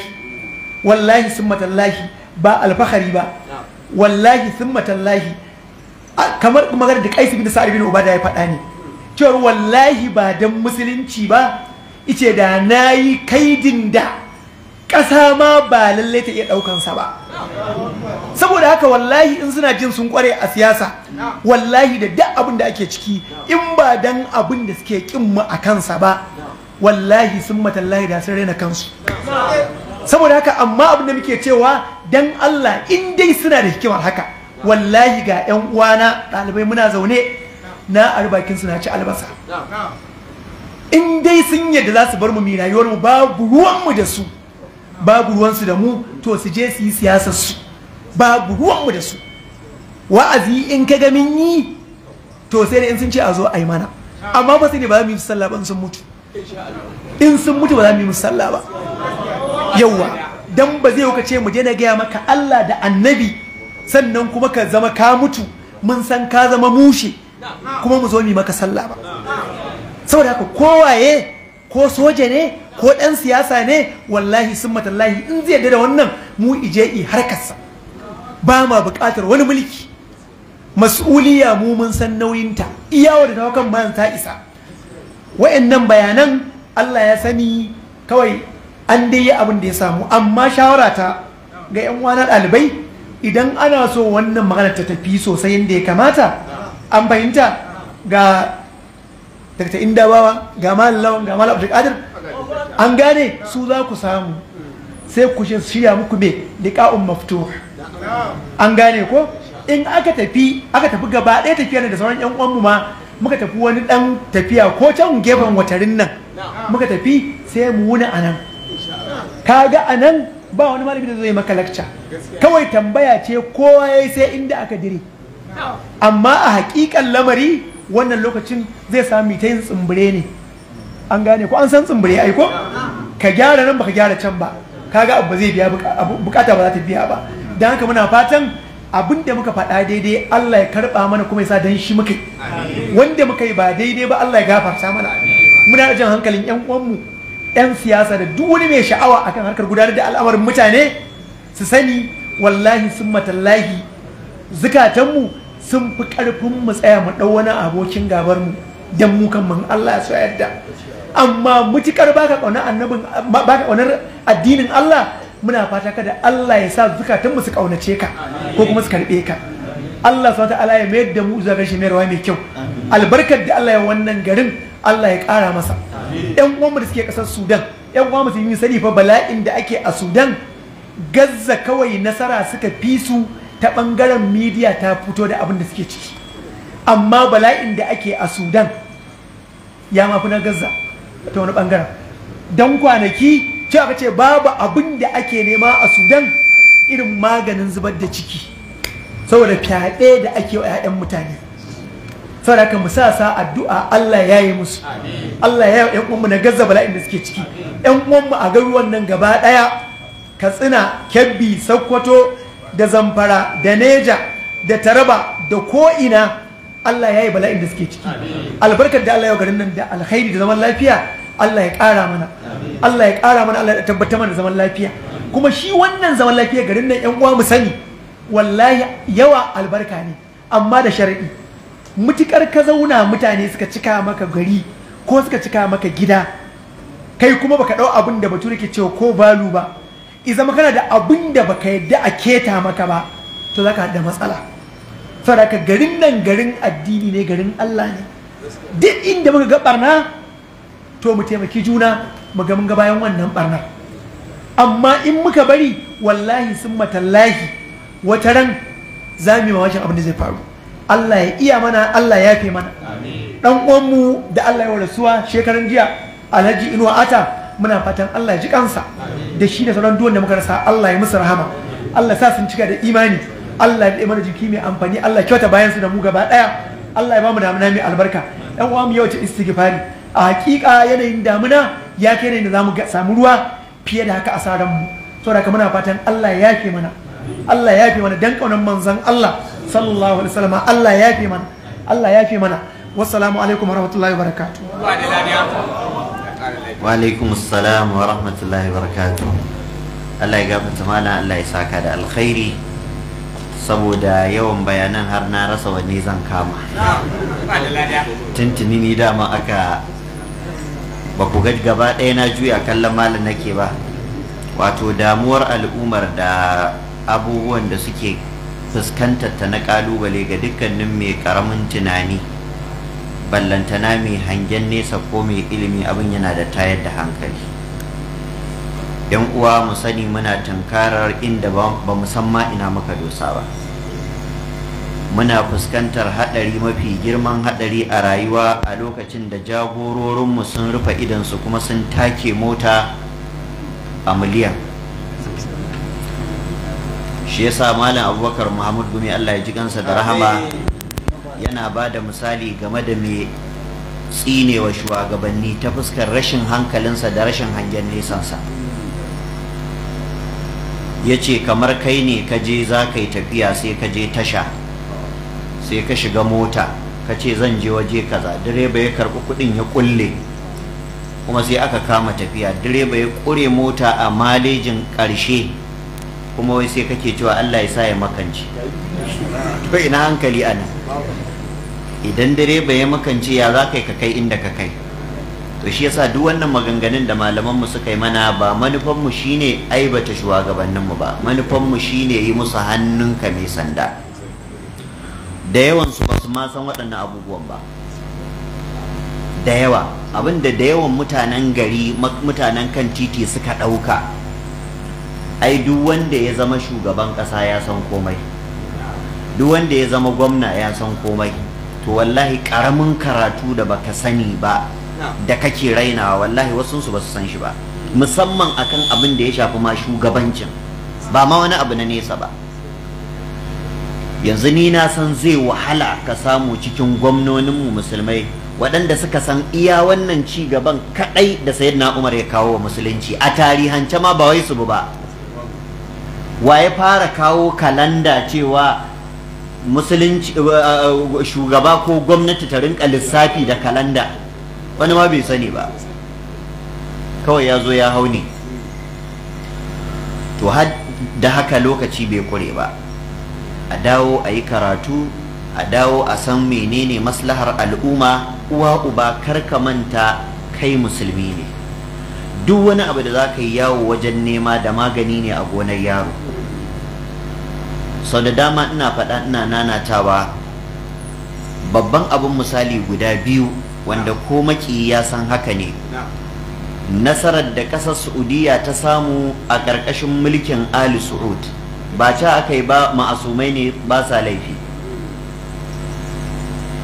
wallahi thumma tallahi ba alfahari ba wallahi thumma tallahi kamar magana da Qais bin Sa'id bin Ubada ya faɗa ne cewar wallahi ba dan musulunci ba ice da nayi kaidin da ƙasa ma ba lallai ta iya ɗaukansa ba saboda haka wallahi in suna jin sun kware a siyasa wallahi da duk abin da ake ciki in ba dan abin da suke kin mu a kansa ba wallahi sun matallahi da sun raina kansu saboda haka amma abin da muke cewa dan Allah in dai suna da hikimar haka wallahi ga yan uwana ɗalibai muna zaune na arbakin suna ci albasa in dai sun yadda za su bar mu mi rayuwar mu babu ruwan mu da su babu ruwansu da mu to su je su yi siyasar su babu ruwanmu da su wa'azi in ka ga min yi to sai da in sun ce a zo a yi mana amma ba sai ne ba za mu yi musalla ba in sun mutu in sun mutu ba za mu yi musalla ba yawwa dan ba zai ka ce mu je na gaya maka Allah da annabi sannan kuma ka zama ka mutu mun san ka zama mushe kuma mu zo mu maka sallah ba saboda haka kowaye ko soja ne ko ɗan siyasa ne wallahi sun matallahi in zai da wannan mu ije'i harkarsa ba ma buƙatar wani mulki mas'uliya mu mun san nauyinta wadda da tawakan bayan ta isa wa'annan bayanan Allah ya sani kawai an dai yi abin da ya samu amma shawara ta ga 'yan wani ɗalibai idan ana so wannan magana ta tafi sosai yadda ya kamata an fahimta ga dakta inda bawa ga malawan ga kadir an gane su za ku samu sai ku shirya muku me un maftuh an gane ko in aka tafi aka tafi gaba ɗaya tafiya da sauran yan uwan mu ma muka tafi wani dan tafiya ko can gefen watarin nan muka tafi sai mu wuna anan kaga anan ba wani malami da zai maka lakca kawai tambaya ce kowa yayi sai inda aka dire amma a haƙiƙan lamari wannan lokacin zai sami ta yin tsimbire ne an gane ko an san tsimbire ai ko ka gyara nan baka gyara can ba kaga abu zai biya bukata ba za ta biya ba dan haka muna fatan abin da muka faɗa daidai Allah ya karɓa mana kuma ya sa dan shi muka wanda muka yi ba daidai ba Allah ya gafarta mana muna jin hankalin yan uwanmu yan siyasa da duk wani mai sha'awa akan harkar gudanar da al'amarin mutane su sani wallahi sun matallahi zukatanmu sun fi ƙarfin mu tsaya mu ɗau wani abokin gabar mu dan mu kan man Allah ya so yadda amma mutukar baka kauna annabin baka kaunar addinin Allah muna fata kada Allah ya sa zukatan mu su kaunace ka ko kuma su karbe ka Allah subhanahu ta'ala ya mayar da mu zuwa ga shi mai rawa mai kyau albarkar da Allah ya wannan garin Allah ya ƙara masa ɗan uwan da suke ƙasar Sudan yan uwan yi sani fa bala'in da ake a Sudan Gazza kawai nasara suka fi su ta ɓangaren midiya ta fito da abin da suke ciki amma bala'in da ake a sudan ya mafi na gaza ta wani ɓangaren don kwanaki cewa ka ce babu abin da ake nema a sudan irin maganin zubar da ciki saboda fyaɗe da ake wa 'ya'yan mutane saboda haka musa sa addu'a Allah ya yi musu Allah ya yi uwanmu na gaza bala'in da suke ciki yan uwanmu a gari wannan gaba ɗaya katsina kebbi sakkwato da zamfara da neja da taraba da ko'ina Allah ya yi bala'in da suke ciki albarkar da Allah ya garin nan da alkhairi da zaman lafiya Allah ya ƙara mana Allah ya ƙara mana Allah ya tabbata mana zaman lafiya kuma shi wannan zaman lafiya garin nan yan uwa mu sani wallahi yawa albarka ne amma da shari'i mutukar ka zauna mutane suka cika maka gari ko suka cika maka gida kai kuma baka ɗau abin da bature ke cewa ko balu ba zama kana da abin da baka yadda a keta maka ba to zaka da matsala saboda ka garin nan garin addini ne garin Allah ne duk inda muka ga barna to mu taimaki juna mu ga mun ga bayan wannan barna amma in muka bari wallahi sun matallahi wata ran za mu yi abin da zai faru Allah ya iya mana Allah ya fi mana dan uwanmu da Allah ya wa rasuwa shekaran jiya Alhaji Inuwa Ata muna fatan Allah ya ji kansa da shi da sauran duwan da muka rasa Allah ya musu rahama Allah sa sun cika da imani Allah ya mana jiki mai amfani Allah kyauta bayan su da mu gaba daya Allah ya ba mu damuna mai albarka dan uwa mu yau yawace istighfari a hakika yanayin damuna ya kai za da zamu samu ruwa fiye da haka a saran mu saboda haka muna fatan Allah ya yafe mana Allah ya yafe mana dan kaunan manzon Allah sallallahu alaihi wasallam Allah ya yafe mana Allah ya yafe mana wassalamu alaikum warahmatullahi wabarakatuh Wa'alaikum assalam wa rahmatullahi wa barakatuh. Allah ya gafarta malam Allah ya saka da alkhairi saboda yawan bayanan har na rasa wanne zan kama. Tuntuni ni dama aka ba ku ga gaba ɗaya na juya kallon malam nake ba. Wato damuwar al'ummar da abubuwan da suke fuskantar ta na kalubale ga dukkanin mai karamin tunani. ballantana mai hangen nesa ko mai ilimi abin yana da tayar da hankali yan uwa mu sani muna tankarar inda ba musamman ina muka dosa ba muna fuskantar haɗari mafi girman haɗari a rayuwa a lokacin da jagororinmu sun rufe idansu kuma sun take mota a miliyan shi yasa malam abubakar muhammad gumi allah ya ji gansa da rahama yana ba da misali game da mai tsinewa shugabanni ta fuskar rashin hankalinsa da rashin hangen nesansa ya ce kamar kai ne ka je za ka yi tafiya sai ka je tasha sai ka shiga mota ka ce zan je waje kaza direba ya karɓi kuɗin ya kulle kuma sai aka kama tafiya direba ya kure mota a malejin ƙarshe kuma wai sai kake cewa allah ya sa ya makanci to ina hankali anan idan direba ya makance ya za kai ka kai inda ka kai to shi yasa duk wannan maganganun da malamanmu suka yi mana ba manufanmu shine aibata shugabanninmu ba manufanmu shine yi musu hannunka mai sanda da su ba su ma san waɗannan abubuwan ba da yawa abinda da yawan mutanen gari mutanen kan titi suka ɗauka ai duk wanda ya zama shugaban ƙasa ya san komai duk wanda ya zama gwamna ya san komai to wallahi karamin karatu da baka sani ba da kake rainawa wallahi wasu su basu san shi ba musamman akan abin da ya shafi ma shugabancin ba ma wani abu na nesa ba yanzu ni na san zai wahala ka samu cikin gwamnonin mu musulmai waɗanda suka san iya wannan ci gaban kaɗai da sayyidina Umar ya kawo wa musulunci a tarihance ma ba wai su ba wa ya fara kawo kalanda cewa musulunci shugaba ko gwamnati ta rinka lissafi da kalanda wani ma bai sani ba kawai ya zo ya hau ne to da haka lokaci bai kure ba a dawo a yi karatu a dawo a san menene maslahar al'umma uwa uba karka manta kai musulmi ne duk wani abu da za ka yi yawo wajen nema da magani ne a gonar yaro sau da dama ina faɗa ina nanatawa babban abin misali guda biyu wanda ko maki ya san haka ne nasarar da ƙasar saudiya ta samu a ƙarƙashin mulkin ali su'ud ba ta aka yi ba ma'asumai ne ba sa laifi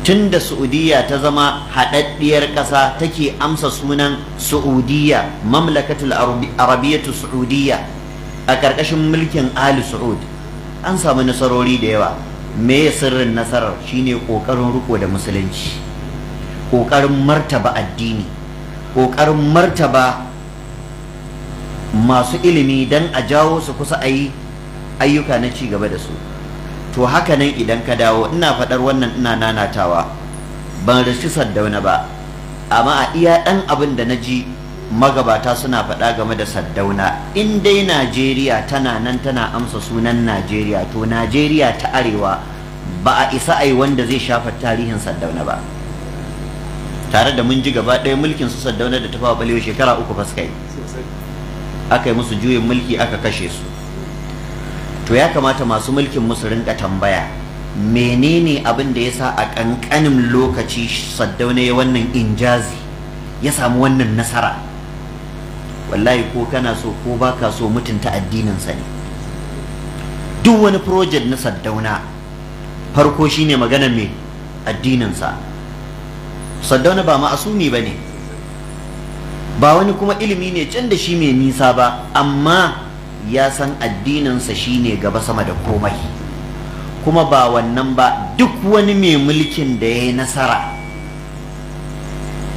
tun da saudiya ta zama haɗaɗɗiyar ƙasa take amsa sunan saudiya mamlakatul arabiyatu saudiya a ƙarƙashin mulkin ali su'ud an samu nasarori da yawa me sirrin nasarar shine kokarin riko da musulunci kokarin martaba addini kokarin martaba masu ilimi dan a jawo su kusa ayi ayyuka na ci gaba da su to haka nan idan ka dawo ina faɗar wannan ina nanatawa ban rashi saddauna ba amma a iya ɗan abin da na ji magabata suna faɗa game da saddauna in dai najeriya tana nan tana amsa sunan najeriya to najeriya ta arewa ba a isa ai wanda zai shafa tarihin saddauna ba tare da mun ji gaba ɗaya mulkin su saddauna da tafawa balewa shekara uku faskai aka yi musu juyin mulki aka kashe su to ya kamata masu mulkin musu rinka tambaya menene abin da ya sa a ƙanƙanin lokaci saddauna ya wannan injazi ya samu wannan nasara wallahi ko kana so ko baka so mutunta addininsa ne duk wani project na saddauna farko shine magana mai addininsa saddauna ba ma'asumi ba ne ba wani kuma ilimi ne can da shi mai nisa ba amma ya san addininsa shine gaba sama da komai kuma ba wannan ba duk wani mai mulkin da ya yi nasara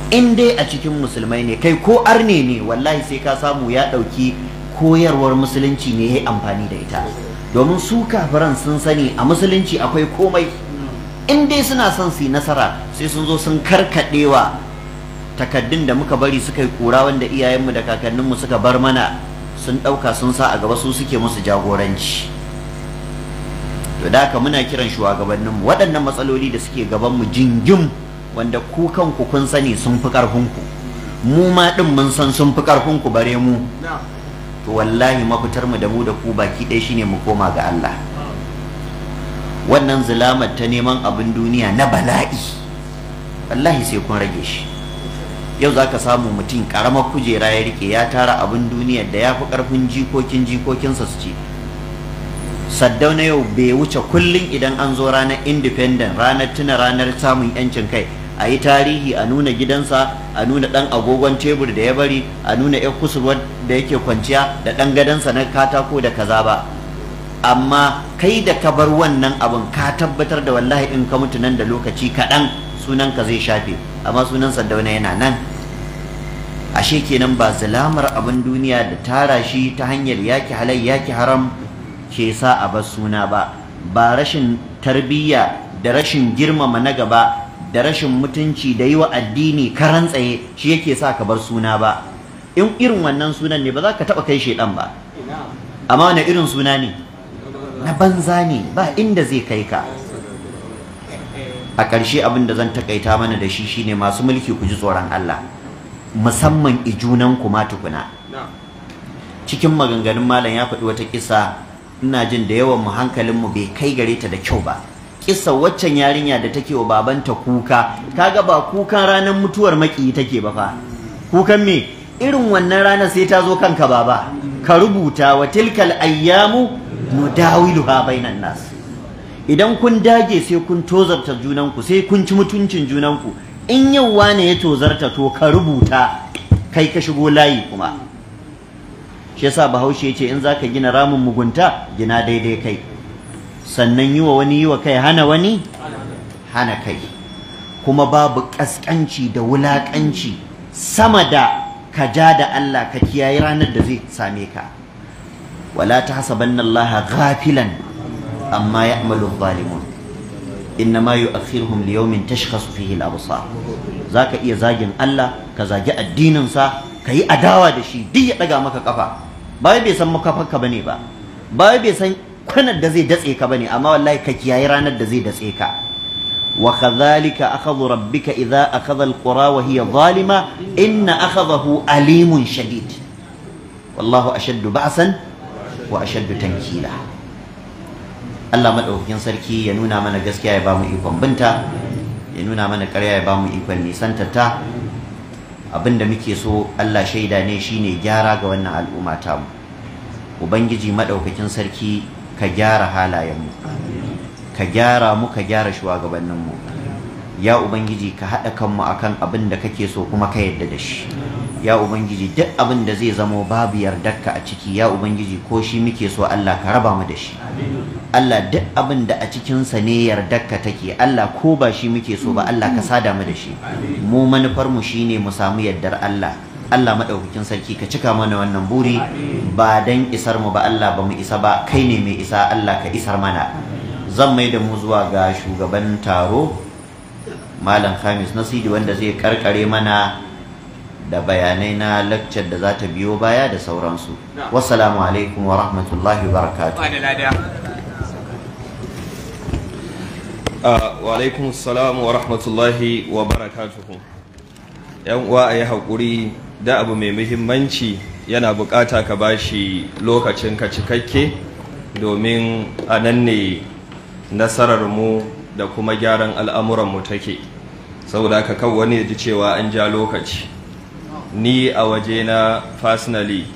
in dai a cikin musulmai ne kai ko arne ne wallahi sai ka samu ya ɗauki koyarwar musulunci ne ya yi amfani da ita domin su kafiran sun sani a musulunci akwai komai in dai suna son su yi nasara sai sun zo sun karkaɗewa takaddun da muka bari suka yi kura wanda iyayenmu da kakanninmu suka bar mana sun ɗauka sun sa a gaba su suke musu jagoranci to da haka muna kiran shugabanninmu waɗannan matsaloli da suke gabanmu jingim wanda ku kanku kun sani sun fi ƙarfinku mu ma ɗin mun san sun fi ƙarfinku bare mu to wallahi mafitar mu da mu da ku baki ɗaya shine mu koma ga Allah wannan zulamar ta neman abin duniya na bala'i wallahi sai kun rage shi yau za ka samu mutum ƙaramar kujera ya rike ya tara abin duniya da ya fi ƙarfin jikokin jikokinsa su ce saddau na yau bai wuce kullum idan an zo ranar independent ranar tuna ranar samun yancin kai a yi tarihi a nuna gidansa a nuna dan agogon tebur da ya bari a nuna yan kusurwar da yake kwanciya da dan gadansa na katako da kaza ba amma kai da ka bar wannan abin ka tabbatar da wallahi in ka mutu nan da lokaci kaɗan sunan ka zai shafe amma sunan dauna yana nan ashe kenan ba zalamar abin duniya da tara shi ta hanyar yaki halal yaki haram ke sa a bar suna ba ba rashin tarbiyya da rashin girmama na gaba da rashin mutunci da yi wa addini karan tsaye shi yake sa ka bar suna ba in irin wannan sunan ne ba za ka taɓa kai shaidan ba amma wani irin suna ne na banza ne ba inda zai kai ka a ƙarshe abin da zan takaita mana da shi shine masu mulki ku ji tsoron Allah musamman ijunan ku ma tukuna cikin maganganun malam ya faɗi wata kisa ina jin da yawan mu hankalin mu bai kai gare ta da kyau ba kissa waccan yarinya da take wa babanta kuka kaga ba kukan ranar mutuwar maki take ba fa kukan me irin wannan rana sai ta zo kanka baba ka rubuta wa tilkal ayyamu nudawiluha bainan nas idan kun dage sai kun tozarta junanku sai kun ci mutuncin junanku in yau wane ya tozarta to ka rubuta kai ka shigo layi kuma shi yasa bahaushe ya ce in zaka gina ramin mugunta gina daidai kai sannan yi wa wani yi wa kai hana wani hana kai kuma babu ƙasƙanci da wulaƙanci sama da ka ja da Allah ka kiyaye ranar da zai same ka wala tahsabanna Allah ghafilan amma ya'malu zalimun innama yu'akhiruhum liyawmin tashkhasu fihi al-absar zaka iya zagin Allah ka zagi addinin sa yi adawa da shi duk ya daga maka kafa ba bai san makafarka bane ba ba bai san kwanar da zai datse ka bane amma wallahi ka kiyaye ranar da zai datse ka wa kadhalika akhadhu rabbika idza akhadha alqura wa hiya zalima inna bahu alimun shadid wallahu ashaddu ba'san wa ashaddu tankila Allah madaukakin sarki ya nuna mana gaskiya ya bamu ikon binta ya nuna mana ƙarya ya bamu ikon nisantata abinda muke so Allah shaida ne shine gyara ga wannan al'umma mu. ubangiji madaukakin sarki ka gyara halayen mu ka gyara mu ka gyara mu ya ubangiji ka haɗa kanmu akan abin da kake so kuma ka yadda da shi ya ubangiji duk abin da zai zamo babu yardarka a ciki ya ubangiji ko shi muke so Allah ka raba mu da shi Allah duk abin da a cikinsa ne yardarka take Allah ko ba shi muke so ba Allah ka sada mu da shi mu manufarmu mu shine mu samu yardar Allah Allah madaukakin sarki ka cika mana wannan buri ba dan isar mu ba Allah ba mu isa ba kai ne mai isa Allah ka isar mana zan mai da mu zuwa ga shugaban taro malam Khamis Nasidi wanda zai karkare mana da bayanai na lecture da za ta biyo baya da sauransu wassalamu alaikum wa rahmatullahi wa barakatuh ah, wa alaikum salam wa rahmatullahi wa barakatuh yan uwa ayi hakuri da abu mai muhimmanci yana bukata ka bashi lokacin ka cikakke domin a nan ne nasarar mu da kuma gyaran al'amuran mu take saboda ka kawo wani ya ji cewa an ja lokaci ni a waje na personally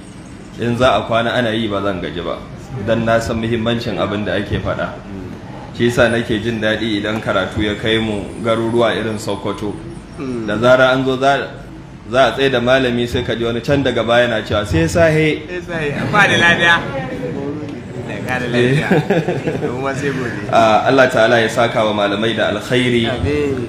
in za a kwana ana yi ba zan gaji ba don na san muhimmancin abin da ake faɗa shi yasa nake jin daɗi idan karatu ya kai mu garuruwa irin sokoto da zara an zo za a tsaye da malami sai ka ji wani can daga baya na cewa sai sahe eh. Allah ta'ala ya saka wa malamai da alkhairi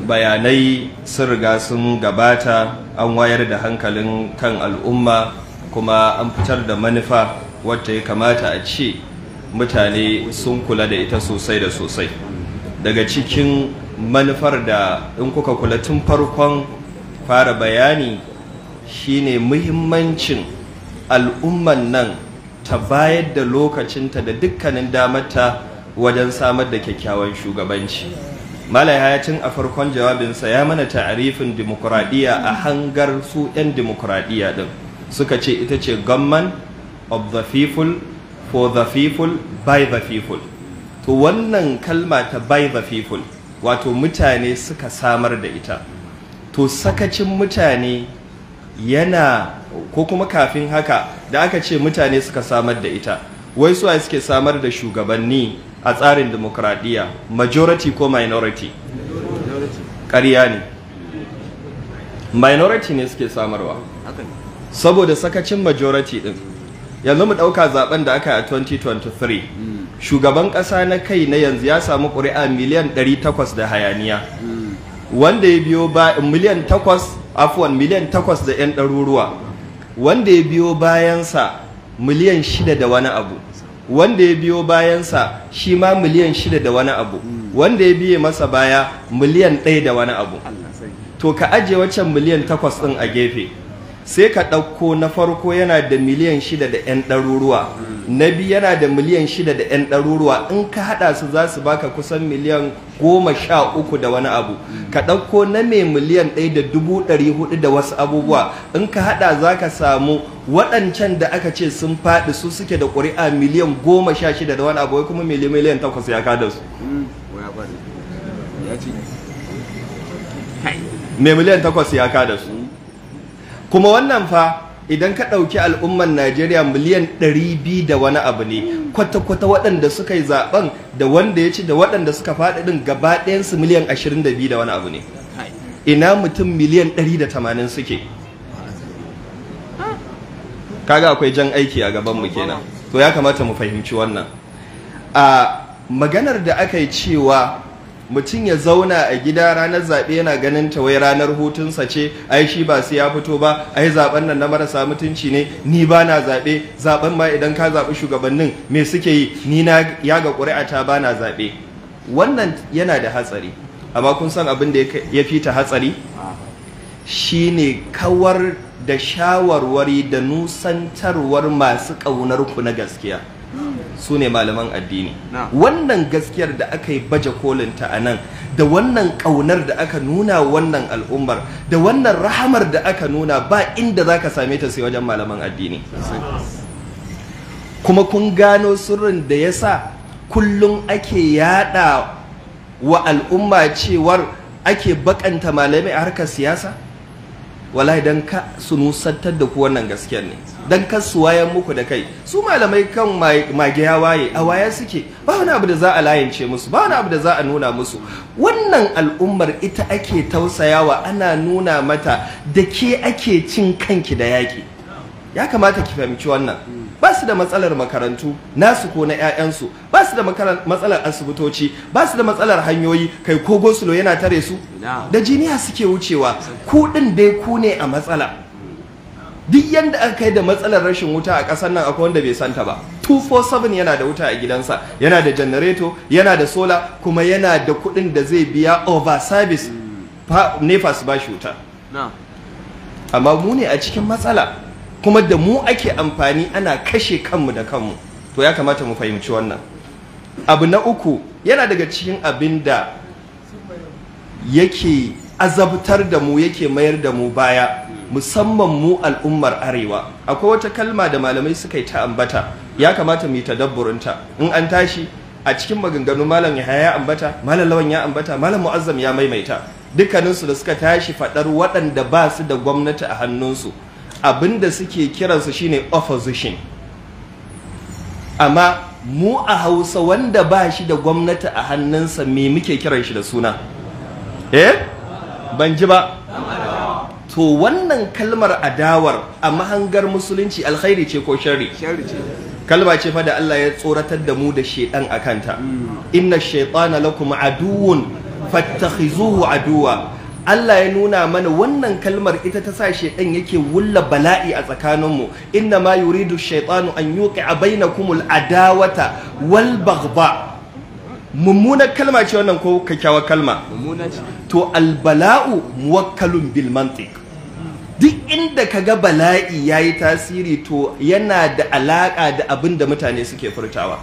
bayanai sun riga sun gabata an wayar da hankalin kan al'umma kuma an fitar da manufa wacce ya kamata a ce mutane sun kula da ita sosai da sosai daga cikin manufar da in kuka kula tun farkon fara bayani shine muhimmancin al'umman nan ta bayar da lokacinta da dukkanin damarta wajen samar da kyakkyawan shugabanci malai hayatin a farkon jawabinsa ya mana ta'arifin dimokuraɗiyya a hangar su 'yan dimokuraɗiyya ɗin suka ce ita ce gomman of the people for the people by the people to wannan kalma ta by the people wato mutane suka samar da ita to sakacin mutane yana ko kuma kafin haka da aka ce mutane suka samar da ita wai suwa suke samar da shugabanni a tsarin demokradiyya majority ko minority ƙarya ne minority ne suke samarwa saboda sakacin majority din yanzu mu ɗauka zaben da aka yi a 2023 hmm. shugaban ƙasa na kai na yanzu ya samu ƙuri'a miliyan 800 da hayaniya hmm. wanda ya biyo ba miliyan takwas afuwan miliyan takwas da 'yan ɗaruruwa wanda ya biyo bayansa miliyan shida da wani abu wanda ya biyo bayansa shi ma miliyan shida da wani abu wanda ya biye masa baya miliyan ɗaya da wani abu to ka ajiye waccan miliyan takwas ɗin a gefe sai ka ɗauko na farko yana da miliyan shida da 'yan ɗaruruwa hmm. na biyu yana da miliyan shida da 'yan ɗaruruwa in ka haɗa su za su baka kusan miliyan goma sha uku da wani abu hmm. ka ɗauko na mai miliyan ɗaya da dubu ɗari hudu da wasu abubuwa in ka haɗa za ka samu waɗancan da aka ce sun faɗi su suke da ƙuri'a miliyan goma sha shida da wani abu kuma miliyan takwas ya kada su hmm. mai miliyan takwas ya kada su kuma wannan fa idan ka ɗauki al'ummar najeriya miliyan 200 da wani abu ne kwata-kwata waɗanda suka yi zaben da wanda ya ci da waɗanda suka faɗi ɗin gaba ɗayansu miliyan 22 da wani abu ne ina mutum miliyan 180 suke kaga akwai jan aiki a gaban gabanmu kenan to ya kamata mu fahimci wannan a maganar da aka yi cewa mutum ya zauna a gida ranar zaɓe yana ganin ta wai ranar hutunsa ce ai shi ba sai ya fito ba ai zaben nan na marasa mutunci ne ni ba na zaɓe zaben ma idan ka zaɓi shugabannin me suke yi ni na ya ga ƙuri'ata ba na zaɓe wannan yana da hatsari amma kun san abin da ya fi ta hatsari shine kawar da shawarwari da nusantarwar masu ƙaunar ku na gaskiya su ne malaman addini wannan gaskiyar da aka yi baje kolinta a nan da wannan ƙaunar da aka nuna wannan al'ummar da wannan rahamar da aka nuna ba inda za ka same ta sai wajen malaman addini kuma kun gano sirrin da ya sa kullum ake yada wa al'umma cewar ake bakanta malamai a harkar siyasa wallahi dan ka su nusantar da ku wannan gaskiyar ne dan ka su wayan muku da kai su malamai kan mage ya waye a waya suke ba wani abu da za a layance musu ba wani abu da za a nuna musu wannan al'ummar ita ake tausayawa ana nuna mata da ke ake cin kanki da yaƙi ya kamata ki fahimci wannan ba su da matsalar makarantu nasu ko na 'ya'yansu ba su da matsalar asibitoci ba su da matsalar hanyoyi kai ko gosulo yana tare su da jiniya suke wucewa kuɗin dai ku ne a matsala duk yadda aka kai da matsalar rashin wuta a ƙasar nan akwai wanda bai santa ba 247 yana da wuta a gidansa yana da janareto yana da sola kuma yana da kuɗin da zai biya over service hmm. nefas su ba shi wuta amma mu ne a cikin matsala kuma da mu ake amfani ana kashe kanmu da kanmu to ya kamata mu fahimci wannan abu na uku yana daga cikin abin da yake azabtar da mu yake mayar da mu baya musamman mu al'ummar arewa akwai wata kalma da malamai suka yi ta ambata ya kamata mu yi tadabburinta in an tashi a cikin maganganu malam yahaya ya ambata malam lawan ya ambata malam mu'azzam ya maimaita dukkaninsu da suka tashi faɗar waɗanda ba su da gwamnati a hannunsu abinda suke kiransa shine opposition amma mu a hausa wanda ba shi da gwamnati a hannunsa me muke kiran shi da suna eh ban ji ba to wannan kalmar adawar a mahangar musulunci alkhairi ce ko shari kalma ce fa da Allah ya tsoratar da mu da shedan akanta mm. inna shaytana lakum aduwwun fattakhizuhu aduwa Allah ya nuna mana wannan kalmar ita ta sa shaitan yake wulla bala'i a tsakaninmu inna ma yuridu shaitanu an baina bainakumul adawata wal baghdha Mummuna kalma ce wannan ko kyakkyawar kalma to al bala'u muwakkalun bil mantiq duk inda kaga bala'i yayi tasiri to yana da alaka da abin da mutane suke furtawa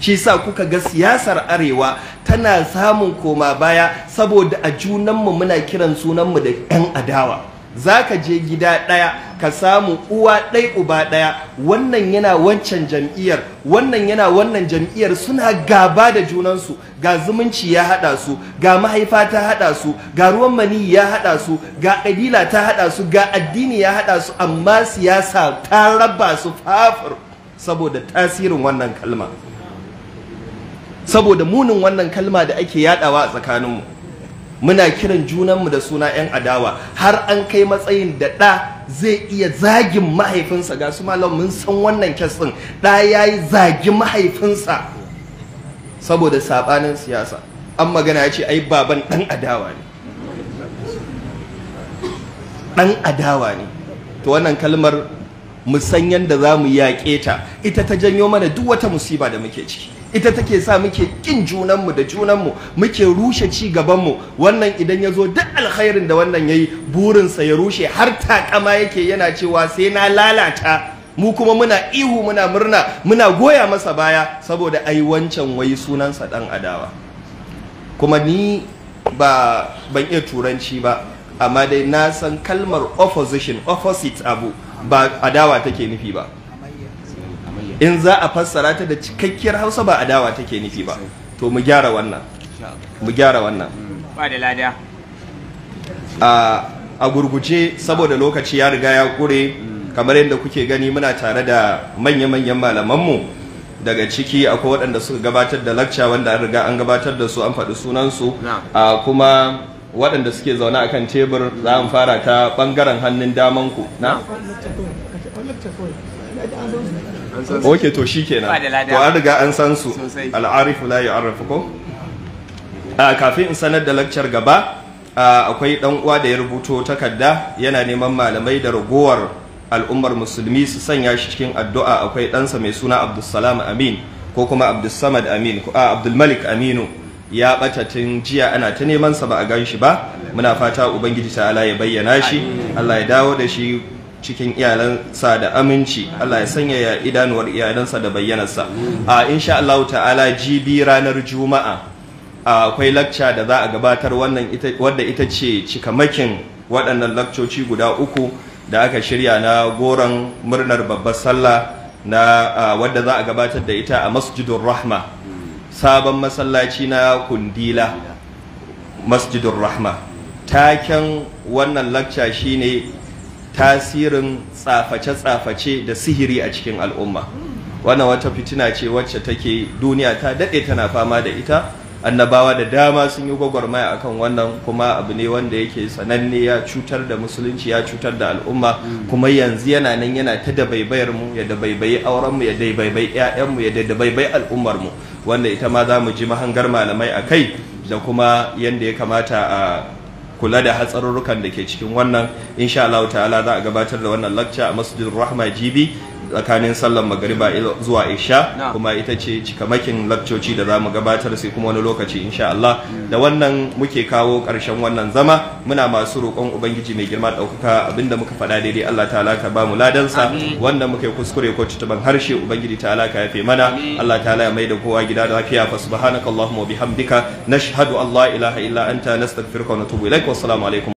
shi sa kuka ga siyasar arewa tana samun koma baya saboda a junanmu muna kiran sunanmu da 'yan adawa za ka je gida ɗaya ka samu uwa ɗai uba ɗaya wannan yana wancan jam'iyyar wannan yana wannan jam'iyyar suna gaba da junansu ga zumunci ya haɗa su ga mahaifa ta haɗa su ga ruwan mani ya haɗa su ga ƙabila ta haɗa su ga addini ya haɗa su amma siyasa ta raba su fafur saboda tasirin wannan kalma saboda munin wannan kalma da ake yadawa a tsakaninmu muna kiran junanmu da suna 'yan adawa har an kai matsayin da ɗa zai iya zagin mahaifinsa ga su malam mun san wannan kyasin ɗa ya yi zagi mahaifinsa saboda saɓanin siyasa an magana ya ce ai baban ɗan adawa ne ɗan adawa ne to wannan kalmar musan da za mu yaƙe ta ita ta janyo mana duk wata musiba da muke ciki ita take sa muke kin junanmu da junanmu muke rushe ci gabanmu wannan idan ya zo duk alkhairin da wannan ya yi burinsa ya rushe har takama yake yana cewa sai na lalata mu kuma muna ihu muna murna muna goya masa baya saboda ai wancan wai sunansa dan adawa kuma ni ba ban iya turanci ba amma dai na san kalmar opposition opposite abu ba adawa take nufi ba in za a fassara ta da cikakkiyar hausa ba adawa take nufi ba to mu gyara wannan mu gyara wannan ba da lada a gurguje saboda lokaci ya riga ya kure kamar yadda kuke gani muna tare da manya-manyan malamanmu daga ciki akwai waɗanda suka gabatar da lakca wanda an riga an gabatar da su an faɗi sunansu a kuma waɗanda suke zaune akan tebur za mu fara ta ɓangaren hannun damanku na ok to shi kenan to an riga an san su al'arifu la ya'arrafu ko kafin in sanar da lakcar gaba akwai dan uwa da ya rubuto takarda yana neman malamai da ragowar al'ummar musulmi su sanya shi cikin addu'a akwai ɗansa mai suna abdulsalam amin ko kuma abdulsamad amin ko abdulmalik aminu ya ɓata tun jiya ana ta neman sa ba a gan shi ba muna fata ubangiji ta'ala ya bayyana shi Allah ya dawo da shi cikin iyalansa da aminci Allah ya sanya ya idanuwar iyalansa da bayyanarsa a insha Allah ta'ala jibi ranar juma'a akwai lakca da za a gabatar wannan wanda ita ce cikamakin waɗannan lakcoci guda uku da aka shirya na goron murnar babbar sallah na wanda za a gabatar da ita a masjidun rahma sabon masallaci na kundila masjidin rahma taken wannan lakca shine tasirin tsaface-tsaface da sihiri a cikin al'umma wannan wata fitina ce wacce take duniya ta daɗe tana fama da ita annabawa da dama sun yi gwagwarmaya akan wannan kuma abu ne wanda yake sananne ya cutar da musulunci ya cutar da al'umma kuma yanzu yana nan yana ta da baibayar mu ya baibayi auren mu ya baibayi ƴaƴan mu ya da baibayi al'ummar mu wanda ita ma za mu ji mahangar malamai a kai da kuma yanda ya kamata a kula da hatsarurrukan da ke cikin wannan insha Allah ta'ala za a gabatar da wannan lecture a Masjidin Rahma Jibi tsakanin sallan magariba zuwa isha kuma ita ce cikamakin lakcoci da zamu gabatar sai kuma wani lokaci insha Allah mm. da wannan muke kawo ƙarshen wannan zama muna masu roƙon ubangiji mai girma ɗaukaka abinda muka faɗa daidai Allah ta'ala ka ba mu ladansa wanda muka kuskure ko cutuban harshe ubangiji ta'ala ka yafe mana Allah ta'ala ya mai da kowa gida lafiya fa subhanakallahumma wa bihamdika nashhadu an la ilaha illa anta nastaghfiruka wa natubu ilaik wa assalamu alaikum